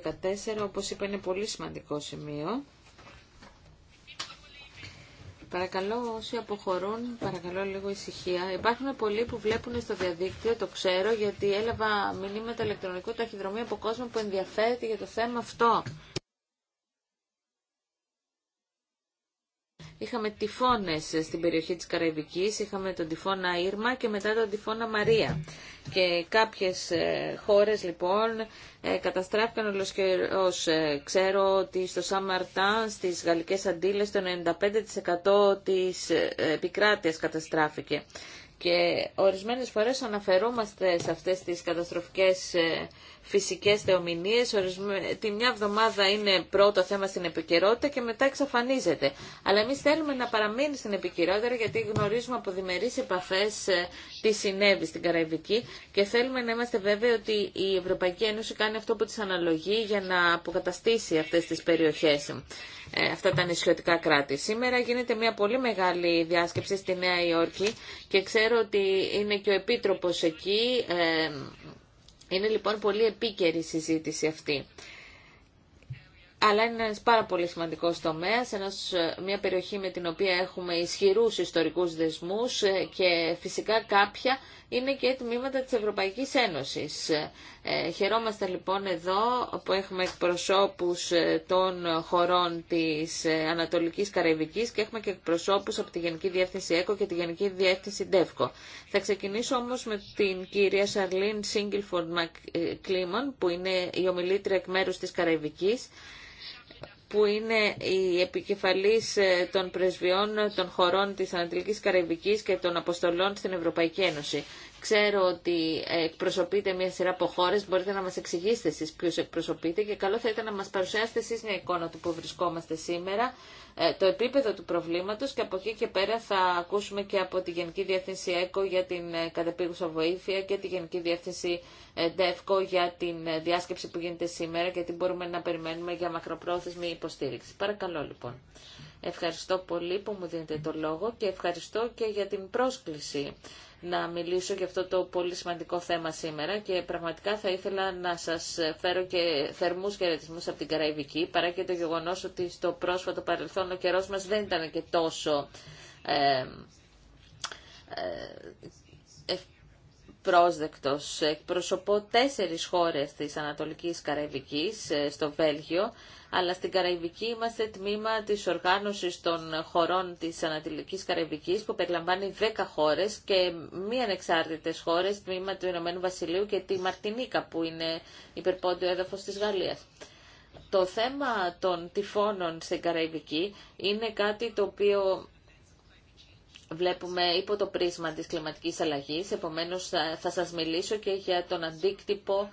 14, όπως είπα είναι πολύ σημαντικό σημείο. Παρακαλώ όσοι αποχωρούν, παρακαλώ λίγο ησυχία. Υπάρχουν πολλοί που βλέπουν στο διαδίκτυο, το ξέρω, γιατί έλαβα μηνύματα ηλεκτρονικού ταχυδρομείου από κόσμο που ενδιαφέρεται για το θέμα αυτό. Είχαμε τυφώνες στην περιοχή της Καραϊβικής, είχαμε τον τυφώνα Ήρμα και μετά τον τυφώνα Μαρία. Και κάποιες ε, χώρες λοιπόν ε, καταστράφηκαν όλος ε, ξέρω ότι στο Σαμαρτάν, στις Γαλλικές Αντίλες το 95% της επικράτειας καταστράφηκε. Και ορισμένες φορές αναφερόμαστε σε αυτές τις καταστροφικές φυσικές θεομηνίες. Τη μια εβδομάδα είναι πρώτο θέμα στην επικαιρότητα και μετά εξαφανίζεται. Αλλά εμείς θέλουμε να παραμείνει στην επικαιρότητα γιατί γνωρίζουμε από διμερείς επαφές ε, τι συνέβη στην Καραϊβική και θέλουμε να είμαστε βέβαιοι ότι η Ευρωπαϊκή Ένωση κάνει αυτό που της αναλογεί για να αποκαταστήσει αυτές τις περιοχές. Ε, αυτά τα νησιωτικά κράτη. Σήμερα γίνεται μια πολύ μεγάλη διάσκεψη στη Νέα Υόρκη και ξέρω ότι είναι και ο Επίτροπος εκεί ε, είναι λοιπόν πολύ επίκαιρη η συζήτηση αυτή αλλά είναι ένας πάρα πολύ σημαντικός τομέας, ένας, ε, μια περιοχή με την οποία έχουμε ισχυρούς ιστορικούς δεσμούς ε, και φυσικά κάποια είναι και τμήματα της Ευρωπαϊκής Ένωσης. Ε, χαιρόμαστε λοιπόν εδώ που έχουμε εκπροσώπους ε, των χωρών της Ανατολικής Καραϊβικής και έχουμε και εκπροσώπους από τη Γενική Διεύθυνση ΕΚΟ και τη Γενική Διεύθυνση ΔΕΦΚΟ. Θα ξεκινήσω όμως με την κυρία Σαρλίν Σίγκλφορντ Μακκλίμον που είναι η ομιλήτρια εκ μέρους της Καραϊβικής που είναι η επικεφαλής ε, των πρεσβειών ε, των χωρών της Ανατολικής Καραϊβικής και των αποστολών στην Ευρωπαϊκή Ένωση. Ξέρω ότι εκπροσωπείτε μια σειρά από χώρε. Μπορείτε να μα εξηγήσετε εσεί ποιου εκπροσωπείτε και καλό θα ήταν να μα παρουσιάσετε εσεί μια εικόνα του που βρισκόμαστε σήμερα, ε, το επίπεδο του προβλήματο και από εκεί και πέρα θα ακούσουμε και από τη Γενική Διεύθυνση ΕΚΟ για την ε, κατεπίγουσα βοήθεια και τη Γενική Διεύθυνση ε, ΔΕΦΚΟ για την διάσκεψη που γίνεται σήμερα και τι μπορούμε να περιμένουμε για μακροπρόθεσμη υποστήριξη. Παρακαλώ λοιπόν. Ευχαριστώ πολύ που μου δίνετε το λόγο και ευχαριστώ και για την πρόσκληση να μιλήσω για αυτό το πολύ σημαντικό θέμα σήμερα και πραγματικά θα ήθελα να σας φέρω και θερμούς χαιρετισμού από την Καραϊβική παρά και το γεγονός ότι στο πρόσφατο παρελθόν ο καιρός μας δεν ήταν και τόσο ε, ε, πρόσδεκτος. Εκπροσωπώ τέσσερις χώρες της Ανατολικής Καραϊβικής ε, στο Βέλγιο αλλά στην Καραϊβική είμαστε τμήμα της οργάνωσης των χωρών της Ανατολικής Καραϊβικής που περιλαμβάνει 10 χώρες και μη ανεξάρτητες χώρες, τμήμα του Ηνωμένου Βασιλείου και τη Μαρτινίκα που είναι υπερπόντιο έδαφος της Γαλλίας. Το θέμα των τυφώνων στην Καραϊβική είναι κάτι το οποίο βλέπουμε υπό το πρίσμα της κλιματικής αλλαγής, επομένως θα σας μιλήσω και για τον αντίκτυπο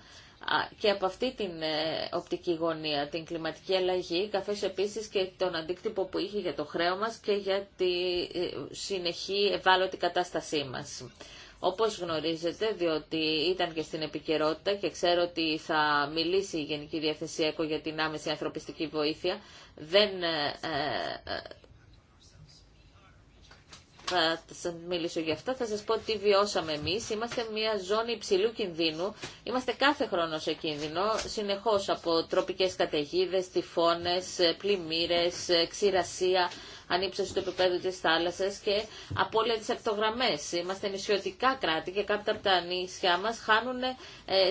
και από αυτή την ε, οπτική γωνία, την κλιματική αλλαγή, καθώς επίσης και τον αντίκτυπο που είχε για το χρέο μας και για τη ε, συνεχή ευάλωτη κατάστασή μας. Όπως γνωρίζετε, διότι ήταν και στην επικαιρότητα και ξέρω ότι θα μιλήσει η Γενική Διαθεσία ΕΚΟ για την άμεση ανθρωπιστική βοήθεια, δεν ε, θα σα μιλήσω για αυτά, θα σα πω τι βιώσαμε εμεί. Είμαστε μια ζώνη υψηλού κινδύνου, είμαστε κάθε χρόνο σε κίνδυνο, Συνεχώ από τροπικέ καταιγίδε, τυφώνε, πλημμύρε, ξηρασία, ανύψωση του επίπεδου της θάλασσας και απώλεια της ακτογραμμές. Είμαστε νησιωτικά κράτη και κάποια από τα νησιά μας χάνουν ε,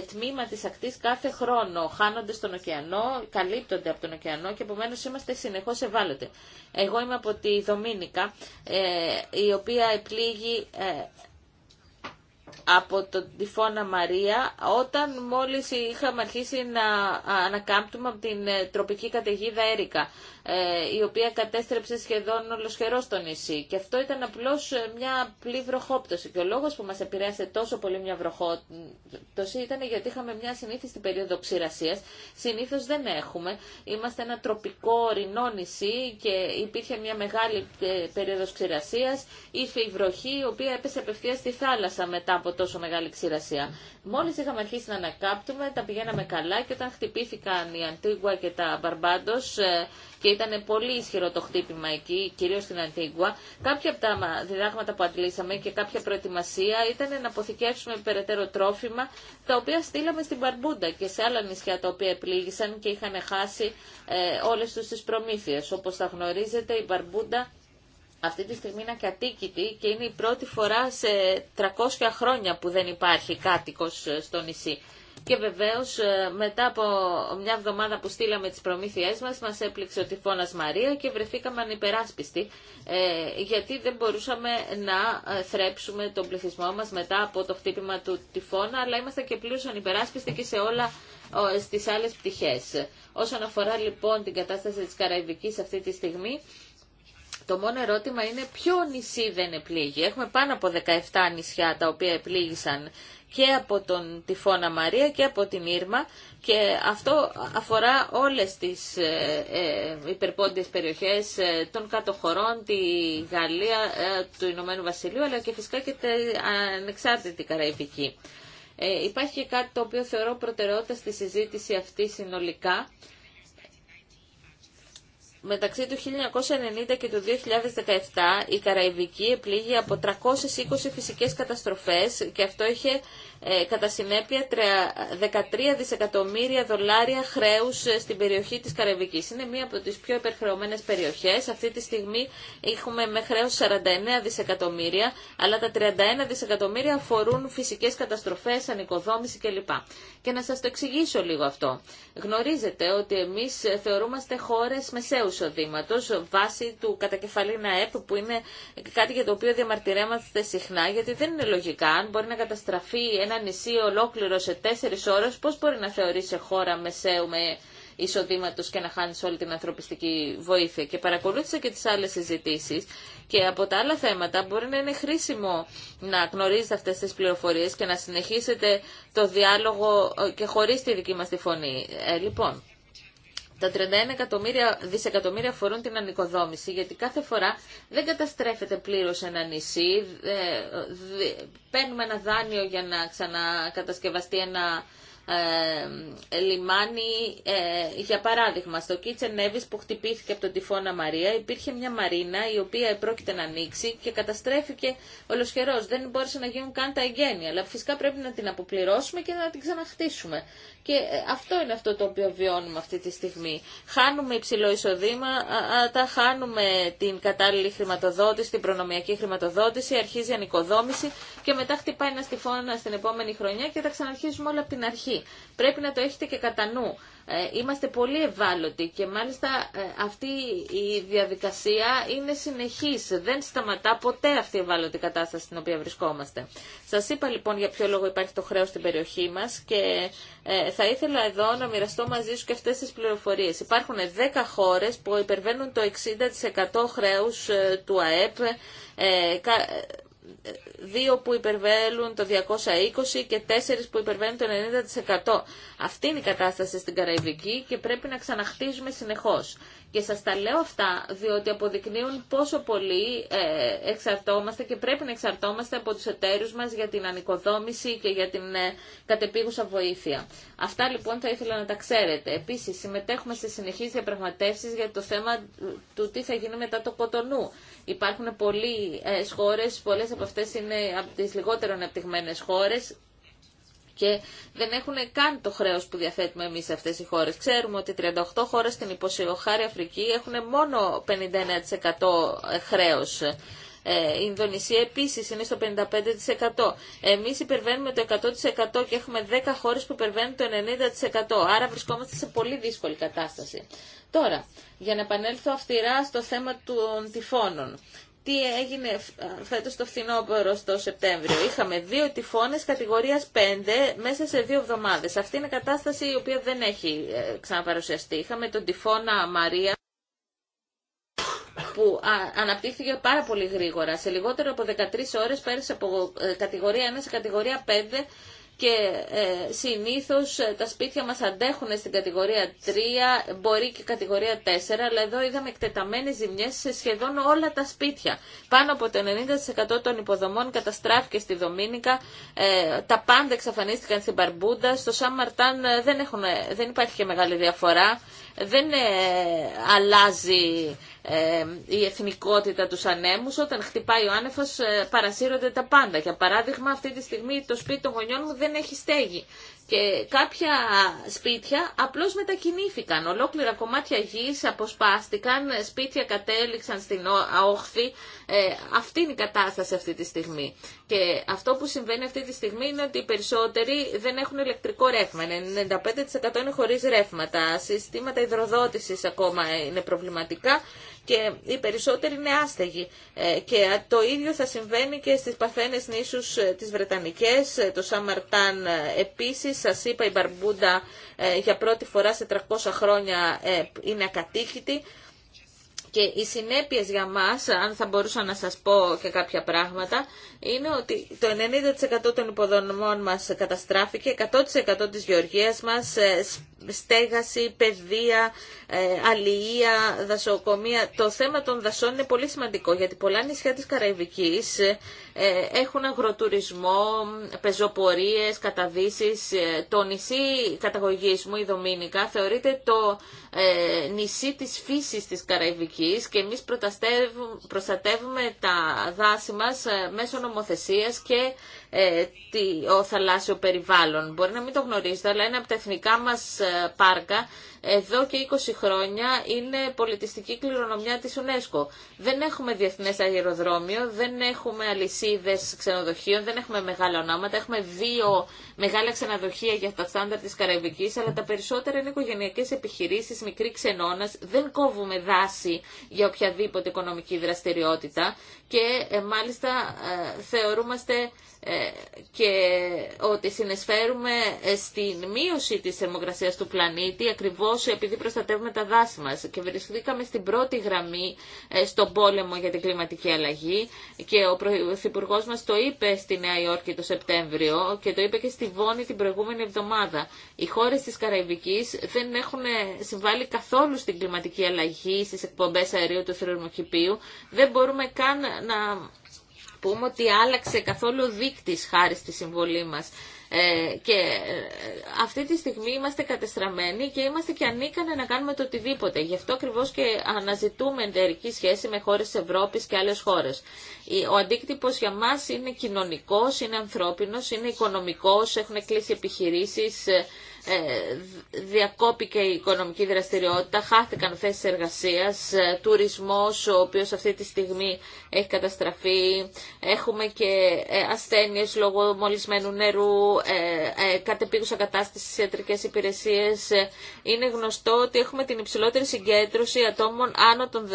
τμήμα της ακτής κάθε χρόνο. Χάνονται στον ωκεανό, καλύπτονται από τον ωκεανό και επομένως είμαστε συνεχώς ευάλωτοι. Εγώ είμαι από τη Δομήνικα, ε, η οποία επλήγει... Ε, από τον τυφώνα Μαρία όταν μόλις είχαμε αρχίσει να ανακάμπτουμε από την ε, τροπική καταιγίδα Έρικα. Ε, η οποία κατέστρεψε σχεδόν ολοσχερό το νησί. Και αυτό ήταν απλώ ε, μια απλή βροχόπτωση. Και ο λόγο που μα επηρέασε τόσο πολύ μια βροχόπτωση ήταν γιατί είχαμε μια συνήθιστη περίοδο ξηρασίας. Συνήθω δεν έχουμε. Είμαστε ένα τροπικό ορεινό νησί και υπήρχε μια μεγάλη ε, περίοδο ξηρασίας. Ήρθε η βροχή η οποία έπεσε απευθεία στη θάλασσα μετά από τόσο μεγάλη ξηρασία. Μόλι είχαμε αρχίσει να ανακάπτουμε, τα πηγαίναμε καλά και όταν χτυπήθηκαν η Αντίγουα και τα Μπαρμπάντο ήταν πολύ ισχυρό το χτύπημα εκεί, κυρίω στην Αντίγκουα. Κάποια από τα διδάγματα που αντλήσαμε και κάποια προετοιμασία ήταν να αποθηκεύσουμε περαιτέρω τρόφιμα, τα οποία στείλαμε στην Παρμπούντα και σε άλλα νησιά τα οποία επλήγησαν και είχαν χάσει ε, όλες τους τις προμήθειες. Όπως θα γνωρίζετε, η Παρμπούντα αυτή τη στιγμή είναι κατοίκητη και είναι η πρώτη φορά σε 300 χρόνια που δεν υπάρχει κάτοικος ε, στο νησί. Και βεβαίω, ε, μετά από μια εβδομάδα που στείλαμε τι προμήθειε μα, μα έπληξε ο τυφώνα Μαρία και βρεθήκαμε ανυπεράσπιστοι ε, γιατί δεν μπορούσαμε να ε, θρέψουμε τον πληθυσμό μα μετά από το χτύπημα του τυφώνα αλλά είμαστε και πλήρω ανυπεράσπιστοι και σε όλα στι άλλε πτυχέ. Όσον αφορά λοιπόν την κατάσταση τη Καραϊβική αυτή τη στιγμή το μόνο ερώτημα είναι ποιο νησί δεν επλήγει. Έχουμε πάνω από 17 νησιά τα οποία επλήγησαν και από τον τυφώνα Μαρία και από την Ήρμα και αυτό αφορά όλες τις ε, ε, υπερπόντιες περιοχές ε, των κατοχωρών, τη Γαλλία, του Ηνωμένου Βασιλείου αλλά και φυσικά και την ανεξάρτητη Καραϊβική. υπάρχει και κάτι το οποίο θεωρώ προτεραιότητα στη συζήτηση αυτή συνολικά. Μεταξύ του 1990 και του 2017 η Καραϊβική επλήγει από 320 φυσικές καταστροφές και αυτό είχε ε, κατά συνέπεια 13 δισεκατομμύρια δολάρια χρέους ε, στην περιοχή της Καραϊβικής. Είναι μία από τις πιο υπερχρεωμένες περιοχές. Αυτή τη στιγμή έχουμε με χρέος 49 δισεκατομμύρια, αλλά τα 31 δισεκατομμύρια αφορούν φυσικές καταστροφές, ανοικοδόμηση κλπ. Και να σας το εξηγήσω λίγο αυτό. Γνωρίζετε ότι εμείς θεωρούμαστε χώρες μεσαίου εισοδήματο βάσει του κατακεφαλήνα ΕΠ που είναι κάτι για το οποίο διαμαρτυρέμαστε συχνά γιατί δεν είναι λογικά αν μπορεί να καταστραφεί ένα ένα νησί ολόκληρο σε τέσσερις ώρες, πώς μπορεί να σε χώρα μεσαίου με εισοδήματο και να χάνει όλη την ανθρωπιστική βοήθεια. Και παρακολούθησα και τι άλλε συζητήσει και από τα άλλα θέματα μπορεί να είναι χρήσιμο να γνωρίζετε αυτέ τι πληροφορίε και να συνεχίσετε το διάλογο ε, και χωρί τη δική μα τη φωνή. Ε, λοιπόν, τα 31 εκατομμύρια, δισεκατομμύρια αφορούν την ανοικοδόμηση, γιατί κάθε φορά δεν καταστρέφεται πλήρως ένα νησί, παίρνουμε ένα δάνειο για να ξανακατασκευαστεί ένα ε, λιμάνι, ε, για παράδειγμα, στο Κίτσε Νέβης που χτυπήθηκε από τον τυφώνα Μαρία, υπήρχε μια μαρίνα η οποία πρόκειται να ανοίξει και καταστρέφηκε ολοσχερός. Δεν μπόρεσε να γίνουν καν τα εγγένεια, αλλά φυσικά πρέπει να την αποπληρώσουμε και να την ξαναχτίσουμε. Και ε, αυτό είναι αυτό το οποίο βιώνουμε αυτή τη στιγμή. Χάνουμε υψηλό εισοδήμα, τα χάνουμε την κατάλληλη χρηματοδότηση, την προνομιακή χρηματοδότηση, αρχίζει η ανοικοδόμηση και μετά χτυπάει ένα τυφώνα στην επόμενη χρονιά και τα ξαναρχίζουμε όλα από την αρχή. Πρέπει να το έχετε και κατά νου. Ε, είμαστε πολύ ευάλωτοι και μάλιστα ε, αυτή η διαδικασία είναι συνεχής. Δεν σταματά ποτέ αυτή η ευάλωτη κατάσταση στην οποία βρισκόμαστε. Σας είπα λοιπόν για ποιο λόγο υπάρχει το χρέος στην περιοχή μας και ε, θα ήθελα εδώ να μοιραστώ μαζί σου και αυτές τις πληροφορίες. Υπάρχουν 10 χώρες που υπερβαίνουν το 60% χρέους του ΑΕΠ δύο που υπερβαίνουν το 220 και τέσσερις που υπερβαίνουν το 90%. Αυτή είναι η κατάσταση στην Καραϊβική και πρέπει να ξαναχτίζουμε συνεχώς. Και σας τα λέω αυτά διότι αποδεικνύουν πόσο πολύ ε, εξαρτόμαστε και πρέπει να εξαρτώμαστε από τους εταίρους μας για την ανοικοδόμηση και για την ε, κατεπίγουσα βοήθεια. Αυτά λοιπόν θα ήθελα να τα ξέρετε. Επίσης συμμετέχουμε σε συνεχείς διαπραγματεύσεις για το θέμα του τι θα γίνει μετά το κοτονού. Υπάρχουν πολλές ε, χώρες, πολλές από αυτές είναι από τις λιγότερο ανεπτυγμένες χώρες και δεν έχουν καν το χρέο που διαθέτουμε εμεί σε αυτές οι χώρε. Ξέρουμε ότι 38 χώρε στην υποσιοχάρη Αφρική έχουν μόνο 59% ε, χρέος. Ε, η Ινδονησία επίση είναι στο 55%. Εμεί υπερβαίνουμε το 100% και έχουμε 10 χώρε που υπερβαίνουν το 90%. Άρα βρισκόμαστε σε πολύ δύσκολη κατάσταση. Τώρα, για να επανέλθω αυστηρά στο θέμα των τυφώνων τι έγινε φέτος το φθινόπωρο στο Σεπτέμβριο. Είχαμε δύο τυφώνες κατηγορίας 5 μέσα σε δύο εβδομάδες. Αυτή είναι κατάσταση η οποία δεν έχει ε, ξαναπαρουσιαστεί. Είχαμε τον τυφώνα Μαρία που αναπτύχθηκε πάρα πολύ γρήγορα. Σε λιγότερο από 13 ώρες πέρασε από ε, κατηγορία 1 σε κατηγορία 5 και ε, συνήθως ε, τα σπίτια μας αντέχουν στην κατηγορία 3, μπορεί και κατηγορία 4, αλλά εδώ είδαμε εκτεταμένες ζημιές σε σχεδόν όλα τα σπίτια. Πάνω από το 90% των υποδομών καταστράφηκε στη Δομήνικα, ε, τα πάντα εξαφανίστηκαν στην Παρμπούντα, στο Σαν Μαρτάν ε, δεν, έχουν, δεν υπάρχει και μεγάλη διαφορά δεν ε, αλλάζει ε, η εθνικότητα τους ανέμους. Όταν χτυπάει ο άνεφος ε, παρασύρονται τα πάντα. Για παράδειγμα αυτή τη στιγμή το σπίτι των γονιών μου δεν έχει στέγη και κάποια σπίτια απλώς μετακινήθηκαν. Ολόκληρα κομμάτια γης αποσπάστηκαν, σπίτια κατέληξαν στην όχθη. Ε, αυτή είναι η κατάσταση αυτή τη στιγμή. Και αυτό που συμβαίνει αυτή τη στιγμή είναι ότι οι περισσότεροι δεν έχουν ηλεκτρικό ρεύμα. 95% είναι χωρίς ρεύματα, συστήματα υδροδότησης ακόμα είναι προβληματικά και οι περισσότεροι είναι άστεγοι. Ε, και το ίδιο θα συμβαίνει και στις παθένες νήσους ε, τις Βρετανικές, ε, το Σαμαρτάν επίσης, σας είπα η Μπαρμπούντα για πρώτη φορά σε 300 χρόνια είναι ακατοίκητη. Και οι συνέπειες για μας, αν θα μπορούσα να σας πω και κάποια πράγματα, είναι ότι το 90% των υποδομών μας καταστράφηκε, 100% της γεωργίας μας στέγαση, παιδεία, ε, αλληλεία, δασοκομεία. Το θέμα των δασών είναι πολύ σημαντικό γιατί πολλά νησιά της Καραϊβικής ε, έχουν αγροτουρισμό, πεζοπορίες, καταδύσεις. Ε, το νησί καταγωγής μου, η Δομήνικα, θεωρείται το νησί της φύσης της Καραϊβικής και εμείς προστατεύουμε τα δάση μας μέσω νομοθεσίας και ε, ο θαλάσσιο περιβάλλον. Μπορεί να μην το γνωρίζετε, αλλά είναι από τα εθνικά μας ε, πάρκα εδώ και 20 χρόνια είναι πολιτιστική κληρονομιά της UNESCO. Δεν έχουμε διεθνές αεροδρόμιο, δεν έχουμε αλυσίδες ξενοδοχείων, δεν έχουμε μεγάλα ονόματα. Έχουμε δύο μεγάλα ξενοδοχεία για τα στάνταρ της Καραϊβικής, αλλά τα περισσότερα είναι οικογενειακές επιχειρήσεις, μικρή ξενώνας. Δεν κόβουμε δάση για οποιαδήποτε οικονομική δραστηριότητα και ε, μάλιστα ε, θεωρούμαστε ε, και ότι συνεισφέρουμε στην μείωση της θερμοκρασίας του πλανήτη ακριβώς όσοι επειδή προστατεύουμε τα δάση μας και βρισκόμαστε στην πρώτη γραμμή ε, στον πόλεμο για την κλιματική αλλαγή και ο Πρωθυπουργό μας το είπε στη Νέα Υόρκη το Σεπτέμβριο και το είπε και στη Βόνη την προηγούμενη εβδομάδα. Οι χώρες της Καραϊβικής δεν έχουν ε, συμβάλει καθόλου στην κλιματική αλλαγή, στις εκπομπές αερίου του θερμοκηπίου. Δεν μπορούμε καν να πούμε ότι άλλαξε καθόλου δείκτης χάρη στη συμβολή μας. Ε, και ε, αυτή τη στιγμή είμαστε κατεστραμμένοι και είμαστε και ανίκανοι να κάνουμε το οτιδήποτε. Γι' αυτό ακριβώ και αναζητούμε εταιρική σχέση με χώρε τη Ευρώπη και άλλε χώρε. Ο αντίκτυπο για μα είναι κοινωνικό, είναι ανθρώπινο, είναι οικονομικό, έχουν κλείσει επιχειρήσει, ε, ε, διακόπηκε η οικονομική δραστηριότητα, χάθηκαν θέσεις εργασίας, ε, τουρισμός ο οποίος αυτή τη στιγμή έχει καταστραφεί, έχουμε και ε, ασθένειες λόγω μολυσμένου νερού, κατεπίγουσα κατάσταση στις ιατρικές υπηρεσίες. Είναι γνωστό ότι έχουμε την υψηλότερη συγκέντρωση ατόμων άνω των 100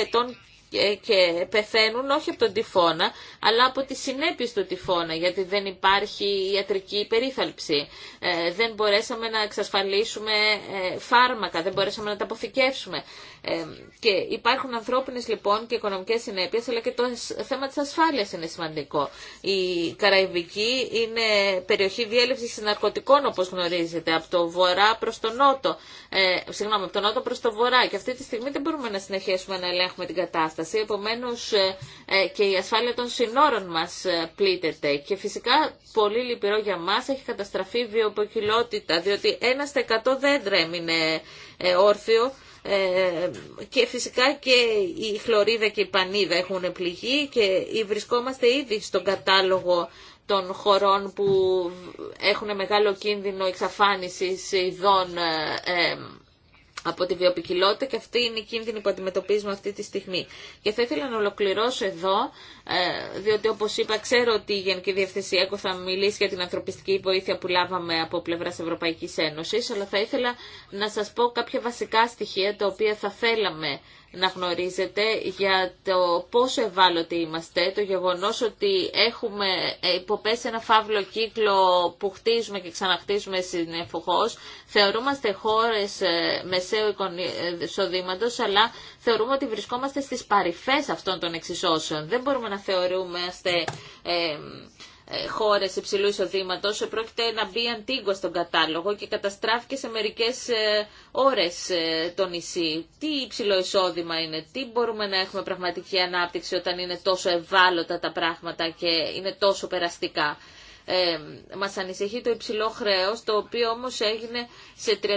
ετών ε, και πεθαίνουν όχι από τον τυφώνα, αλλά από τις συνέπειες του τυφώνα, γιατί δεν υπάρχει ιατρική υπερίθαλψη. Ε, δεν μπορέσαμε να εξασφαλίσουμε ε, φάρμακα, δεν μπορέσαμε να τα αποθηκεύσουμε. και υπάρχουν ανθρώπινες λοιπόν και οικονομικές συνέπειες, αλλά και το θέμα της ασφάλειας είναι σημαντικό. Η Καραϊβική είναι περιοχή διέλευσης ναρκωτικών, όπως γνωρίζετε, από το βορρά προς τον νότο, ε, συγγνώμη, από νότο προς το βορρά. Και αυτή τη στιγμή δεν μπορούμε να συνεχίσουμε να ελέγχουμε την κατάσταση κατάσταση, επομένως ε, ε, και η ασφάλεια των συνόρων μας ε, πλήττεται. Και φυσικά πολύ λυπηρό για μας έχει καταστραφεί η βιοποικιλότητα, διότι ένα στα εκατό δέντρα έμεινε όρθιο και φυσικά και η χλωρίδα και η πανίδα έχουν πληγεί και βρισκόμαστε ήδη στον κατάλογο των χωρών που έχουν μεγάλο κίνδυνο εξαφάνισης ειδών από τη βιοπικιλότητα και αυτή είναι η κίνδυνη που αντιμετωπίζουμε αυτή τη στιγμή. Και θα ήθελα να ολοκληρώσω εδώ, ε, διότι όπως είπα ξέρω ότι η Γενική Διευθυνσία ΕΚΟ θα μιλήσει για την ανθρωπιστική βοήθεια που λάβαμε από πλευράς Ευρωπαϊκής Ένωση, αλλά θα ήθελα να σας πω κάποια βασικά στοιχεία τα οποία θα θέλαμε να γνωρίζετε για το πόσο ευάλωτοι είμαστε, το γεγονός ότι έχουμε υποπέσει ένα φαύλο κύκλο που χτίζουμε και ξαναχτίζουμε συνεχώς, θεωρούμαστε χώρες ε, μεσαίου ε, εισοδήματος, αλλά θεωρούμε ότι βρισκόμαστε στις παρυφές αυτών των εξισώσεων. Δεν μπορούμε να θεωρούμε Ε, ε, Χώρε υψηλού εισοδήματο πρόκειται να μπει αντίγκο στον κατάλογο και καταστράφηκε σε μερικέ ε, ώρε ε, το νησί. Τι υψηλό εισόδημα είναι, τι μπορούμε να έχουμε πραγματική ανάπτυξη όταν είναι τόσο ευάλωτα τα πράγματα και είναι τόσο περαστικά. Ε, μας ανησυχεί το υψηλό χρέος, το οποίο όμως έγινε σε 35-40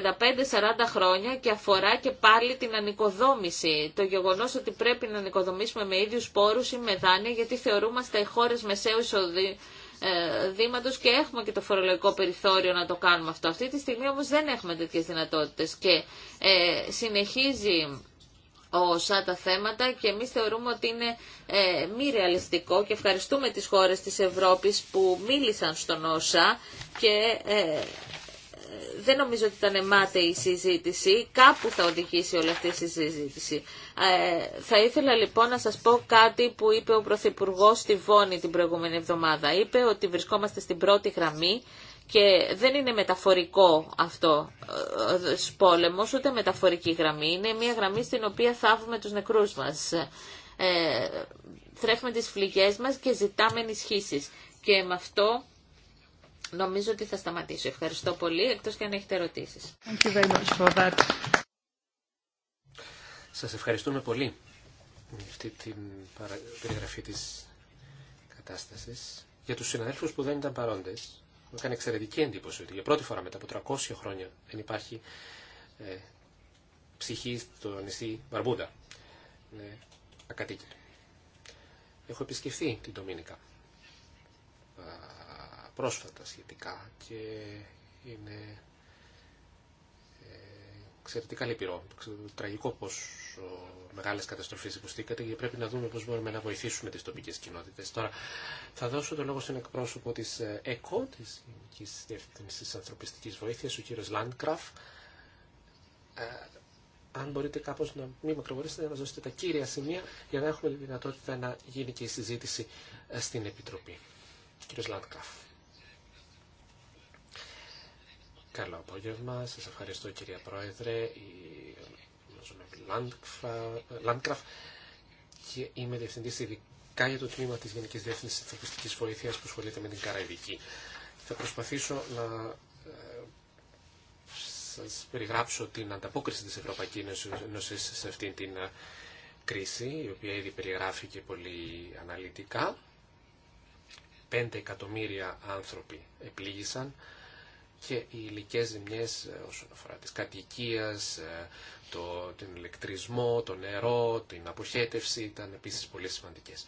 χρόνια και αφορά και πάλι την ανοικοδόμηση. Το γεγονός ότι πρέπει να ανοικοδομήσουμε με ίδιου πόρου ή με δάνεια, γιατί θεωρούμαστε οι μεσαίου εισόδηματο. Ε, δήματος και έχουμε και το φορολογικό περιθώριο να το κάνουμε αυτό. Αυτή τη στιγμή όμως δεν έχουμε τέτοιες δυνατότητες και ε, συνεχίζει όσα τα θέματα και εμείς θεωρούμε ότι είναι ε, μη ρεαλιστικό και ευχαριστούμε τις χώρες της Ευρώπης που μίλησαν στον ΩΣΑ και ε, δεν νομίζω ότι ήταν μάταιη η συζήτηση. Κάπου θα οδηγήσει όλη αυτή η συζήτηση. Ε, θα ήθελα λοιπόν να σας πω κάτι που είπε ο Πρωθυπουργό στη Βόνη την προηγούμενη εβδομάδα. Είπε ότι βρισκόμαστε στην πρώτη γραμμή και δεν είναι μεταφορικό αυτό ο ε, ε, πόλεμος, ούτε μεταφορική γραμμή. Είναι μια γραμμή στην οποία θάβουμε τους νεκρούς μας. Ε, τρέφουμε τις φλιγές μας και ζητάμε ενισχύσεις. Και με αυτό Νομίζω ότι θα σταματήσω. Ευχαριστώ πολύ, εκτός και αν έχετε ερωτήσεις. Thank Σας ευχαριστούμε πολύ για αυτή την περιγραφή της κατάστασης. Για τους συναδέλφους που δεν ήταν παρόντες, μου έκανε εξαιρετική εντύπωση ότι για πρώτη φορά μετά από 300 χρόνια δεν υπάρχει ε, ψυχή στο νησί Μπαρμπούντα. Ναι, Έχω επισκεφθεί την Ντομίνικα πρόσφατα σχετικά και είναι ε, εξαιρετικά λυπηρό. Τραγικό πω μεγάλε καταστροφέ υποστήκατε και πρέπει να δούμε πώ μπορούμε να βοηθήσουμε τι τοπικέ κοινότητε. Τώρα θα δώσω το λόγο στον εκπρόσωπο τη ε, ΕΚΟ, τη Γενική Διεύθυνση Ανθρωπιστική Βοήθεια, ο κύριο Λάντκραφ. Ε, αν μπορείτε κάπω να μην μακροβολήσετε, να μα δώσετε τα κύρια σημεία για να έχουμε τη δυνατότητα να γίνει και η συζήτηση στην Επιτροπή. Κύριο Λάντκραφ. Καλό απόγευμα. Σας ευχαριστώ κυρία Πρόεδρε. Η... Λάντκραφ και είμαι διευθυντής ειδικά για το τμήμα της Γενικής Διεύθυνσης Ανθρωπιστικής Βοήθειας που ασχολείται με την Καραϊβική. Θα προσπαθήσω να ε, σας περιγράψω την ανταπόκριση της Ευρωπαϊκής Ένωσης σε αυτήν την ε, κρίση, η οποία ήδη περιγράφηκε πολύ αναλυτικά. 5 εκατομμύρια άνθρωποι επλήγησαν, και οι υλικέ ζημιέ ε, όσον αφορά τι κατοικίε, ε, το, τον ηλεκτρισμό, το νερό, την αποχέτευση ήταν επίση πολύ σημαντικές.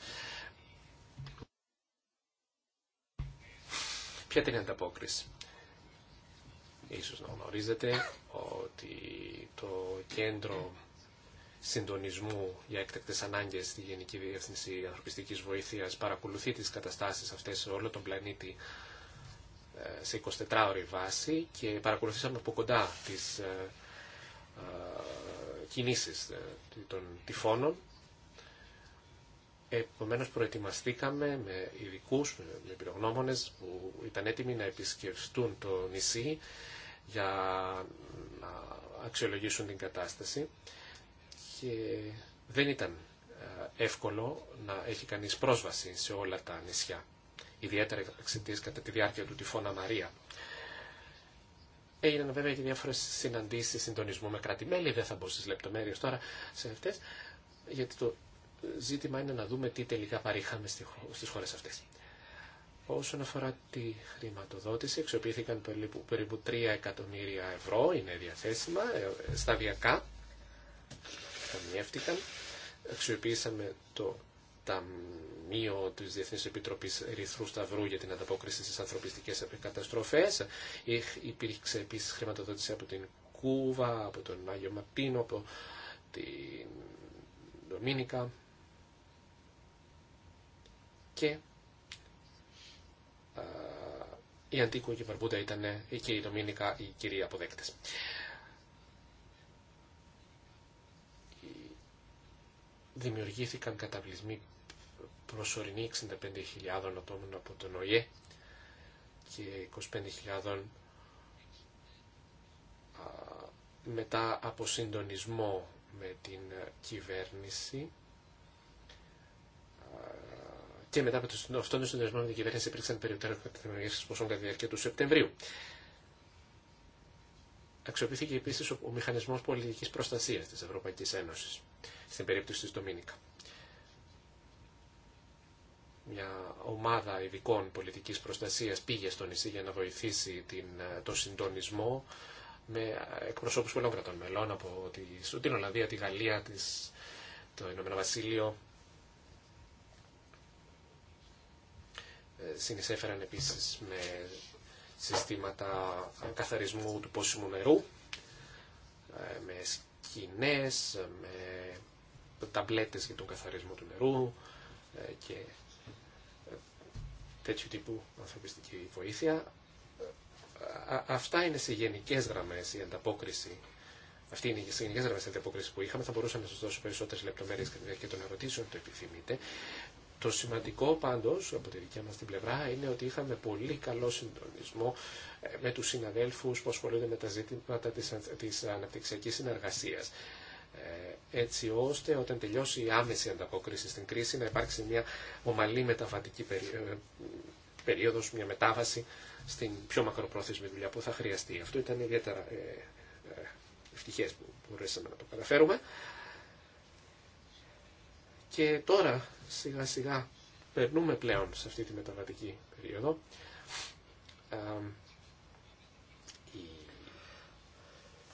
Ποια ήταν η ανταπόκριση. Ίσως να γνωρίζετε ότι το κέντρο συντονισμού για έκτακτες ανάγκες στη Γενική Διεύθυνση Ανθρωπιστικής Βοήθειας παρακολουθεί τις καταστάσεις αυτές σε όλο τον πλανήτη σε 24ωρη βάση και παρακολουθήσαμε από κοντά τις ε, ε, κινήσεις ε, των τυφώνων. Επομένω προετοιμαστήκαμε με ειδικού, με πυρογνώμονε που ήταν έτοιμοι να επισκεφτούν το νησί για να αξιολογήσουν την κατάσταση και δεν ήταν εύκολο να έχει κανείς πρόσβαση σε όλα τα νησιά ιδιαίτερα εξαιτία κατά τη διάρκεια του τυφώνα Μαρία. Έγιναν βέβαια και διάφορε συναντήσει συντονισμού με κρατη δεν θα μπω στι λεπτομέρειε τώρα σε αυτέ, γιατί το ζήτημα είναι να δούμε τι τελικά παρήχαμε στι χώρε αυτέ. Όσον αφορά τη χρηματοδότηση, εξοπλήθηκαν περίπου, περίπου 3 εκατομμύρια ευρώ, είναι διαθέσιμα, ε, σταδιακά, καμιεύτηκαν. Αξιοποιήσαμε το Ταμείο τη Διεθνή Επιτροπή Ρηθρού Σταυρού για την ανταπόκριση στι ανθρωπιστικέ καταστροφέ. Υπήρξε επίση χρηματοδότηση από την Κούβα, από τον Άγιο Μαπίνο, από την Δομήνικα. Και η Αντίκου και η Βαρμπούντα ήταν ε, και η οι κυρία αποδέκτε. Δημιουργήθηκαν καταβλισμοί προσωρινή 65.000 ατόμων από τον ΟΗΕ και 25.000 μετά από συντονισμό με την κυβέρνηση και μετά από αυτόν τον συντονισμό με την κυβέρνηση υπήρξαν περιοχές που ποσών κατά τη διάρκεια του Σεπτεμβρίου. Αξιοποιήθηκε επίσης ο μηχανισμός πολιτικής προστασίας της Ευρωπαϊκής Ένωσης στην περίπτωση της Ντομίνικα μια ομάδα ειδικών πολιτικής προστασίας πήγε στο νησί για να βοηθήσει την, ε, τον συντονισμό με εκπροσώπους πολλών κρατών μελών από τη, την Ολλανδία, τη Γαλλία, της, το Ηνωμένο Βασίλειο. Ε, συνεισέφεραν επίσης με συστήματα καθαρισμού του πόσιμου νερού, ε, με σκηνές, με ταμπλέτες για τον καθαρισμό του νερού και τέτοιου τύπου ανθρωπιστική βοήθεια. Αυτά είναι σε γενικέ γραμμέ η ανταπόκριση. Αυτή είναι η γενικέ γραμμέ η ανταπόκριση που είχαμε. Θα μπορούσα να σα δώσω περισσότερε λεπτομέρειε και να των ερωτήσεων, το επιθυμείτε. Το σημαντικό πάντω από τη δικιά μα την πλευρά είναι ότι είχαμε πολύ καλό συντονισμό ε, με του συναδέλφου που ασχολούνται με τα ζήτηματα τη αναπτυξιακή συνεργασία. Ε, έτσι ώστε όταν τελειώσει η άμεση ανταπόκριση στην κρίση να υπάρξει μια ομαλή μεταβατική ε, περίοδος, μια μετάβαση στην πιο μακροπρόθεσμη δουλειά που θα χρειαστεί. Αυτό ήταν ιδιαίτερα ε, ευτυχές που μπορέσαμε να το καταφέρουμε. Και τώρα σιγά σιγά περνούμε πλέον σε αυτή τη μεταβατική περίοδο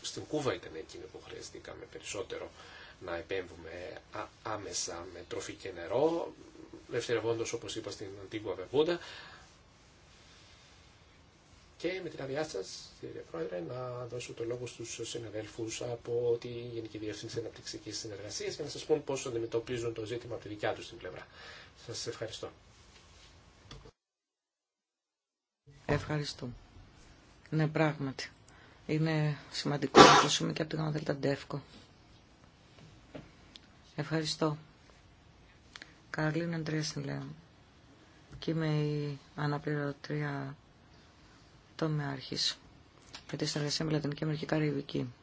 στην Κούβα ήταν εκείνη που χρειαστήκαμε περισσότερο να επέμβουμε άμεσα με τροφή και νερό, δευτερευόντως όπως είπα στην Αντίγουα Βεβούντα. Και με την αδειά σα, κύριε Πρόεδρε, να δώσω το λόγο στου συναδέλφου από τη Γενική Διεύθυνση Αναπτυξική Συνεργασία για να σα πούν πώ αντιμετωπίζουν το ζήτημα από τη δικιά του την πλευρά. Σας ευχαριστώ. Ευχαριστώ. Ναι, πράγματι είναι σημαντικό να ακούσουμε και από την ΓΔ Ντεύκο. Ευχαριστώ. Καρλίνα Αντρέας λέω. Και είμαι η αναπληρωτρία τομεάρχης με τη συνεργασία με Λατινική Αμερική Καραϊβική.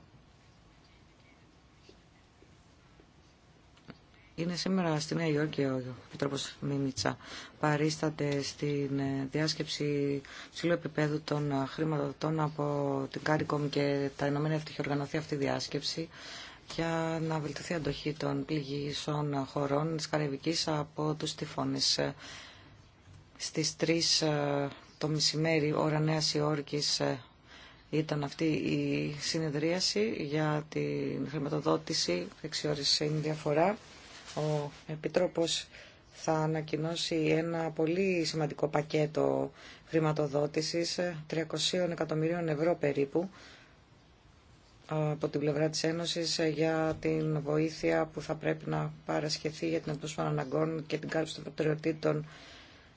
Είναι σήμερα στη Νέα Υόρκη ο Επιτρόπο Μίμητσα. Παρίσταται στην ε, διάσκεψη ψηλού επίπεδου των ε, χρηματοδοτών από την Κάρικομ και τα Ηνωμένα έχει οργανωθεί αυτή η διάσκεψη για να βελτιωθεί η αντοχή των πληγήσεων χωρών της Καραϊβικής από τους τυφώνες. Ε, στις 3 το μεσημέρι ώρα Νέας Υόρκης ήταν αυτή η συνεδρίαση για την χρηματοδότηση, 6 ώρες διαφορά. Ο Επιτρόπος θα ανακοινώσει ένα πολύ σημαντικό πακέτο χρηματοδότησης, 300 εκατομμυρίων ευρώ περίπου, ε, από την πλευρά της Ένωσης ε, για την βοήθεια που θα πρέπει να παρασχεθεί για την αντιμετώπιση των αναγκών και την κάλυψη των προτεραιοτήτων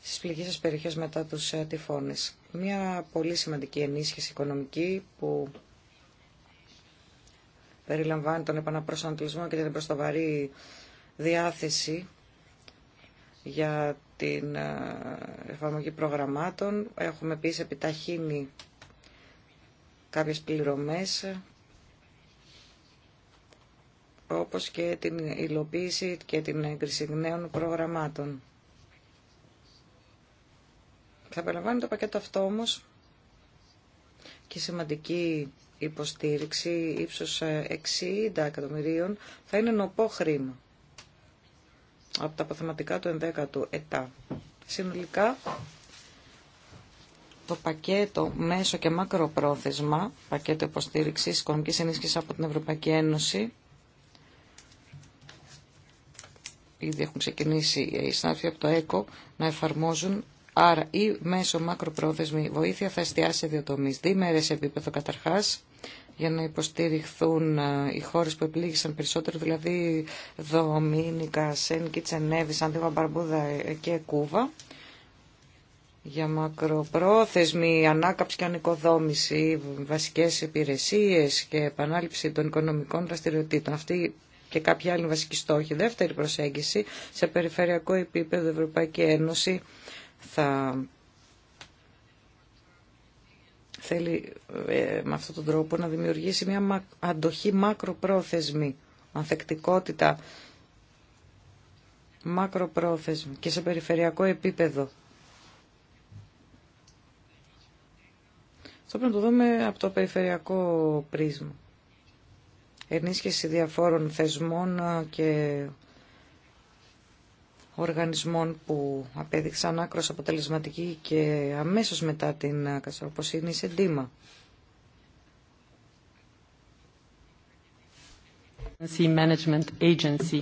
στις πληγήσεις περιοχές μετά τους ε, τυφώνες. Μια πολύ σημαντική ενίσχυση οικονομική που περιλαμβάνει τον επαναπροσανατολισμό και την προσταβαρή διάθεση για την ε, εφαρμογή προγραμμάτων. Έχουμε επίσης επιταχύνει κάποιες πληρωμές όπως και την υλοποίηση και την έγκριση νέων προγραμμάτων. Θα περιλαμβάνει το πακέτο αυτό όμως και σημαντική υποστήριξη ύψους 60 ε, εκατομμυρίων θα είναι νοπό χρήμα από τα αποθεματικά του 11ου ΕΤΑ. Συνολικά, το πακέτο μέσο και μακροπρόθεσμα, πακέτο υποστήριξη οικονομική ενίσχυση από την Ευρωπαϊκή Ένωση, ήδη έχουν ξεκινήσει οι συνάδελφοι από το ΕΚΟ να εφαρμόζουν. Άρα η μέσο μακροπρόθεσμη βοήθεια θα εστιάσει σε δύο τομεί. Δίμερε επίπεδο καταρχά, για να υποστηριχθούν ε, οι χώρες που επλήγησαν περισσότερο, δηλαδή Δομήνικα, Σεν, Κιτσενέβη, Σαντίβα Μπαρμπούδα ε, και Κούβα, για μακροπρόθεσμη ανάκαψη και ανοικοδόμηση, βασικές υπηρεσίες και επανάληψη των οικονομικών δραστηριοτήτων. Αυτή και κάποια άλλη βασική στόχη. Δεύτερη προσέγγιση, σε περιφερειακό επίπεδο Ευρωπαϊκή Ένωση θα Θέλει ε, με αυτόν τον τρόπο να δημιουργήσει μια αντοχή μακροπρόθεσμη, ανθεκτικότητα μακροπρόθεσμη και σε περιφερειακό επίπεδο. Αυτό πρέπει να το δούμε από το περιφερειακό πρίσμα. Ενίσχυση διαφόρων θεσμών ε, και οργανισμών που απέδειξαν άκρος αποτελεσματική και αμέσως μετά την καταστροφή σε η Management Agency.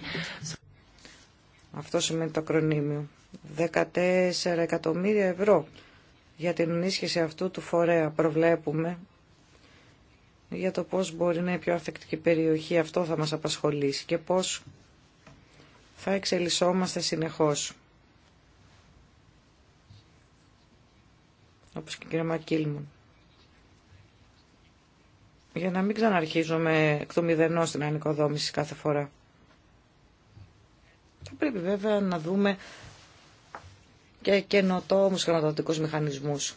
Αυτό σημαίνει το ακρονίμιο. 14 εκατομμύρια ευρώ για την ενίσχυση αυτού του φορέα προβλέπουμε για το πώς μπορεί να είναι πιο αφεκτική περιοχή. Αυτό θα μας απασχολήσει και πώς θα εξελισσόμαστε συνεχώς. Όπως και η κυρία Μακίλμουν. Για να μην ξαναρχίζουμε εκ του μηδενός την ανοικοδόμηση κάθε φορά. Θα πρέπει βέβαια να δούμε και καινοτόμους χρηματοδοτικούς μηχανισμούς.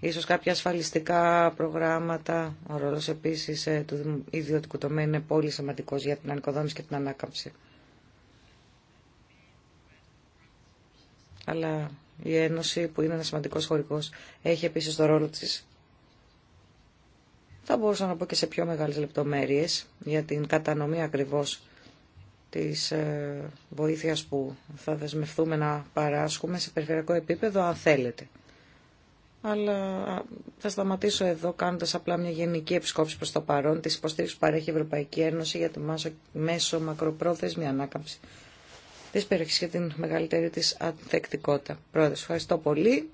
Ίσως κάποια ασφαλιστικά προγράμματα. Ο ρόλος επίσης ε, του ιδιωτικού τομέα είναι πολύ σημαντικός για την ανοικοδόμηση και την ανάκαμψη. αλλά η Ένωση που είναι ένα σημαντικός χωρικός έχει επίσης το ρόλο της. Θα μπορούσα να πω και σε πιο μεγάλε λεπτομέρειες για την κατανομή ακριβώς της ε, βοήθειας που θα δεσμευτούμε να παράσχουμε σε περιφερειακό επίπεδο αν θέλετε. Αλλά θα σταματήσω εδώ κάνοντας απλά μια γενική επισκόπηση προ το παρόν τη υποστήριξη που παρέχει η Ευρωπαϊκή Ένωση για τη μέσο μακροπρόθεσμη ανάκαμψη Τη περιοχή και την μεγαλύτερη τη ανθεκτικότητα. Πρόεδρε, ευχαριστώ πολύ.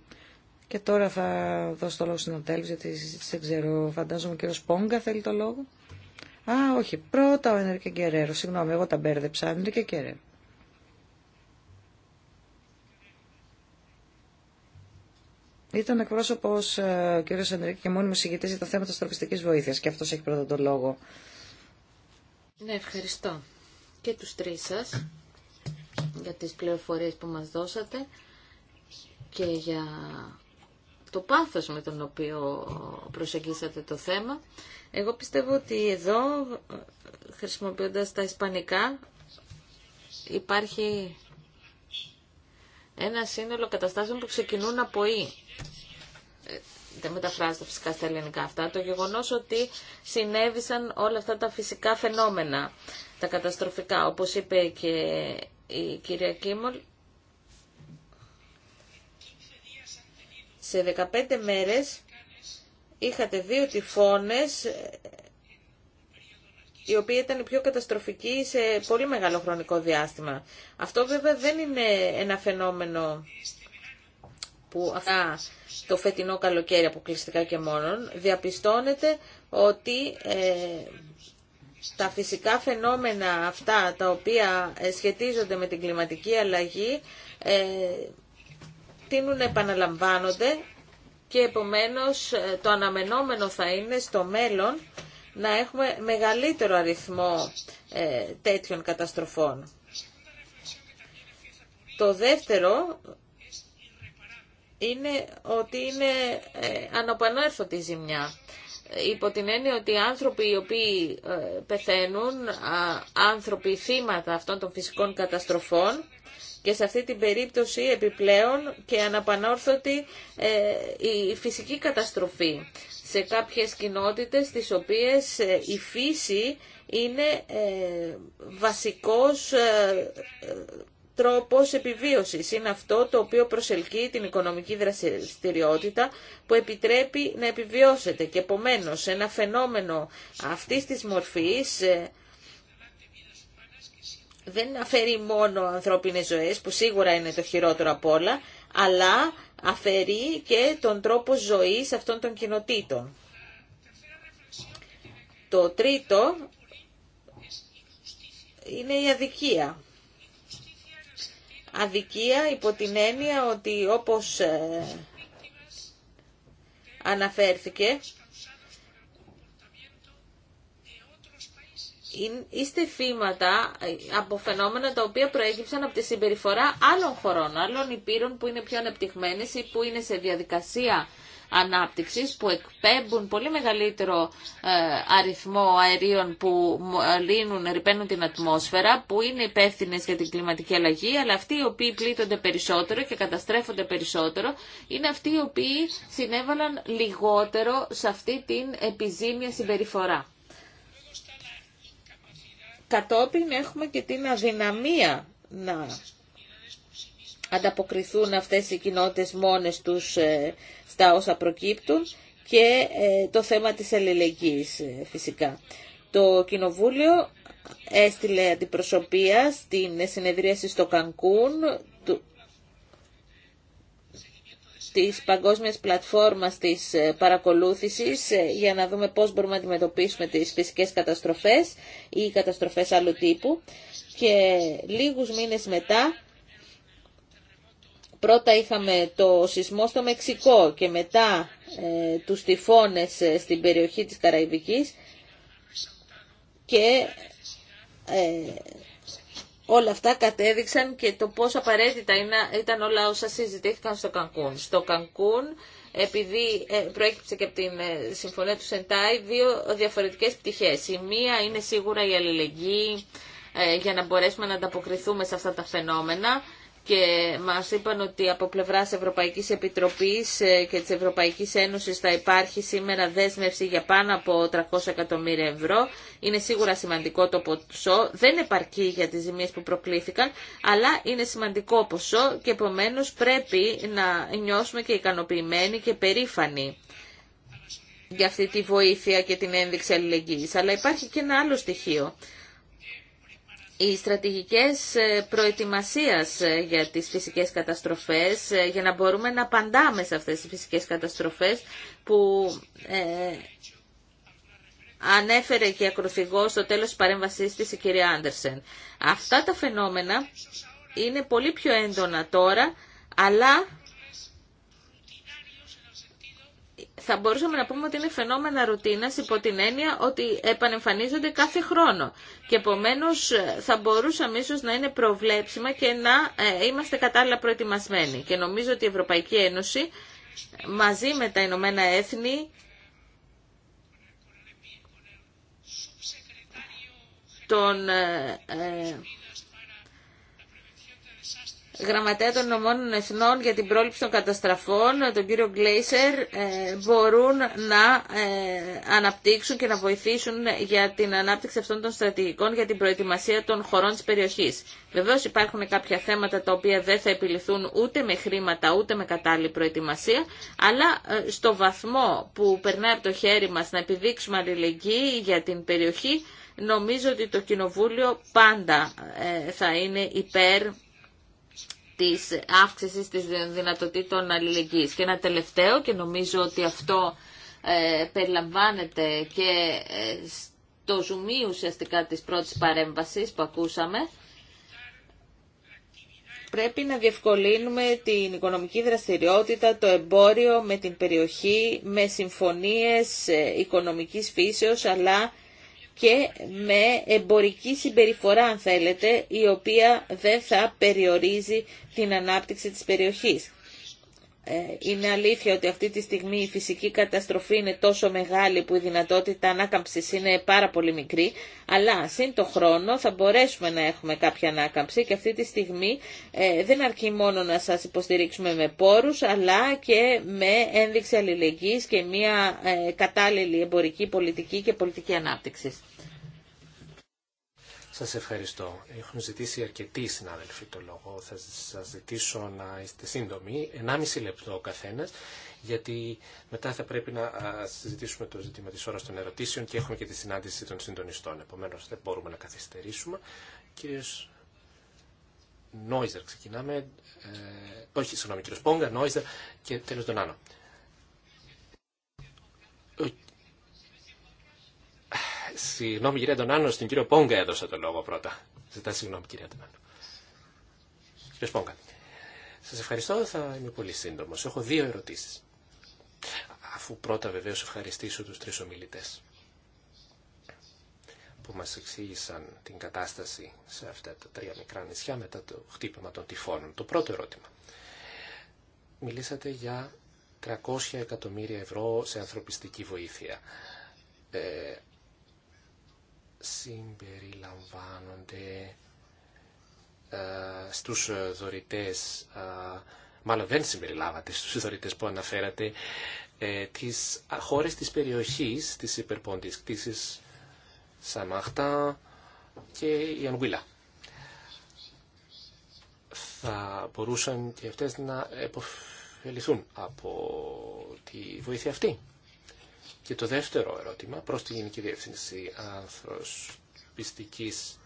Και τώρα θα δώσω το λόγο στην Αντέλβη, γιατί δεν ξέρω, φαντάζομαι ο κύριο Πόγκα θέλει το λόγο. Α, όχι, πρώτα ο Ενρικέ Γκερέρο. Συγγνώμη, εγώ τα μπέρδεψα. Ενρικέ Γκερέρο. Ήταν εκπρόσωπο ε, ο κύριο Ενρίκη και μόνιμο ηγητή για τα θέματα τη τροπιστική βοήθεια και αυτό έχει πρώτα τον λόγο. Ναι, ευχαριστώ και του τρει σα για τις πληροφορίες που μας δώσατε και για το πάθος με τον οποίο προσεγγίσατε το θέμα. Εγώ πιστεύω ότι εδώ, χρησιμοποιώντας τα ισπανικά, υπάρχει ένα σύνολο καταστάσεων που ξεκινούν από «η». Ε, δεν μεταφράζεται φυσικά στα ελληνικά αυτά. Το γεγονός ότι συνέβησαν όλα αυτά τα φυσικά φαινόμενα, τα καταστροφικά, όπως είπε και η κυρία Κίμολ σε 15 μέρες είχατε δύο τυφώνες οι οποία ήταν η πιο καταστροφική σε πολύ μεγάλο χρονικό διάστημα. Αυτό βέβαια δεν είναι ένα φαινόμενο που αυτά το φετινό καλοκαίρι αποκλειστικά και μόνον. Διαπιστώνεται ότι ε, τα φυσικά φαινόμενα αυτά τα οποία ε, σχετίζονται με την κλιματική αλλαγή ε, τείνουν να επαναλαμβάνονται και επομένως ε, το αναμενόμενο θα είναι στο μέλλον να έχουμε μεγαλύτερο αριθμό ε, τέτοιων καταστροφών. Το δεύτερο είναι ότι είναι ε, αναπανόρθωτη ζημιά. Υπό την έννοια ότι οι άνθρωποι οι οποίοι ε, πεθαίνουν, άνθρωποι θύματα αυτών των φυσικών καταστροφών και σε αυτή την περίπτωση επιπλέον και αναπανόρθωτη ε, η φυσική καταστροφή σε κάποιες κοινότητες τις οποίες η φύση είναι βασικός τρόπος επιβίωσης. Είναι αυτό το οποίο προσελκύει την οικονομική δραστηριότητα που επιτρέπει να επιβιώσετε. Και επομένω, ένα φαινόμενο αυτής της μορφής ε, δεν αφαιρεί μόνο ανθρώπινες ζωές, που σίγουρα είναι το χειρότερο απ' όλα, αλλά αφαιρεί και τον τρόπο ζωής αυτών των κοινοτήτων. Το τρίτο είναι η αδικία αδικία υπό την έννοια ότι όπως ε, αναφέρθηκε είστε θύματα ε, από φαινόμενα τα οποία προέκυψαν από τη συμπεριφορά άλλων χωρών, άλλων υπήρων που είναι πιο ανεπτυγμένε ή που είναι σε διαδικασία ανάπτυξης που εκπέμπουν πολύ μεγαλύτερο ε, αριθμό αερίων που ε, λύνουν, ρηπαίνουν την ατμόσφαιρα, που είναι υπεύθυνε για την κλιματική αλλαγή, αλλά αυτοί οι οποίοι πλήττονται περισσότερο και καταστρέφονται περισσότερο είναι αυτοί οι οποίοι συνέβαλαν λιγότερο σε αυτή την επιζήμια συμπεριφορά. Κατόπιν έχουμε και την αδυναμία να ανταποκριθούν αυτές οι κοινότητες μόνες τους ε, στα όσα προκύπτουν και ε, το θέμα της αλληλεγγύης ε, φυσικά. Το Κοινοβούλιο έστειλε αντιπροσωπεία στην συνεδρίαση στο Κανκούν της παγκόσμιας πλατφόρμας της ε, παρακολούθησης ε, για να δούμε πώς μπορούμε να αντιμετωπίσουμε τις φυσικές καταστροφές ή καταστροφές άλλου τύπου και λίγους μήνες μετά πρώτα είχαμε το σεισμό στο Μεξικό και μετά του ε, τους τυφώνες στην περιοχή της Καραϊβικής και ε, Όλα αυτά κατέδειξαν και το πόσο απαραίτητα ήταν όλα όσα συζητήθηκαν στο Κανκούν. Στο Κανκούν, επειδή ε, προέκυψε και από τη ε, συμφωνία του Σεντάι, δύο διαφορετικές πτυχές. Η μία είναι σίγουρα η αλληλεγγύη ε, για να μπορέσουμε να ανταποκριθούμε σε αυτά τα φαινόμενα και μας είπαν ότι από πλευράς Ευρωπαϊκής Επιτροπής ε, και της Ευρωπαϊκής Ένωσης θα υπάρχει σήμερα δέσμευση για πάνω από 300 εκατομμύρια ευρώ. Είναι σίγουρα σημαντικό το ποσό, δεν επαρκεί για τις ζημίες που προκλήθηκαν, αλλά είναι σημαντικό ποσό και επομένω πρέπει να νιώσουμε και ικανοποιημένοι και περήφανοι για αυτή τη βοήθεια και την ένδειξη αλληλεγγύης. Αλλά υπάρχει και ένα άλλο στοιχείο οι στρατηγικές ε, προετοιμασίας ε, για τις φυσικές καταστροφές, ε, για να μπορούμε να απαντάμε σε αυτές τις φυσικές καταστροφές που ανέφερε και ακροθυγό στο τέλος της παρέμβασής της η κυρία Άντερσεν. Αυτά τα φαινόμενα είναι πολύ πιο έντονα τώρα, αλλά θα μπορούσαμε να πούμε ότι είναι φαινόμενα ρουτίνας υπό την έννοια ότι επανεμφανίζονται κάθε χρόνο και επομένως ε, θα μπορούσαμε ίσως να είναι προβλέψιμα και να ε, είμαστε κατάλληλα προετοιμασμένοι. Και νομίζω ότι η Ευρωπαϊκή Ένωση μαζί με τα Ηνωμένα Έθνη τον ε, ε Γραμματέα των Ηνωμένων Εθνών για την πρόληψη των καταστραφών, τον κύριο Γκλέισερ, ε, μπορούν να ε, αναπτύξουν και να βοηθήσουν για την ανάπτυξη αυτών των στρατηγικών για την προετοιμασία των χωρών της περιοχής. Βεβαίως υπάρχουν κάποια θέματα τα οποία δεν θα επιληθούν ούτε με χρήματα ούτε με κατάλληλη προετοιμασία, αλλά ε, στο βαθμό που περνάει από το χέρι μας να επιδείξουμε αλληλεγγύη για την περιοχή, νομίζω ότι το Κοινοβούλιο πάντα θα είναι υπέρ της αύξησης της δυνατοτήτων αλληλεγγύης. Και ένα τελευταίο και νομίζω ότι αυτό ε, περιλαμβάνεται και ε, στο ζουμί ουσιαστικά της πρώτης παρέμβασης που ακούσαμε. Πρέπει να διευκολύνουμε την οικονομική δραστηριότητα, το εμπόριο με την περιοχή, με συμφωνίες ε, οικονομικής φύσεως, αλλά και με εμπορική συμπεριφορά, αν θέλετε, η οποία δεν θα περιορίζει την ανάπτυξη της περιοχής. Ε, είναι αλήθεια ότι αυτή τη στιγμή η φυσική καταστροφή είναι τόσο μεγάλη που η δυνατότητα ανάκαμψη είναι πάρα πολύ μικρή, αλλά σύν το χρόνο θα μπορέσουμε να έχουμε κάποια ανάκαμψη και αυτή τη στιγμή ε, δεν αρκεί μόνο να σας υποστηρίξουμε με πόρους, αλλά και με ένδειξη αλληλεγγύης και μια ε, κατάλληλη εμπορική πολιτική και πολιτική ανάπτυξης. Σας ευχαριστώ. Έχουν ζητήσει αρκετοί συνάδελφοι το λόγο. Θα σας ζητήσω να είστε σύντομοι, 1,5 λεπτό ο καθένας, γιατί μετά θα πρέπει να συζητήσουμε το ζήτημα της ώρας των ερωτήσεων και έχουμε και τη συνάντηση των συντονιστών. Επομένως δεν μπορούμε να καθυστερήσουμε. Κύριος Νόιζερ ξεκινάμε, ε, όχι, συγγνώμη, κύριος Πόγκα, Νόιζερ και τέλος τον Άνω. Συγγνώμη κυρία Ντονάνο, στον κύριο Πόγκα έδωσα το λόγο πρώτα. Ζητά συγγνώμη κυρία Ντονάνο. Κύριο Πόγκα. Σα ευχαριστώ, θα είμαι πολύ σύντομο. Έχω δύο ερωτήσει. Αφού πρώτα βεβαίω ευχαριστήσω του τρει ομιλητέ που μας εξήγησαν την κατάσταση σε αυτά τα τρία μικρά νησιά μετά το χτύπημα των τυφώνων. Το πρώτο ερώτημα. Μιλήσατε για 300 εκατομμύρια ευρώ σε ανθρωπιστική βοήθεια. Ε, συμπεριλαμβάνονται ε, στους ε, δωρητές, ε, μάλλον δεν συμπεριλάβατε στους δωρητές που αναφέρατε, τις χώρες της περιοχής της υπερπόντης κτήσης Σαμαχτά και η Ανγουίλα. Θα μπορούσαν και αυτές να επωφεληθούν από τη βοήθεια αυτή. Και το δεύτερο ερώτημα προς τη Γενική Διεύθυνση Ανθρωπιστικής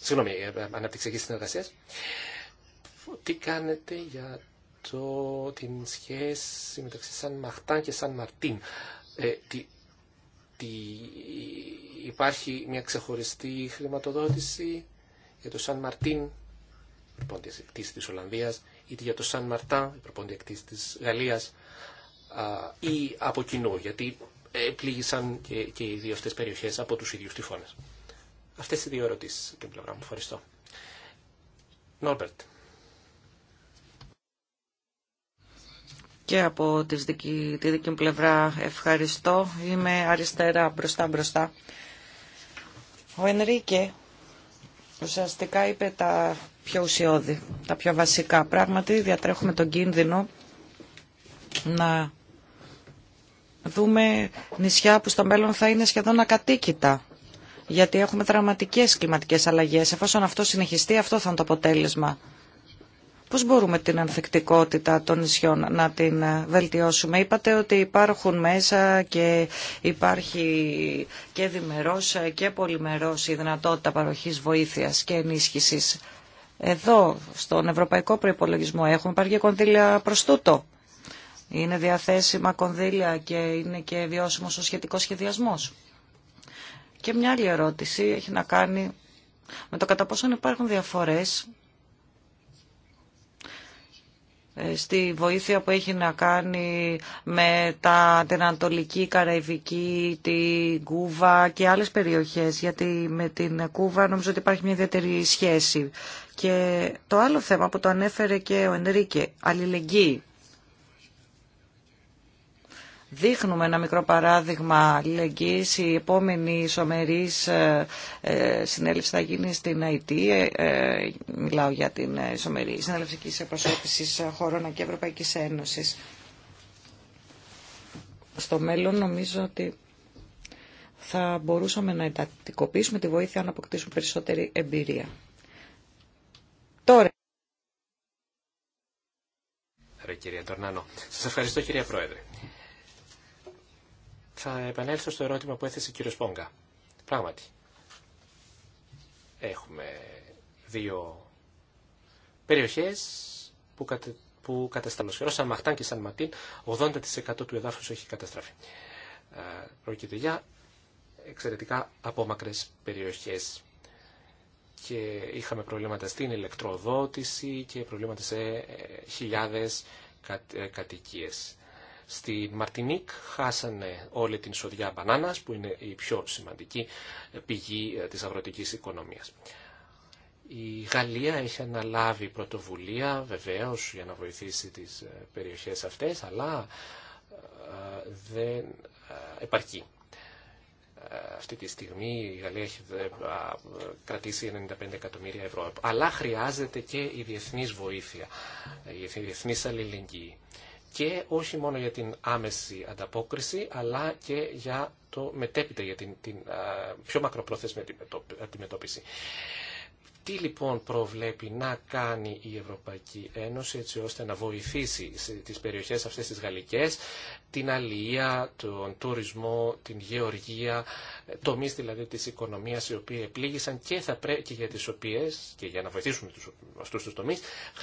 συγγνώμη, ε, ε, αναπτυξιακής συνεργασίας. Τι κάνετε για το, την σχέση μεταξύ Σαν Μαχτάν και Σαν Μαρτίν. Ε, τι, υπάρχει μια ξεχωριστή χρηματοδότηση για το Σαν Μαρτίν, προπόντια εκτίση της Ολλανδίας, ή για το Σαν Μαρτάν, προπόντια της Γαλλίας ή από κοινού, γιατί πλήγησαν και, και οι δύο αυτές περιοχές από τους ίδιους τυφώνες. Αυτές οι δύο ερωτήσεις από την πλευρά μου. Ευχαριστώ. Νόρμπερτ. Και από τη δική, τη δική μου πλευρά ευχαριστώ. Είμαι αριστερά μπροστά μπροστά. Ο Ενρίκε ουσιαστικά είπε τα πιο ουσιώδη, τα πιο βασικά. Πράγματι διατρέχουμε τον κίνδυνο να δούμε νησιά που στο μέλλον θα είναι σχεδόν ακατοίκητα. Γιατί έχουμε δραματικές κλιματικές αλλαγές. Εφόσον αυτό συνεχιστεί, αυτό θα είναι το αποτέλεσμα. Πώς μπορούμε την ανθεκτικότητα των νησιών να την ε, βελτιώσουμε. Είπατε ότι υπάρχουν μέσα και υπάρχει και διμερός ε, και πολυμερός η δυνατότητα παροχής βοήθειας και ενίσχυσης. Εδώ, στον Ευρωπαϊκό Προϋπολογισμό, έχουμε πάρει κονδύλια τούτο. Είναι διαθέσιμα κονδύλια και είναι και βιώσιμος ο σχετικός σχεδιασμός. Και μια άλλη ερώτηση έχει να κάνει με το κατά πόσο υπάρχουν διαφορές ε, στη βοήθεια που έχει να κάνει με τα, την Ανατολική, Καραϊβική, την Κούβα και άλλες περιοχές, γιατί με την Κούβα νομίζω ότι υπάρχει μια ιδιαίτερη σχέση. Και το άλλο θέμα που το ανέφερε και ο Ενρίκε, αλληλεγγύη δείχνουμε ένα μικρό παράδειγμα αλληλεγγύης. Η επόμενη ισομερής ε, ε, συνέλευση θα γίνει στην ΑΕΤ. Ε, μιλάω για την ισομερή συνέλευση και εκπροσώπησης χωρών και Ευρωπαϊκής Ένωσης. Στο μέλλον νομίζω ότι θα μπορούσαμε να εντατικοποιήσουμε τη βοήθεια να αποκτήσουμε περισσότερη εμπειρία. Τώρα. Ρε κυρία Τορνάνο. Σας ευχαριστώ κυρία Πρόεδρε. Θα επανέλθω στο ερώτημα που έθεσε ο κύριος Πόγκα. Πράγματι, έχουμε δύο περιοχές που, κατε, που Σαν Μαχτάν και Σαν Ματίν, 80% του εδάφους έχει καταστραφεί. Ε, πρόκειται για εξαιρετικά απόμακρες περιοχές και είχαμε προβλήματα στην ηλεκτροδότηση και προβλήματα σε ε, χιλιάδες ε, κατοικίες. Στη Μαρτινίκ χάσανε όλη την σοδιά μπανάνας που είναι η πιο σημαντική πηγή ε, της αγροτικής οικονομίας. Η Γαλλία έχει αναλάβει πρωτοβουλία βεβαίως για να βοηθήσει τις ε, περιοχές αυτές αλλά ε, δεν επαρκεί. Αυτή τη στιγμή η Γαλλία έχει κρατήσει 95 εκατομμύρια ευρώ. Αλλά χρειάζεται και η διεθνής βοήθεια, η διεθνής αλληλεγγύη και όχι μόνο για την άμεση ανταπόκριση, αλλά και για το μετέπειτα, για την, την πιο μακροπρόθεσμη αντιμετώπιση. Τι λοιπόν προβλέπει να κάνει η Ευρωπαϊκή Ένωση έτσι ώστε να βοηθήσει τις περιοχές αυτές τις γαλλικές, την αλληλεία, τον τουρισμό, την γεωργία, τομείς δηλαδή της οικονομίας οι οποίοι επλήγησαν και, θα πρέ... και για τις οποίες, και για να βοηθήσουμε τους... αυτούς τους τομείς,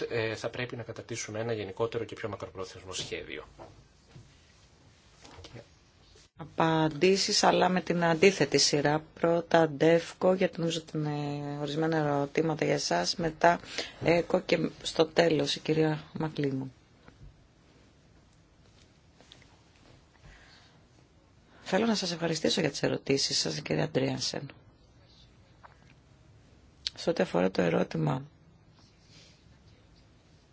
ε, θα πρέπει να κατατήσουμε ένα γενικότερο και πιο μακροπρόθεσμο σχέδιο απαντήσεις, αλλά με την αντίθετη σειρά. Πρώτα ντεύκο, γιατί νομίζω ότι είναι ορισμένα ερωτήματα για εσάς, μετά έκο και στο τέλος η κυρία Μακλίνου. Θέλω να σας ευχαριστήσω για τις ερωτήσεις σας, κυρία Αντρίανσεν. Σε ό,τι αφορά το ερώτημα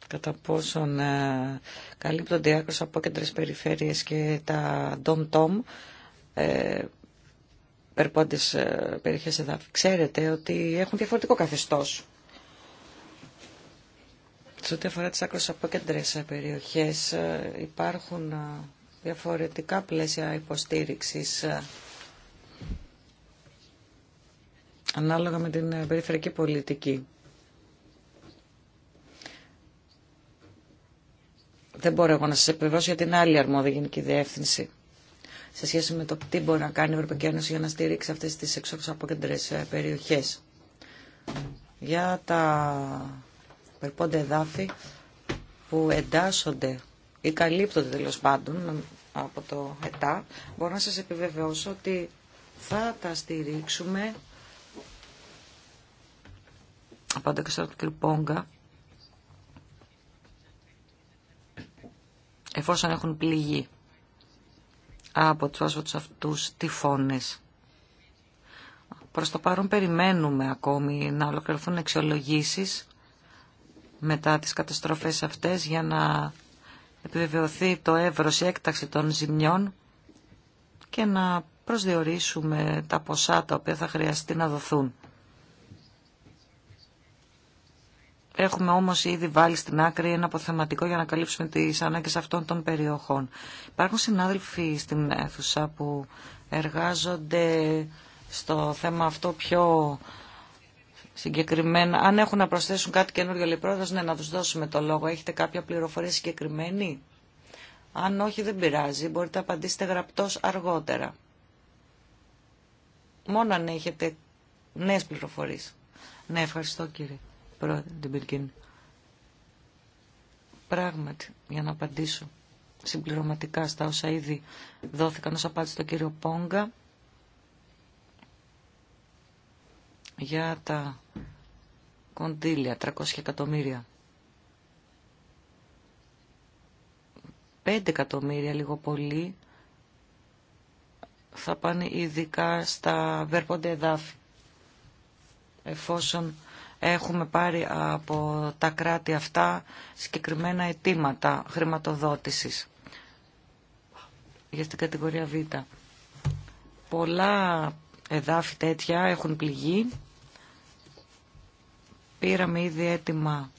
κατά πόσον ε, καλύπτονται άκρως από κέντρες περιφέρειες και τα ντομ-τομ, ε, ε, περιοχές εδάφη. Ξέρετε ότι έχουν διαφορετικό καθεστώς. Σε ό,τι αφορά τις άκρως από κέντρες ε, περιοχές υπάρχουν διαφορετικά πλαίσια υποστήριξης ανάλογα με την περιφερειακή πολιτική. δεν μπορώ εγώ να σα επιβεβαιώσω για την άλλη αρμόδια γενική διεύθυνση σε σχέση με το τι μπορεί να κάνει η Ευρωπαϊκή Ένωση για να στηρίξει αυτέ τι εξόχως περιοχέ. Ε, περιοχές. Για τα περπόντα εδάφη που εντάσσονται ή καλύπτονται τέλο πάντων από το ΕΤΑ, μπορώ να σας επιβεβαιώσω ότι θα τα στηρίξουμε απάντα και του κ. Πόγκα εφόσον έχουν πληγεί από τους άσφατους αυτούς τυφώνες. Προς το παρόν περιμένουμε ακόμη να ολοκληρωθούν αξιολογήσεις μετά τις καταστροφές αυτές για να επιβεβαιωθεί το εύρος η έκταξη των ζημιών και να προσδιορίσουμε τα ποσά τα οποία θα χρειαστεί να δοθούν. Έχουμε όμω ήδη βάλει στην άκρη ένα αποθεματικό για να καλύψουμε τι ανάγκε αυτών των περιοχών. Υπάρχουν συνάδελφοι στην αίθουσα που εργάζονται στο θέμα αυτό πιο συγκεκριμένα. Αν έχουν να προσθέσουν κάτι καινούργιο, λέει πρόεδρο, ναι, να του δώσουμε το λόγο. Έχετε κάποια πληροφορία συγκεκριμένη. Αν όχι, δεν πειράζει. Μπορείτε να απαντήσετε γραπτό αργότερα. Μόνο αν έχετε νέε πληροφορίε. Ναι, ευχαριστώ κύριε. Πυρκίν. Πράγματι, για να απαντήσω συμπληρωματικά στα όσα ήδη δόθηκαν ως απάντηση στον κύριο Πόγκα για τα κοντήλια, 300 εκατομμύρια. 5 εκατομμύρια λίγο πολύ θα πάνε ειδικά στα βέρποντε εδάφη εφόσον έχουμε πάρει από τα κράτη αυτά συγκεκριμένα αιτήματα χρηματοδότησης για την κατηγορία Β. Πολλά εδάφη τέτοια έχουν πληγεί. Πήραμε ήδη έτοιμα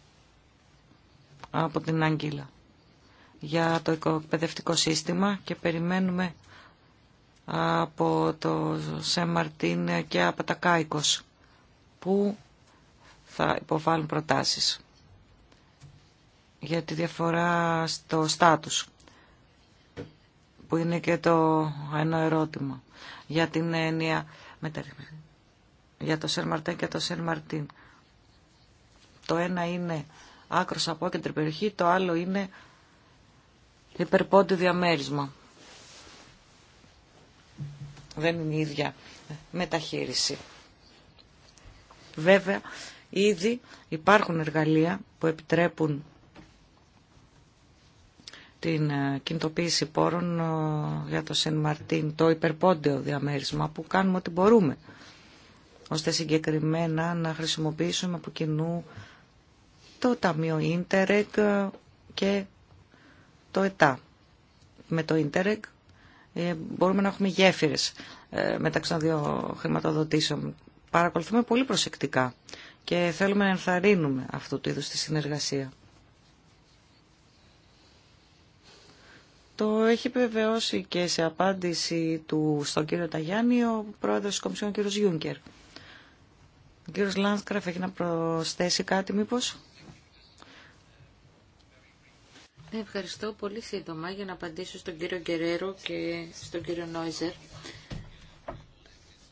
από την Άγγελα για το εκπαιδευτικό σύστημα και περιμένουμε από το Σε και από τα Κάικος που θα υποβάλουν προτάσεις για τη διαφορά στο στάτους που είναι και το ένα ερώτημα για την έννοια για το Σερ Μαρτέν και το Σερ Μαρτίν. Το ένα είναι άκρος από κεντρική περιοχή, το άλλο είναι υπερπόντιο διαμέρισμα. Δεν είναι η ίδια μεταχείριση. Βέβαια, Ήδη υπάρχουν εργαλεία που επιτρέπουν την ε, κινητοποίηση πόρων ε, για το Σεν Μαρτίν, το υπερπόντεο διαμέρισμα που κάνουμε ό,τι μπορούμε ώστε συγκεκριμένα να χρησιμοποιήσουμε από κοινού το Ταμείο Ίντερεκ ε, και το ΕΤΑ. Με το Ίντερεκ μπορούμε να έχουμε γέφυρες μεταξύ των δύο χρηματοδοτήσεων. Παρακολουθούμε πολύ προσεκτικά και θέλουμε να ενθαρρύνουμε αυτού του είδους τη συνεργασία. Το έχει επιβεβαιώσει και σε απάντηση του στον κύριο Ταγιάννη ο πρόεδρος της Κομισιόν, κύριος Γιούγκερ. Ο κύριος Λάνσκραφ έχει να προσθέσει κάτι μήπως. Ευχαριστώ πολύ σύντομα για να απαντήσω στον κύριο Γκερέρο και στον κύριο Νόιζερ.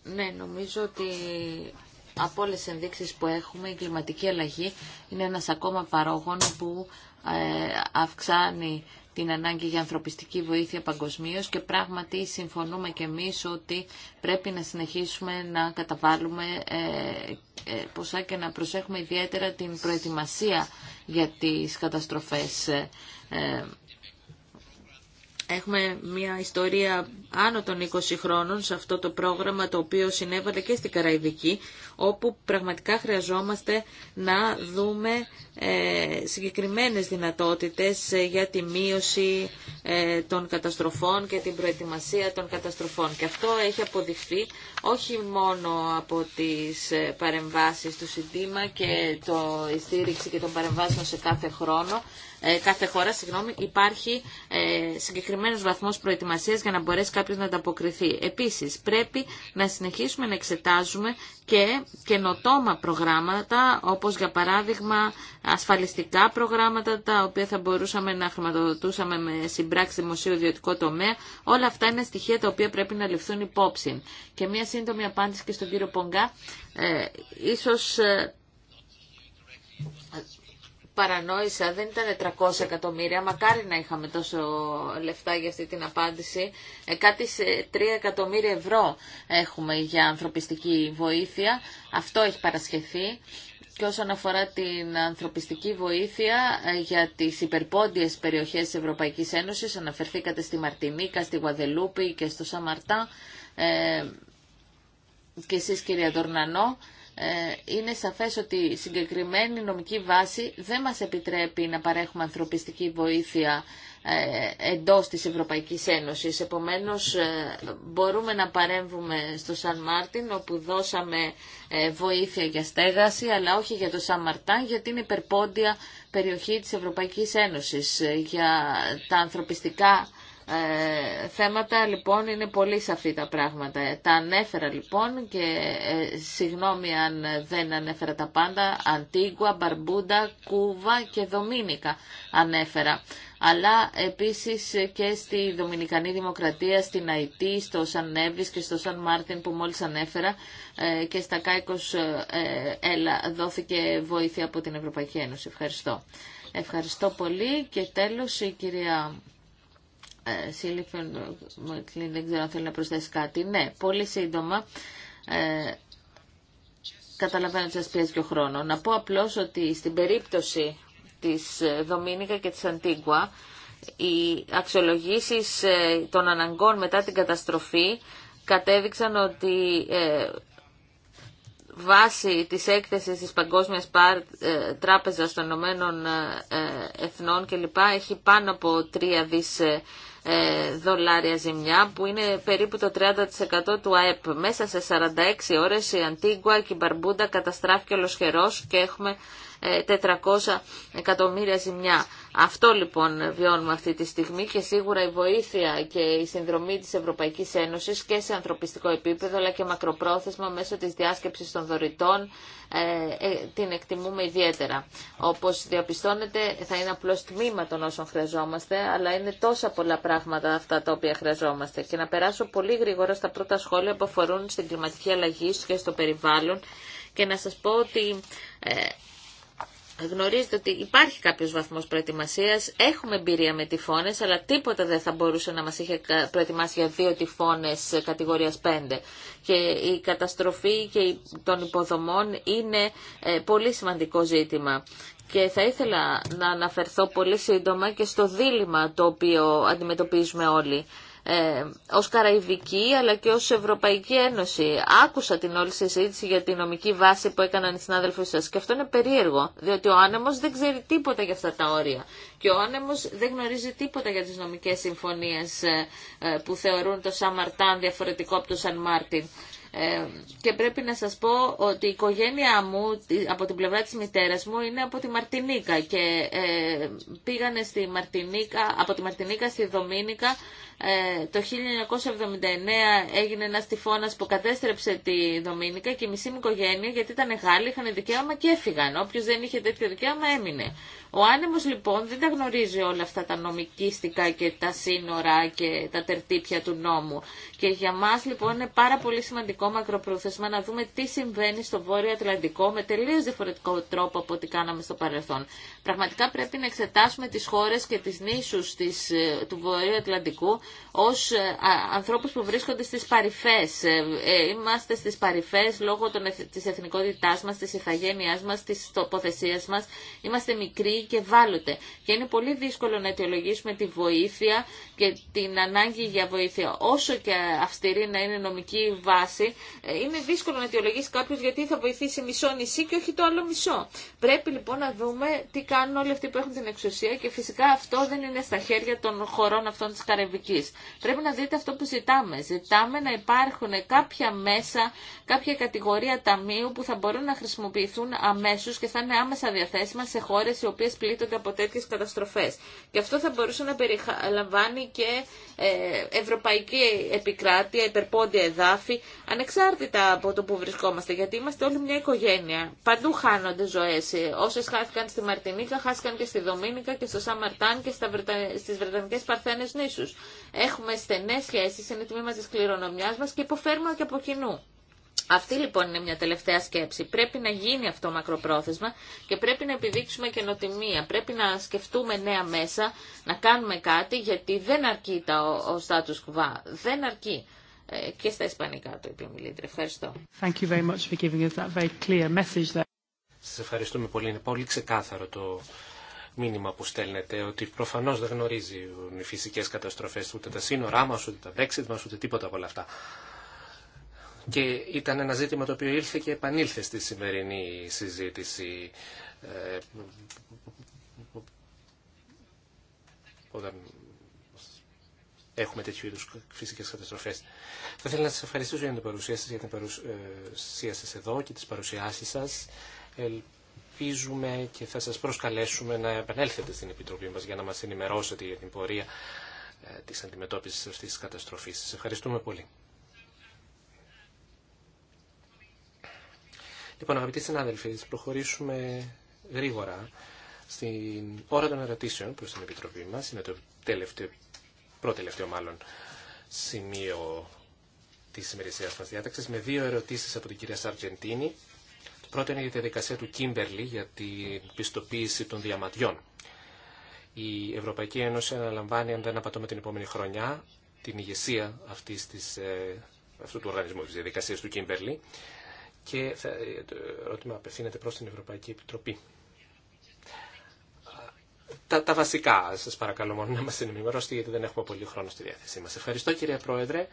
Ναι, νομίζω ότι από όλες τις ενδείξεις που έχουμε, η κλιματική αλλαγή είναι ένας ακόμα παρόγων που ε, αυξάνει την ανάγκη για ανθρωπιστική βοήθεια παγκοσμίω και πράγματι συμφωνούμε και εμείς ότι πρέπει να συνεχίσουμε να καταβάλουμε ε, ε, ποσά και να προσέχουμε ιδιαίτερα την προετοιμασία για τις καταστροφές. Έχουμε μια ιστορία άνω των 20 χρόνων σε αυτό το πρόγραμμα το οποίο συνέβαλε και στην Καραϊβική όπου πραγματικά χρειαζόμαστε να δούμε ε, συγκεκριμένες δυνατότητες ε, για τη μείωση ε, των καταστροφών και την προετοιμασία των καταστροφών. Και αυτό έχει αποδειχθεί όχι μόνο από τις παρεμβάσεις του συντήμα και το, η στήριξη και των παρεμβάσεων σε κάθε χρόνο ε, κάθε χώρα συγγνώμη, υπάρχει ε, συγκεκριμένος βαθμός προετοιμασίας για να μπορέσει κάποιος να ανταποκριθεί. Επίσης, πρέπει να συνεχίσουμε να εξετάζουμε και καινοτόμα προγράμματα, όπως για παράδειγμα ασφαλιστικά προγράμματα, τα οποία θα μπορούσαμε να χρηματοδοτούσαμε με συμπράξη δημοσίου ιδιωτικό τομέα. Όλα αυτά είναι στοιχεία τα οποία πρέπει να ληφθούν υπόψη. Και μια σύντομη απάντηση και στον κύριο Πονγκά. Ε, ίσως ε, παρανόησα, δεν ήταν 300 εκατομμύρια, μακάρι να είχαμε τόσο λεφτά για αυτή την απάντηση. Ε, κάτι σε 3 εκατομμύρια ευρώ έχουμε για ανθρωπιστική βοήθεια. Αυτό έχει παρασχεθεί. Και όσον αφορά την ανθρωπιστική βοήθεια ε, για τις υπερπόντιες περιοχές της Ευρωπαϊκής Ένωσης, αναφερθήκατε στη Μαρτινίκα, στη Γουαδελούπη και στο Σαμαρτά ε, και εσείς κυρία Τορνανό, ε, είναι σαφές ότι η συγκεκριμένη νομική βάση δεν μας επιτρέπει να παρέχουμε ανθρωπιστική βοήθεια ε, εντός της Ευρωπαϊκής Ένωσης. Επομένως, ε, μπορούμε να παρέμβουμε στο Σαν Μάρτιν, όπου δώσαμε βοήθεια για στέγαση, αλλά όχι για το Σαν Μαρτάν, γιατί είναι υπερπόντια περιοχή της Ευρωπαϊκής Ένωσης. Για τα ανθρωπιστικά ε, θέματα λοιπόν είναι πολύ σαφή τα πράγματα. Τα ανέφερα λοιπόν και ε, συγγνώμη αν δεν ανέφερα τα πάντα, Αντίγουα, Μπαρμπούντα, Κούβα και Δομίνικα ανέφερα. Αλλά επίσης και στη Δομινικανή Δημοκρατία, στην Αϊτή, στο Σαν Νέβης και στο Σαν Μάρτιν που μόλις ανέφερα ε, και στα Κάικος ε, Έλα δόθηκε βοήθεια από την Ευρωπαϊκή Ένωση. Ευχαριστώ. Ευχαριστώ πολύ και τέλος η κυρία ε, Σίλιφεν δεν ξέρω αν θέλει να προσθέσει κάτι. Ναι, πολύ σύντομα. Ε, καταλαβαίνω ότι σας πιέζει και ο χρόνο. Να πω απλώς ότι στην περίπτωση της ε, Δομίνικα και της Αντίγουα οι αξιολογήσεις ε, των αναγκών μετά την καταστροφή κατέδειξαν ότι ε, βάσει της έκθεσης της Παγκόσμιας Παρ, ε, Τράπεζας των Ηνωμένων ε, Εθνών κλπ. έχει πάνω από 3 δις ε, δολάρια ζημιά που είναι περίπου το 30% του ΑΕΠ. Μέσα σε 46 ώρες η Αντίγκουα και η Μπαρμπούντα καταστράφηκε ολοσχερός και έχουμε 400 εκατομμύρια ζημιά. Αυτό λοιπόν βιώνουμε αυτή τη στιγμή και σίγουρα η βοήθεια και η συνδρομή της Ευρωπαϊκής Ένωσης και σε ανθρωπιστικό επίπεδο αλλά και μακροπρόθεσμα μέσω της διάσκεψης των δωρητών ε, ε, την εκτιμούμε ιδιαίτερα. Όπως διαπιστώνετε θα είναι απλώς τμήμα των όσων χρειαζόμαστε αλλά είναι τόσα πολλά πράγματα αυτά τα οποία χρειαζόμαστε. Και να περάσω πολύ γρήγορα στα πρώτα σχόλια που αφορούν στην κλιματική αλλαγή και στο περιβάλλον και να σας πω ότι ε, Γνωρίζετε ότι υπάρχει κάποιος βαθμός προετοιμασίας, έχουμε εμπειρία με τυφώνες, αλλά τίποτα δεν θα μπορούσε να μας είχε προετοιμάσει για δύο τυφώνες κατηγορίας 5. Και η καταστροφή και των υποδομών είναι ε, πολύ σημαντικό ζήτημα. Και θα ήθελα να αναφερθώ πολύ σύντομα και στο δίλημα το οποίο αντιμετωπίζουμε όλοι ε, ως Καραϊβική αλλά και ως Ευρωπαϊκή Ένωση. Άκουσα την όλη συζήτηση για τη νομική βάση που έκαναν οι συνάδελφοι σας και αυτό είναι περίεργο, διότι ο άνεμος δεν ξέρει τίποτα για αυτά τα όρια και ο άνεμος δεν γνωρίζει τίποτα για τις νομικές συμφωνίες ε, ε, που θεωρούν το Σαν Μαρτάν διαφορετικό από το Σαν Μάρτιν. Ε, και πρέπει να σας πω ότι η οικογένειά μου από την πλευρά της μητέρας μου είναι από τη Μαρτινίκα και ε, πήγανε στη Μαρτινίκα, από τη Μαρτινίκα στη Δομίνικα ε, το 1979 έγινε ένας τυφώνας που κατέστρεψε τη Δομήνικα και η μισή μου οικογένεια γιατί ήταν Γάλλοι, είχαν δικαίωμα και έφυγαν. Όποιο δεν είχε τέτοιο δικαίωμα έμεινε. Ο άνεμος λοιπόν δεν τα γνωρίζει όλα αυτά τα νομικήστικα και τα σύνορα και τα τερτύπια του νόμου. Και για μας λοιπόν είναι πάρα πολύ σημαντικό μακροπρόθεσμα να δούμε τι συμβαίνει στο Βόρειο Ατλαντικό με τελείως διαφορετικό τρόπο από ό,τι κάναμε στο παρελθόν. Πραγματικά πρέπει να εξετάσουμε τις χώρες και τις νήσους ε, του Βορείου Ατλαντικού ως ε, ανθρώπους που βρίσκονται στις παρυφές. Ε, ε, είμαστε στις παρυφές λόγω των, της εθνικότητάς μας, της ηθαγένειάς μας, της τοποθεσίας μας. Είμαστε μικροί και βάλωτε. Και είναι πολύ δύσκολο να αιτιολογήσουμε τη βοήθεια και την ανάγκη για βοήθεια. Όσο και αυστηρή να είναι νομική βάση, είναι δύσκολο να αιτιολογήσει κάποιο γιατί θα βοηθήσει μισό νησί και όχι το άλλο μισό. Πρέπει λοιπόν να δούμε τι κάνουν όλοι αυτοί που έχουν την εξουσία και φυσικά αυτό δεν είναι στα χέρια των χωρών αυτών της καρεβική. Πρέπει να δείτε αυτό που ζητάμε. Ζητάμε να υπάρχουν κάποια μέσα, κάποια κατηγορία ταμείου που θα μπορούν να χρησιμοποιηθούν αμέσω και θα είναι άμεσα διαθέσιμα σε χώρε οι οποίε πλήττονται από τέτοιε καταστροφέ. Και αυτό θα μπορούσε να περιλαμβάνει και ε, ευρωπαϊκή επικράτεια, υπερπόντια εδάφη, ανεξάρτητα από το που βρισκόμαστε, γιατί είμαστε όλοι μια οικογένεια. Παντού χάνονται ζωέ όσε χάθηκαν στη Μαρτινίκα, χάθηκαν και στη Δομήνικα και στο Σαμαρτάν και στι βρετανικέ Παρθένε νήσου έχουμε στενές σχέσεις, είναι τμήμα της κληρονομιάς μας και υποφέρουμε και από κοινού. Αυτή λοιπόν είναι μια τελευταία σκέψη. Πρέπει να γίνει αυτό μακροπρόθεσμα και πρέπει να επιδείξουμε καινοτιμία. Πρέπει να σκεφτούμε νέα μέσα, να κάνουμε κάτι γιατί δεν αρκεί τα, ο, ο status quo. Δεν αρκεί. Ε, και στα ισπανικά το είπε ο Μιλήτρη. Ευχαριστώ. Thank Σας ευχαριστούμε πολύ. Είναι πολύ ξεκάθαρο το μήνυμα που στέλνετε, ότι προφανώ δεν γνωρίζουν οι φυσικέ καταστροφέ ούτε τα σύνορά μα ούτε τα Brexit μα ούτε τίποτα από όλα αυτά. Και ήταν ένα ζήτημα το οποίο ήρθε και επανήλθε στη σημερινή συζήτηση ε, όταν έχουμε τέτοιου είδου φυσικέ καταστροφέ. Θα ήθελα να σα ευχαριστήσω για την παρουσία σα, για την παρουσία ε, εδώ και τι παρουσιάσει σα ελπίζουμε και θα σας προσκαλέσουμε να επανέλθετε στην Επιτροπή μας για να μας ενημερώσετε για την πορεία ε, της αντιμετώπισης αυτής της καταστροφής. Σας ευχαριστούμε πολύ. Λοιπόν, αγαπητοί συνάδελφοι, θα προχωρήσουμε γρήγορα στην ώρα των ερωτήσεων προς την Επιτροπή μας. Είναι το τελευταίο, πρώτο τελευταίο μάλλον σημείο της ημερησίας μας διάταξης με δύο ερωτήσεις από την κυρία Σαρτζεντίνη Πρώτα είναι η διαδικασία του Κίμπερλι για την πιστοποίηση των διαματιών. Η Ευρωπαϊκή Ένωση αναλαμβάνει, αν δεν απατώμε την επόμενη χρονιά, την ηγεσία αυτής της, ε, αυτού του οργανισμού, της διαδικασίας του Κίμπερλι και ε, το ερώτημα απευθύνεται προς την Ευρωπαϊκή Επιτροπή. Τα, τα βασικά, σας παρακαλώ μόνο να μας ενημερώσετε γιατί δεν έχουμε πολύ χρόνο στη διάθεσή μας. Ευχαριστώ κύριε Πρόεδρε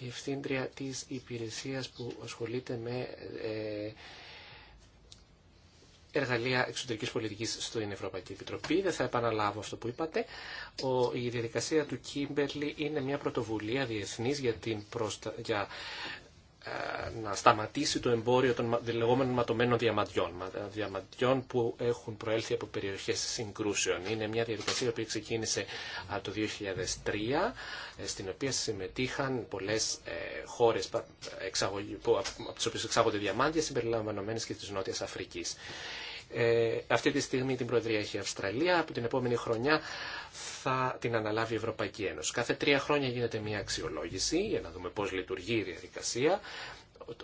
διευθύντρια της υπηρεσίας που ασχολείται με ε, εργαλεία εξωτερικής πολιτικής στην Ευρωπαϊκή Επιτροπή. Δεν θα επαναλάβω αυτό που είπατε. η διαδικασία του Κίμπερλι είναι μια πρωτοβουλία διεθνής για, την προστα... για ε, να σταματήσει το εμπόριο των λεγόμενων ματωμένων διαμαντιών, ε, διαμαντιών που έχουν προέλθει από περιοχές συγκρούσεων. Είναι μια διαδικασία που ξεκίνησε από το 2003, ε, στην οποία συμμετείχαν πολλές χώρες από τι οποίε εξάγονται διαμάντια, συμπεριλαμβανομένες και τη νότια Αφρική. Ε, αυτή τη στιγμή την Προεδρία έχει η Αυστραλία, από την επόμενη χρονιά θα την αναλάβει η Ευρωπαϊκή Ένωση. Κάθε τρία χρόνια γίνεται μια αξιολόγηση για να δούμε πώς λειτουργεί η διαδικασία.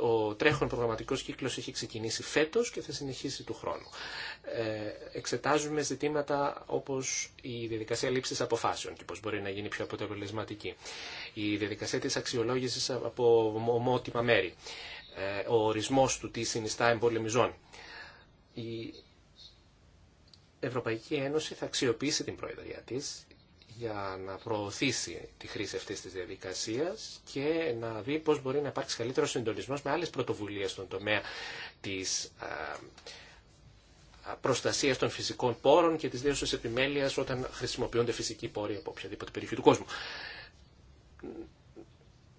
Ο τρέχον προγραμματικό κύκλο έχει ξεκινήσει φέτο και θα συνεχίσει του χρόνου. Ε, εξετάζουμε ζητήματα όπω η διαδικασία λήψη αποφάσεων και πώ μπορεί να γίνει πιο αποτελεσματική. Η διαδικασία τη αξιολόγηση από ομότιμα μέρη. Ε, ο ορισμό του τι συνιστά εμπολεμιζών η Ευρωπαϊκή Ένωση θα αξιοποιήσει την Προεδρία της για να προωθήσει τη χρήση αυτής της διαδικασίας και να δει πώς μπορεί να υπάρξει καλύτερο συντονισμός με άλλες πρωτοβουλίες στον τομέα της προστασίας των φυσικών πόρων και της δίωσης επιμέλειας όταν χρησιμοποιούνται φυσικοί πόροι από οποιαδήποτε περιοχή του κόσμου.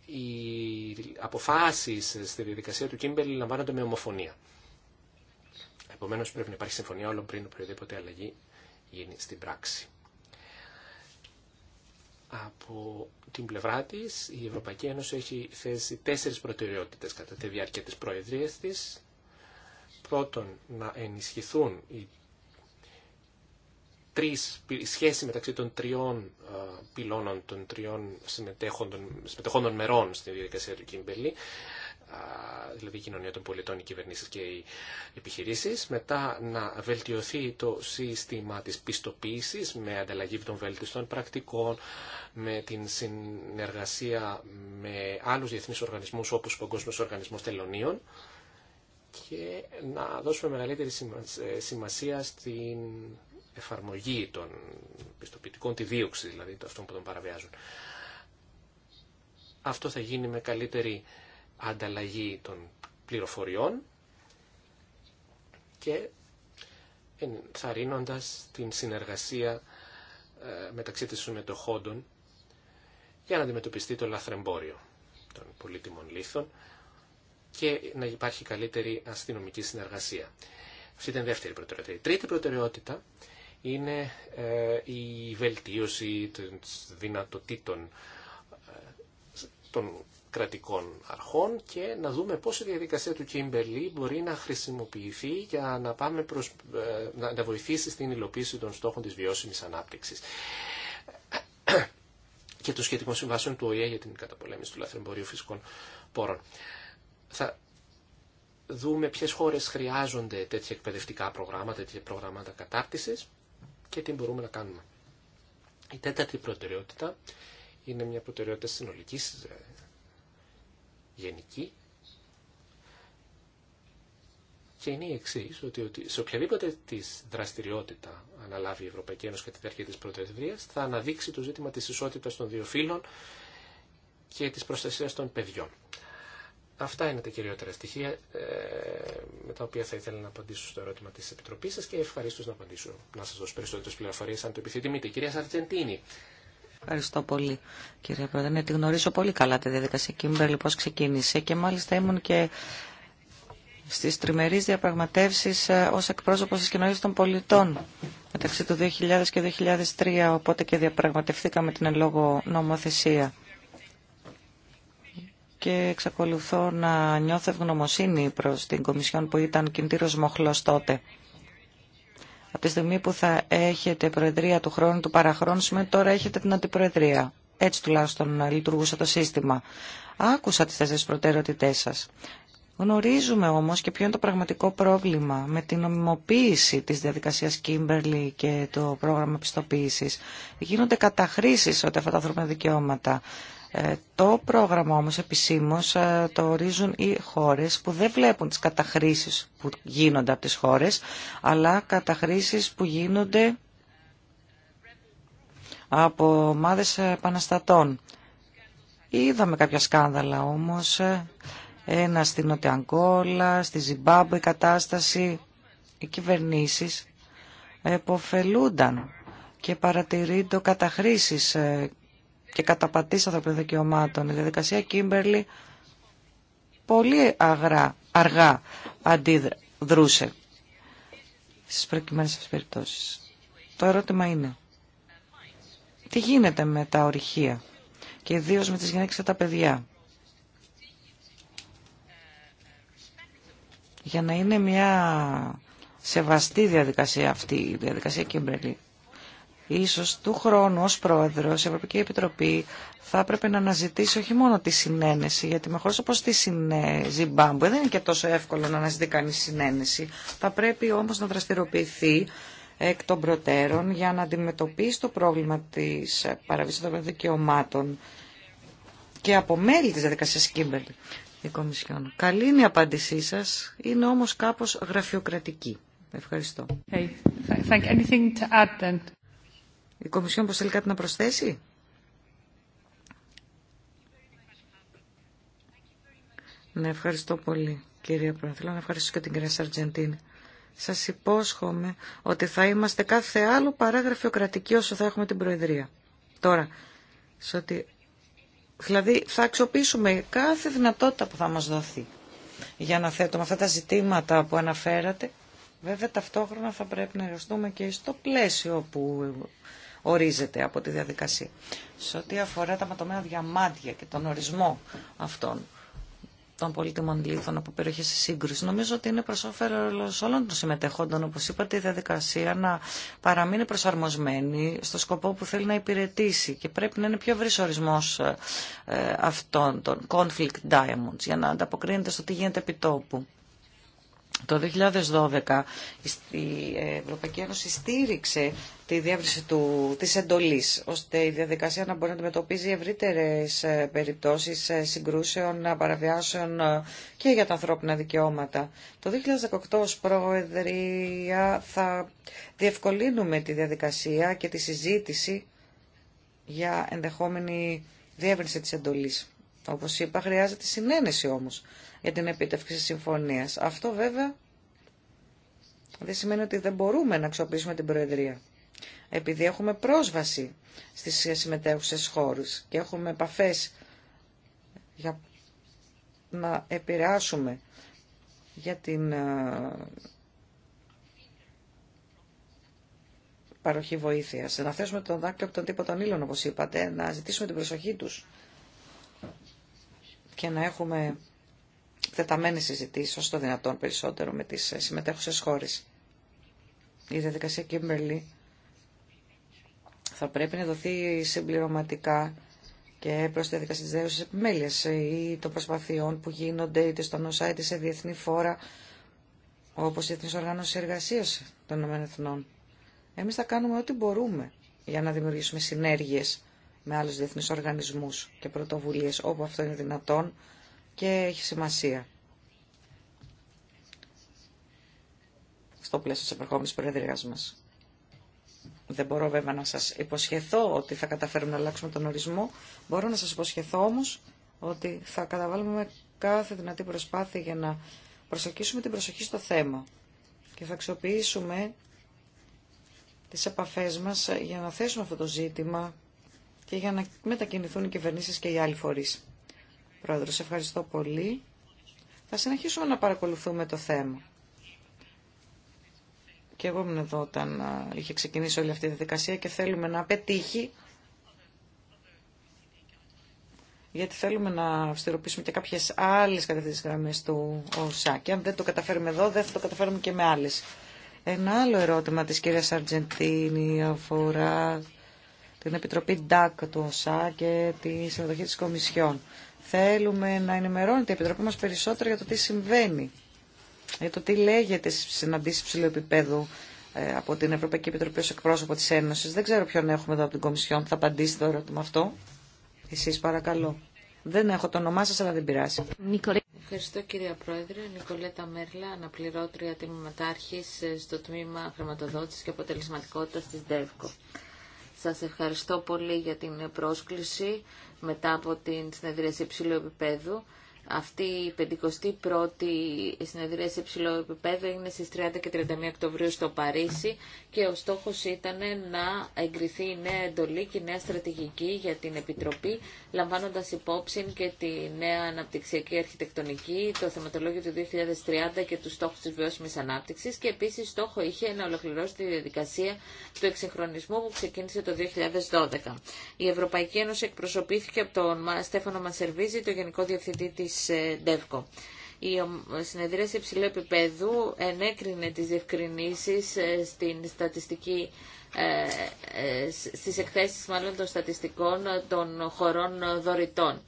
Οι αποφάσεις στη διαδικασία του Κίμπελ λαμβάνονται με ομοφωνία. Επομένω πρέπει να υπάρχει συμφωνία όλων πριν οποιοδήποτε αλλαγή γίνει στην πράξη. Από την πλευρά τη, η Ευρωπαϊκή Ένωση έχει θέσει τέσσερι προτεραιότητε κατά τη διάρκεια τη προεδρία τη. Πρώτον, να ενισχυθούν οι τρεις, η σχέση μεταξύ των τριών ε, πυλώνων, των τριών συμμετέχοντων, συμμετεχόντων μερών στην διαδικασία του Κίμπελη, δηλαδή η κοινωνία των πολιτών, οι κυβερνήσεις και οι επιχειρήσεις. Μετά να βελτιωθεί το σύστημα της πιστοποίησης με ανταλλαγή των βελτιστών πρακτικών, με την συνεργασία με άλλους διεθνείς οργανισμούς όπως ο Παγκόσμιος Οργανισμός Τελωνίων και να δώσουμε μεγαλύτερη σημασία στην εφαρμογή των πιστοποιητικών, τη δίωξη δηλαδή αυτών που τον παραβιάζουν. Αυτό θα γίνει με καλύτερη ανταλλαγή των πληροφοριών και ενθαρρύνοντας την συνεργασία ε, μεταξύ της συμμετοχόντων για να αντιμετωπιστεί το λαθρεμπόριο των πολύτιμων λίθων και να υπάρχει καλύτερη αστυνομική συνεργασία. Αυτή ήταν η δεύτερη προτεραιότητα. Η τρίτη προτεραιότητα είναι ε, η βελτίωση των δυνατοτήτων ε, των κρατικών αρχών και να δούμε πώς η διαδικασία του Κιμπερλί μπορεί να χρησιμοποιηθεί για να, πάμε προς, ε, να βοηθήσει στην υλοποίηση των στόχων της βιώσιμης ανάπτυξης και των σχετικών συμβάσεων του ΟΗΕ για την καταπολέμηση του λαθρεμπορίου φυσικών πόρων. Θα δούμε ποιες χώρες χρειάζονται τέτοια εκπαιδευτικά προγράμματα, τέτοια προγράμματα κατάρτισης και τι μπορούμε να κάνουμε. Η τέταρτη προτεραιότητα είναι μια προτεραιότητα συνολικής ε, γενική και είναι η εξή, ότι, ότι σε οποιαδήποτε τη δραστηριότητα αναλάβει η Ευρωπαϊκή Ένωση κατά τη διάρκεια τη Πρωτοεδρία, θα αναδείξει το ζήτημα τη ισότητα των δύο φύλων και τη προστασία των παιδιών. Αυτά είναι τα κυριότερα στοιχεία ε, με τα οποία θα ήθελα να απαντήσω στο ερώτημα τη Επιτροπή σα και ευχαρίστω να απαντήσω, να σα δώσω περισσότερε πληροφορίε αν το επιθυμείτε. Κυρία Σαρτζεντίνη, Ευχαριστώ πολύ, κύριε Πρόεδρε. Ναι, τη γνωρίζω πολύ καλά τη διαδικασία Κίμπερλι, λοιπόν, ξεκίνησε και μάλιστα ήμουν και στις τριμερείς διαπραγματεύσεις ε, ως εκπρόσωπος της κοινωνία των πολιτών μεταξύ του 2000 και 2003, οπότε και διαπραγματευθήκαμε την εν λόγω νομοθεσία. Και εξακολουθώ να νιώθω ευγνωμοσύνη προς την Κομισιόν που ήταν κινητήρος μοχλός τότε από τη στιγμή που θα έχετε προεδρία του χρόνου, του παραχρόνου, σημαίνει τώρα έχετε την αντιπροεδρία. Έτσι τουλάχιστον λειτουργούσε το σύστημα. Άκουσα τις τέσσερι προτεραιότητές σα. Γνωρίζουμε όμως και ποιο είναι το πραγματικό πρόβλημα με την νομιμοποίηση της διαδικασίας Κίμπερλι και το πρόγραμμα πιστοποίηση. Γίνονται καταχρήσεις ό,τι αυτά τα ανθρώπινα δικαιώματα. Ε, το πρόγραμμα όμως επισήμως ε, το ορίζουν οι χώρες που δεν βλέπουν τις καταχρήσεις που γίνονται από τις χώρες, αλλά καταχρήσεις που γίνονται από ομάδες επαναστατών. Είδαμε κάποια σκάνδαλα όμως, ε, ένα στην Νότια στη Ζιμπάμπου η κατάσταση, οι κυβερνήσεις εποφελούνταν και παρατηρείται καταχρήσεις και καταπατήσει ανθρωπίνων δικαιωμάτων. Η διαδικασία Κίμπερλι πολύ αγρά, αργά αντιδρούσε στις προκειμένες αυτές περιπτώσεις. Το ερώτημα είναι, τι γίνεται με τα ορυχεία και ιδίω με τις γυναίκες και τα παιδιά. Για να είναι μια σεβαστή διαδικασία αυτή, η διαδικασία Κίμπερλι, Ίσως του χρόνου ως πρόεδρος η Ευρωπαϊκή Επιτροπή θα έπρεπε να αναζητήσει όχι μόνο τη συνένεση, γιατί με χώρες όπως τη Ζιμπάμπου δεν είναι και τόσο εύκολο να αναζητεί κανεί συνένεση. Θα πρέπει όμως να δραστηριοποιηθεί εκ των προτέρων για να αντιμετωπίσει το πρόβλημα της παραβίασης των δικαιωμάτων και από μέλη της διαδικασίας Κίμπερντ, η Κομισιόν. Καλή είναι η απάντησή σας, είναι όμως κάπως γραφειοκρατική. Ευχαριστώ. Hey. Thank anything η Κομισιόν πως θέλει κάτι να προσθέσει. Ναι, ευχαριστώ πολύ κυρία Πρόεδρε. Θέλω να ευχαριστήσω και την κυρία Σαρτζεντίνη. Σας υπόσχομαι ότι θα είμαστε κάθε άλλο παρά κρατική όσο θα έχουμε την Προεδρία. Τώρα, ότι... δηλαδή θα αξιοποιήσουμε κάθε δυνατότητα που θα μας δοθεί για να θέτουμε αυτά τα ζητήματα που αναφέρατε. Βέβαια ταυτόχρονα θα πρέπει να εργαστούμε και στο πλαίσιο που ορίζεται από τη διαδικασία. Σε ό,τι αφορά τα ματωμένα διαμάντια και τον ορισμό αυτών των πολύτιμων λίθων από περιοχέ τη σύγκρουση. Νομίζω ότι είναι προ όφελο όλων των συμμετεχόντων, όπω είπατε, η διαδικασία να παραμείνει προσαρμοσμένη στο σκοπό που θέλει να υπηρετήσει και πρέπει να είναι πιο ευρύ ορισμό ε, ε, αυτών των conflict diamonds για να ανταποκρίνεται στο τι γίνεται επί τόπου. Το 2012 η ε, Ευρωπαϊκή Ένωση στήριξε τη διεύρυνση του, της εντολής, ώστε η διαδικασία να μπορεί να αντιμετωπίζει ευρύτερες ε, περιπτώσεις ε, συγκρούσεων, παραβιάσεων και για τα ανθρώπινα δικαιώματα. Το 2018 ως Προεδρία θα διευκολύνουμε τη διαδικασία και τη συζήτηση για ενδεχόμενη διεύρυνση της εντολής. Όπως είπα, χρειάζεται συνένεση όμως για την επίτευξη συμφωνίας. Αυτό βέβαια δεν σημαίνει ότι δεν μπορούμε να αξιοποιήσουμε την Προεδρία. Επειδή έχουμε πρόσβαση στις συμμετέχουσες χώρους και έχουμε επαφές για να επηρεάσουμε για την ε, παροχή βοήθειας. Να θέσουμε τον δάκτυο από τον τύπο των ήλων, όπως είπατε, να ζητήσουμε την προσοχή τους και να έχουμε θεταμένες συζητήσει όσο το δυνατόν περισσότερο με τις συμμετέχουσες χώρες. Η διαδικασία Κίμπερλι θα πρέπει να δοθεί συμπληρωματικά και προ τη διαδικασία τη δέωση επιμέλεια ή των προσπαθειών που γίνονται είτε στον ΩΣΑ είτε σε διεθνή φόρα όπω η Διεθνή Οργάνωση Εργασία των ΗΠΑ. Εμεί θα κάνουμε ό,τι μπορούμε για να δημιουργήσουμε συνέργειες με άλλου διεθνεί οργανισμούς και πρωτοβουλίε όπου αυτό είναι δυνατόν και έχει σημασία. Στο πλαίσιο τη επερχόμενη Προεδρία μα. Δεν μπορώ βέβαια να σας υποσχεθώ ότι θα καταφέρουμε να αλλάξουμε τον ορισμό. Μπορώ να σας υποσχεθώ όμω ότι θα καταβάλουμε κάθε δυνατή προσπάθεια για να προσελκύσουμε την προσοχή στο θέμα και θα αξιοποιήσουμε τις επαφές μας για να θέσουμε αυτό το ζήτημα και για να μετακινηθούν οι κυβερνήσει και οι άλλοι φορείς. σε ευχαριστώ πολύ. Θα συνεχίσουμε να παρακολουθούμε το θέμα. Και εγώ ήμουν εδώ όταν είχε ξεκινήσει όλη αυτή η διαδικασία και θέλουμε να πετύχει γιατί θέλουμε να αυστηροποιήσουμε και κάποιες άλλες κατευθύνσεις γραμμέ του ΟΣΑ. Και αν δεν το καταφέρουμε εδώ, δεν θα το καταφέρουμε και με άλλε. Ένα άλλο ερώτημα της κυρίας Αργεντίνη αφορά την Επιτροπή ΝΤΑΚ του ΩΣΑ και τη συμμετοχή της Κομισιόν. Θέλουμε να ενημερώνεται η Επιτροπή μας περισσότερο για το τι συμβαίνει, για το τι λέγεται στις συναντήσεις ψηλού επίπεδου ε, από την Ευρωπαϊκή Επιτροπή ως εκπρόσωπο της Ένωσης. Δεν ξέρω ποιον έχουμε εδώ από την Κομισιόν θα απαντήσει το ερώτημα αυτό. Εσείς παρακαλώ. Δεν έχω το όνομά σας, αλλά δεν πειράζει. Ευχαριστώ κυρία Πρόεδρε. Νικολέτα Μέρλα, αναπληρώτρια τμήματάρχης ε, στο τμήμα χρηματοδότησης και αποτελεσματικότητας της ΔΕΒΚΟ. Σας ευχαριστώ πολύ για την πρόσκληση μετά από την συνεδρίαση υψηλού επίπεδου. Αυτή η 51η συνεδρία σε υψηλό επίπεδο έγινε στις 30 και 31 Οκτωβρίου στο Παρίσι και ο στόχος ήταν να εγκριθεί η νέα εντολή και η νέα στρατηγική για την Επιτροπή, λαμβάνοντας υπόψη και τη νέα αναπτυξιακή αρχιτεκτονική, το θεματολόγιο του 2030 και τους στόχους της βιώσιμης ανάπτυξης και επίσης στόχο είχε να ολοκληρώσει τη διαδικασία του εξυγχρονισμού που ξεκίνησε το 2012. Η Ευρωπαϊκή Ένωση εκπροσωπήθηκε από τον Στέφανο Μανσερβίζη, το Γενικό Διευθυντή της της ΔΕΒΚΟ. Η συνεδρίαση υψηλού επίπεδου ενέκρινε τις διευκρινήσεις ε, στην στατιστική ε, ε, στις εκθέσεις μάλλον των στατιστικών των χωρών δωρητών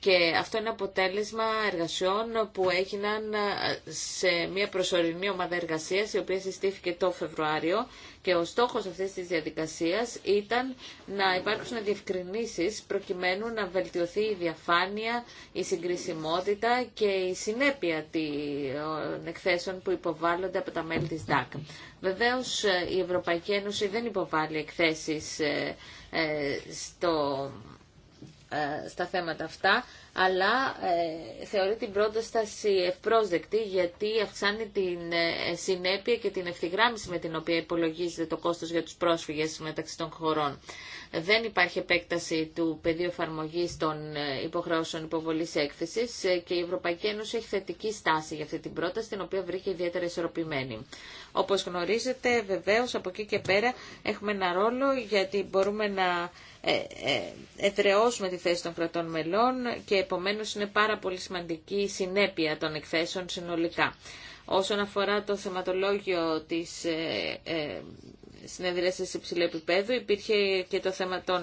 και αυτό είναι αποτέλεσμα εργασιών που έγιναν ε, σε μια προσωρινή ομάδα εργασίας η οποία συστήθηκε το Φεβρουάριο και ο στόχος αυτής της διαδικασίας ήταν να υπάρξουν διευκρινήσεις προκειμένου να βελτιωθεί η διαφάνεια, η συγκρισιμότητα και η συνέπεια των εκθέσεων που υποβάλλονται από τα μέλη της ΔΑΚ. Βεβαίως ε, η Ευρωπαϊκή Ένωση δεν υποβάλλει εκθέσεις ε, στο ε, στα θέματα αυτά, αλλά ε, θεωρεί την πρόταση ευπρόσδεκτη γιατί αυξάνει την ε, συνέπεια και την ευθυγράμμιση με την οποία υπολογίζεται το κόστος για τους πρόσφυγες μεταξύ των χωρών. Δεν υπάρχει επέκταση του πεδίου εφαρμογή των ε, υποχρεώσεων υποβολή έκθεση και η Ευρωπαϊκή Ένωση έχει θετική στάση για αυτή την πρόταση, την οποία βρήκε ιδιαίτερα ισορροπημένη. Όπω γνωρίζετε, βεβαίω από εκεί και πέρα έχουμε ένα ρόλο γιατί μπορούμε να ε, ε, εδραιώσουμε τη θέση των κρατών μελών και επομένως είναι πάρα πολύ σημαντική η συνέπεια των εκθέσεων συνολικά. Όσον αφορά το θεματολόγιο της ε, συνεδρίασης υψηλού επίπεδου υπήρχε και το θέμα των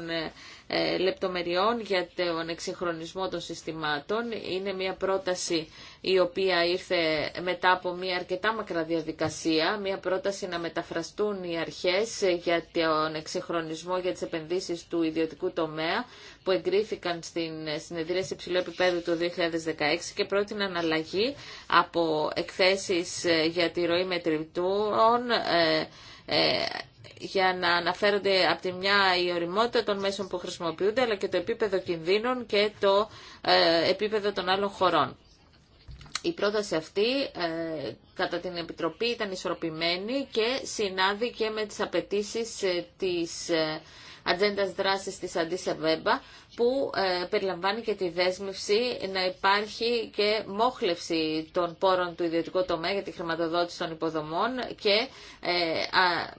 ε, λεπτομεριών για τον εξυγχρονισμό των συστημάτων. Είναι μια πρόταση η οποία ήρθε μετά από μια αρκετά μακρά διαδικασία, μια πρόταση να μεταφραστούν οι αρχές για τον εξυγχρονισμό για τις επενδύσεις του ιδιωτικού τομέα που εγκρίθηκαν στην συνεδρίαση υψηλού επίπεδου το 2016 και πρότειναν αλλαγή από εκθέσεις ε, για τη ροή μετρητών, ε, για να αναφέρονται από τη μια η οριμότητα των μέσων που χρησιμοποιούνται, αλλά και το επίπεδο κινδύνων και το ε, επίπεδο των άλλων χωρών. Η πρόταση αυτή ε, κατά την Επιτροπή ήταν ισορροπημένη και συνάδει και με τις απαιτήσεις ε, της ατζέντα δράση τη Αντισεβέμπα που ε, περιλαμβάνει και τη δέσμευση να υπάρχει και μόχλευση των πόρων του ιδιωτικού τομέα για τη χρηματοδότηση των υποδομών και ε,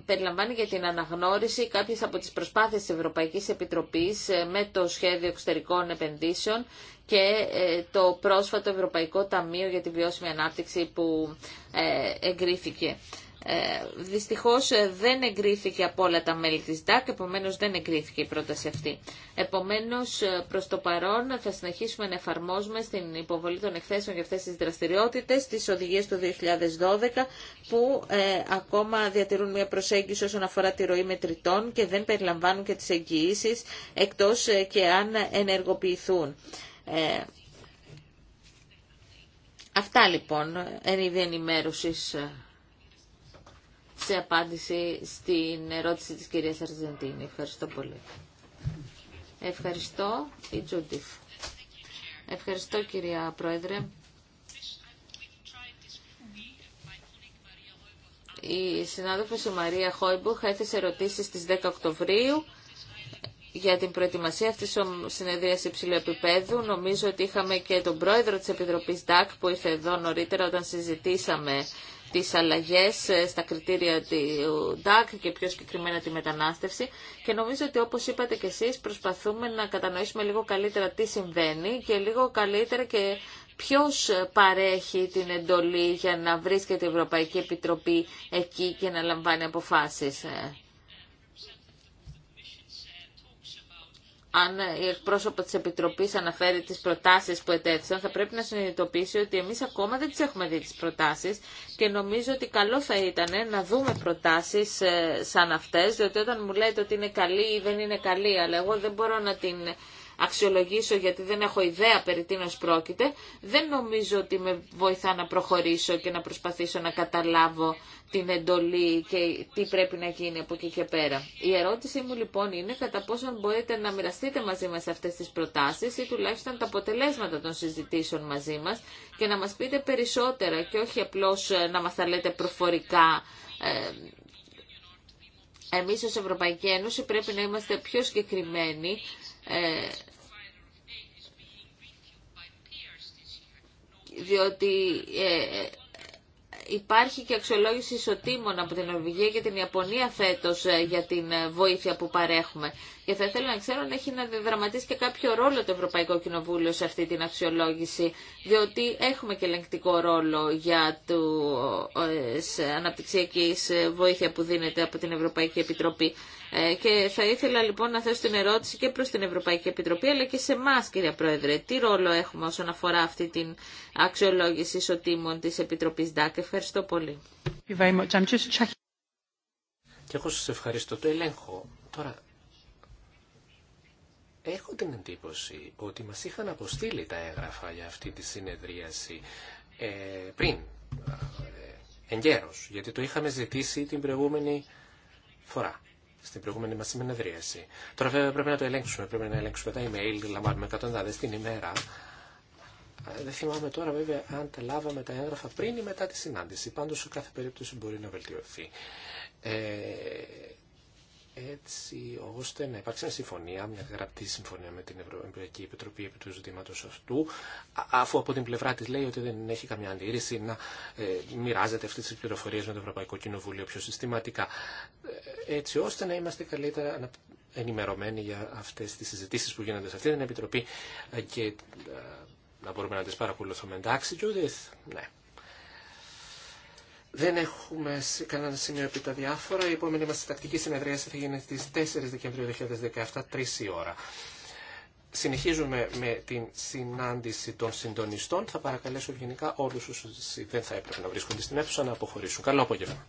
περιλαμβάνει και την αναγνώριση κάποιες από τις προσπάθειες της Ευρωπαϊκής Επιτροπής ε, με το σχέδιο εξωτερικών επενδύσεων και το πρόσφατο Ευρωπαϊκό Ταμείο για τη Βιώσιμη Ανάπτυξη που εγκρίθηκε. Ε, Δυστυχώ ε, δεν εγκρίθηκε από όλα τα μέλη της ΔΑΚ, επομένως δεν εγκρίθηκε η πρόταση αυτή. Επομένως, ε, προς το παρόν θα συνεχίσουμε να εφαρμόζουμε στην υποβολή των εκθέσεων για αυτές τις δραστηριότητες τις οδηγίες του 2012 που ακόμα διατηρούν μια προσέγγιση όσον αφορά τη ροή μετρητών και δεν περιλαμβάνουν και τις εγγυήσει εκτός και αν ενεργοποιηθούν. αυτά λοιπόν εν είδη ενημέρωσης σε απάντηση στην ερώτηση της κυρίας Αρζεντίνη. Ευχαριστώ πολύ. Ευχαριστώ η Τζούντιφ. Ευχαριστώ κυρία Πρόεδρε. Η συνάδελφος η Μαρία Χόιμπουχ έθεσε ερωτήσεις στις 10 Οκτωβρίου για την προετοιμασία αυτής της συνεδρίας υψηλού επίπεδου. Νομίζω ότι είχαμε και τον πρόεδρο της Επιτροπής ΔΑΚ που ήρθε εδώ νωρίτερα όταν συζητήσαμε τις αλλαγές ε, στα κριτήρια του ΝΤΑΚ και πιο συγκεκριμένα τη μετανάστευση και νομίζω ότι όπως είπατε και εσείς προσπαθούμε να κατανοήσουμε λίγο καλύτερα τι συμβαίνει και λίγο καλύτερα και ποιος παρέχει την εντολή για να βρίσκεται η Ευρωπαϊκή Επιτροπή εκεί και να λαμβάνει αποφάσεις. Ε, αν η εκπρόσωπο της Επιτροπής αναφέρει τις προτάσεις που ετέθησαν, θα πρέπει να συνειδητοποιήσει ότι εμείς ακόμα δεν τι έχουμε δει τις προτάσεις και νομίζω ότι καλό θα ήταν να δούμε προτάσεις ε, σαν αυτές, διότι όταν μου λέτε ότι είναι καλή ή δεν είναι καλή, αλλά εγώ δεν μπορώ να την αξιολογήσω γιατί δεν έχω ιδέα περί τίνος πρόκειται, δεν νομίζω ότι με βοηθά να προχωρήσω και να προσπαθήσω να καταλάβω την εντολή και τι πρέπει να γίνει από εκεί και πέρα. Η ερώτησή μου λοιπόν είναι κατά πόσον μπορείτε να μοιραστείτε μαζί μας αυτές τις προτάσεις ή τουλάχιστον τα αποτελέσματα των συζητήσεων μαζί μας και να μας πείτε περισσότερα και όχι απλώς ε, να μας τα λέτε προφορικά ε, εμείς ως Ευρωπαϊκή Ένωση πρέπει να είμαστε πιο συγκεκριμένοι ε, διότι ε, υπάρχει και αξιολόγηση ισοτήμων από την Νορβηγία και την Ιαπωνία φέτο ε, για την βοήθεια που παρέχουμε. Και θα ήθελα να ξέρω αν έχει να διδραματίσει και κάποιο ρόλο το Ευρωπαϊκό Κοινοβούλιο σε αυτή την αξιολόγηση, διότι έχουμε και ελεγκτικό ρόλο για το αναπτυξιακή βοήθεια που δίνεται από την Ευρωπαϊκή Επιτροπή. Ε, και θα ήθελα λοιπόν να θέσω την ερώτηση και προς την Ευρωπαϊκή Επιτροπή αλλά και σε εμά, κυρία Πρόεδρε. Τι ρόλο έχουμε όσον αφορά αυτή την αξιολόγηση ισοτήμων της Επιτροπής ΔΑΚ. Ευχαριστώ πολύ. Και εγώ σας ευχαριστώ. Το ελέγχω. Τώρα, έχω την εντύπωση ότι μας είχαν αποστείλει τα έγγραφα για αυτή τη συνεδρίαση ε, πριν, ε, εγκαίρως, γιατί το είχαμε ζητήσει την προηγούμενη φορά στην προηγούμενη μας συνεδρίαση. Τώρα βέβαια πρέπει να το ελέγξουμε, πρέπει να ελέγξουμε τα email, λαμβάνουμε εκατοντάδε την ημέρα. Ε, δεν θυμάμαι τώρα βέβαια αν τα λάβαμε τα έγγραφα πριν ή μετά τη συνάντηση. Πάντω σε κάθε περίπτωση μπορεί να βελτιωθεί. Ε, έτσι ώστε να υπάρξει μια συμφωνία, μια γραπτή συμφωνία με την Ευρωπαϊκή Επιτροπή επί του ζητήματο αυτού, αφού από την πλευρά τη λέει ότι δεν έχει καμιά αντίρρηση να ε, μοιράζεται αυτέ τι πληροφορίε με το Ευρωπαϊκό Κοινοβούλιο πιο συστηματικά, ε, έτσι ώστε να είμαστε καλύτερα ενημερωμένοι για αυτέ τι συζητήσει που γίνονται σε αυτή την Επιτροπή ε, και να μπορούμε να τι παρακολουθούμε. Εντάξει, Judith. Ναι. Δεν έχουμε κανένα σημείο επί τα διάφορα. Η επόμενη μας τακτική συνεδρίαση θα γίνει στι 4 Δεκεμβρίου 2017, 3 η ώρα. Συνεχίζουμε με την συνάντηση των συντονιστών. Θα παρακαλέσω γενικά όλους όσους δεν θα έπρεπε να βρίσκονται στην αίθουσα να αποχωρήσουν. Καλό απόγευμα.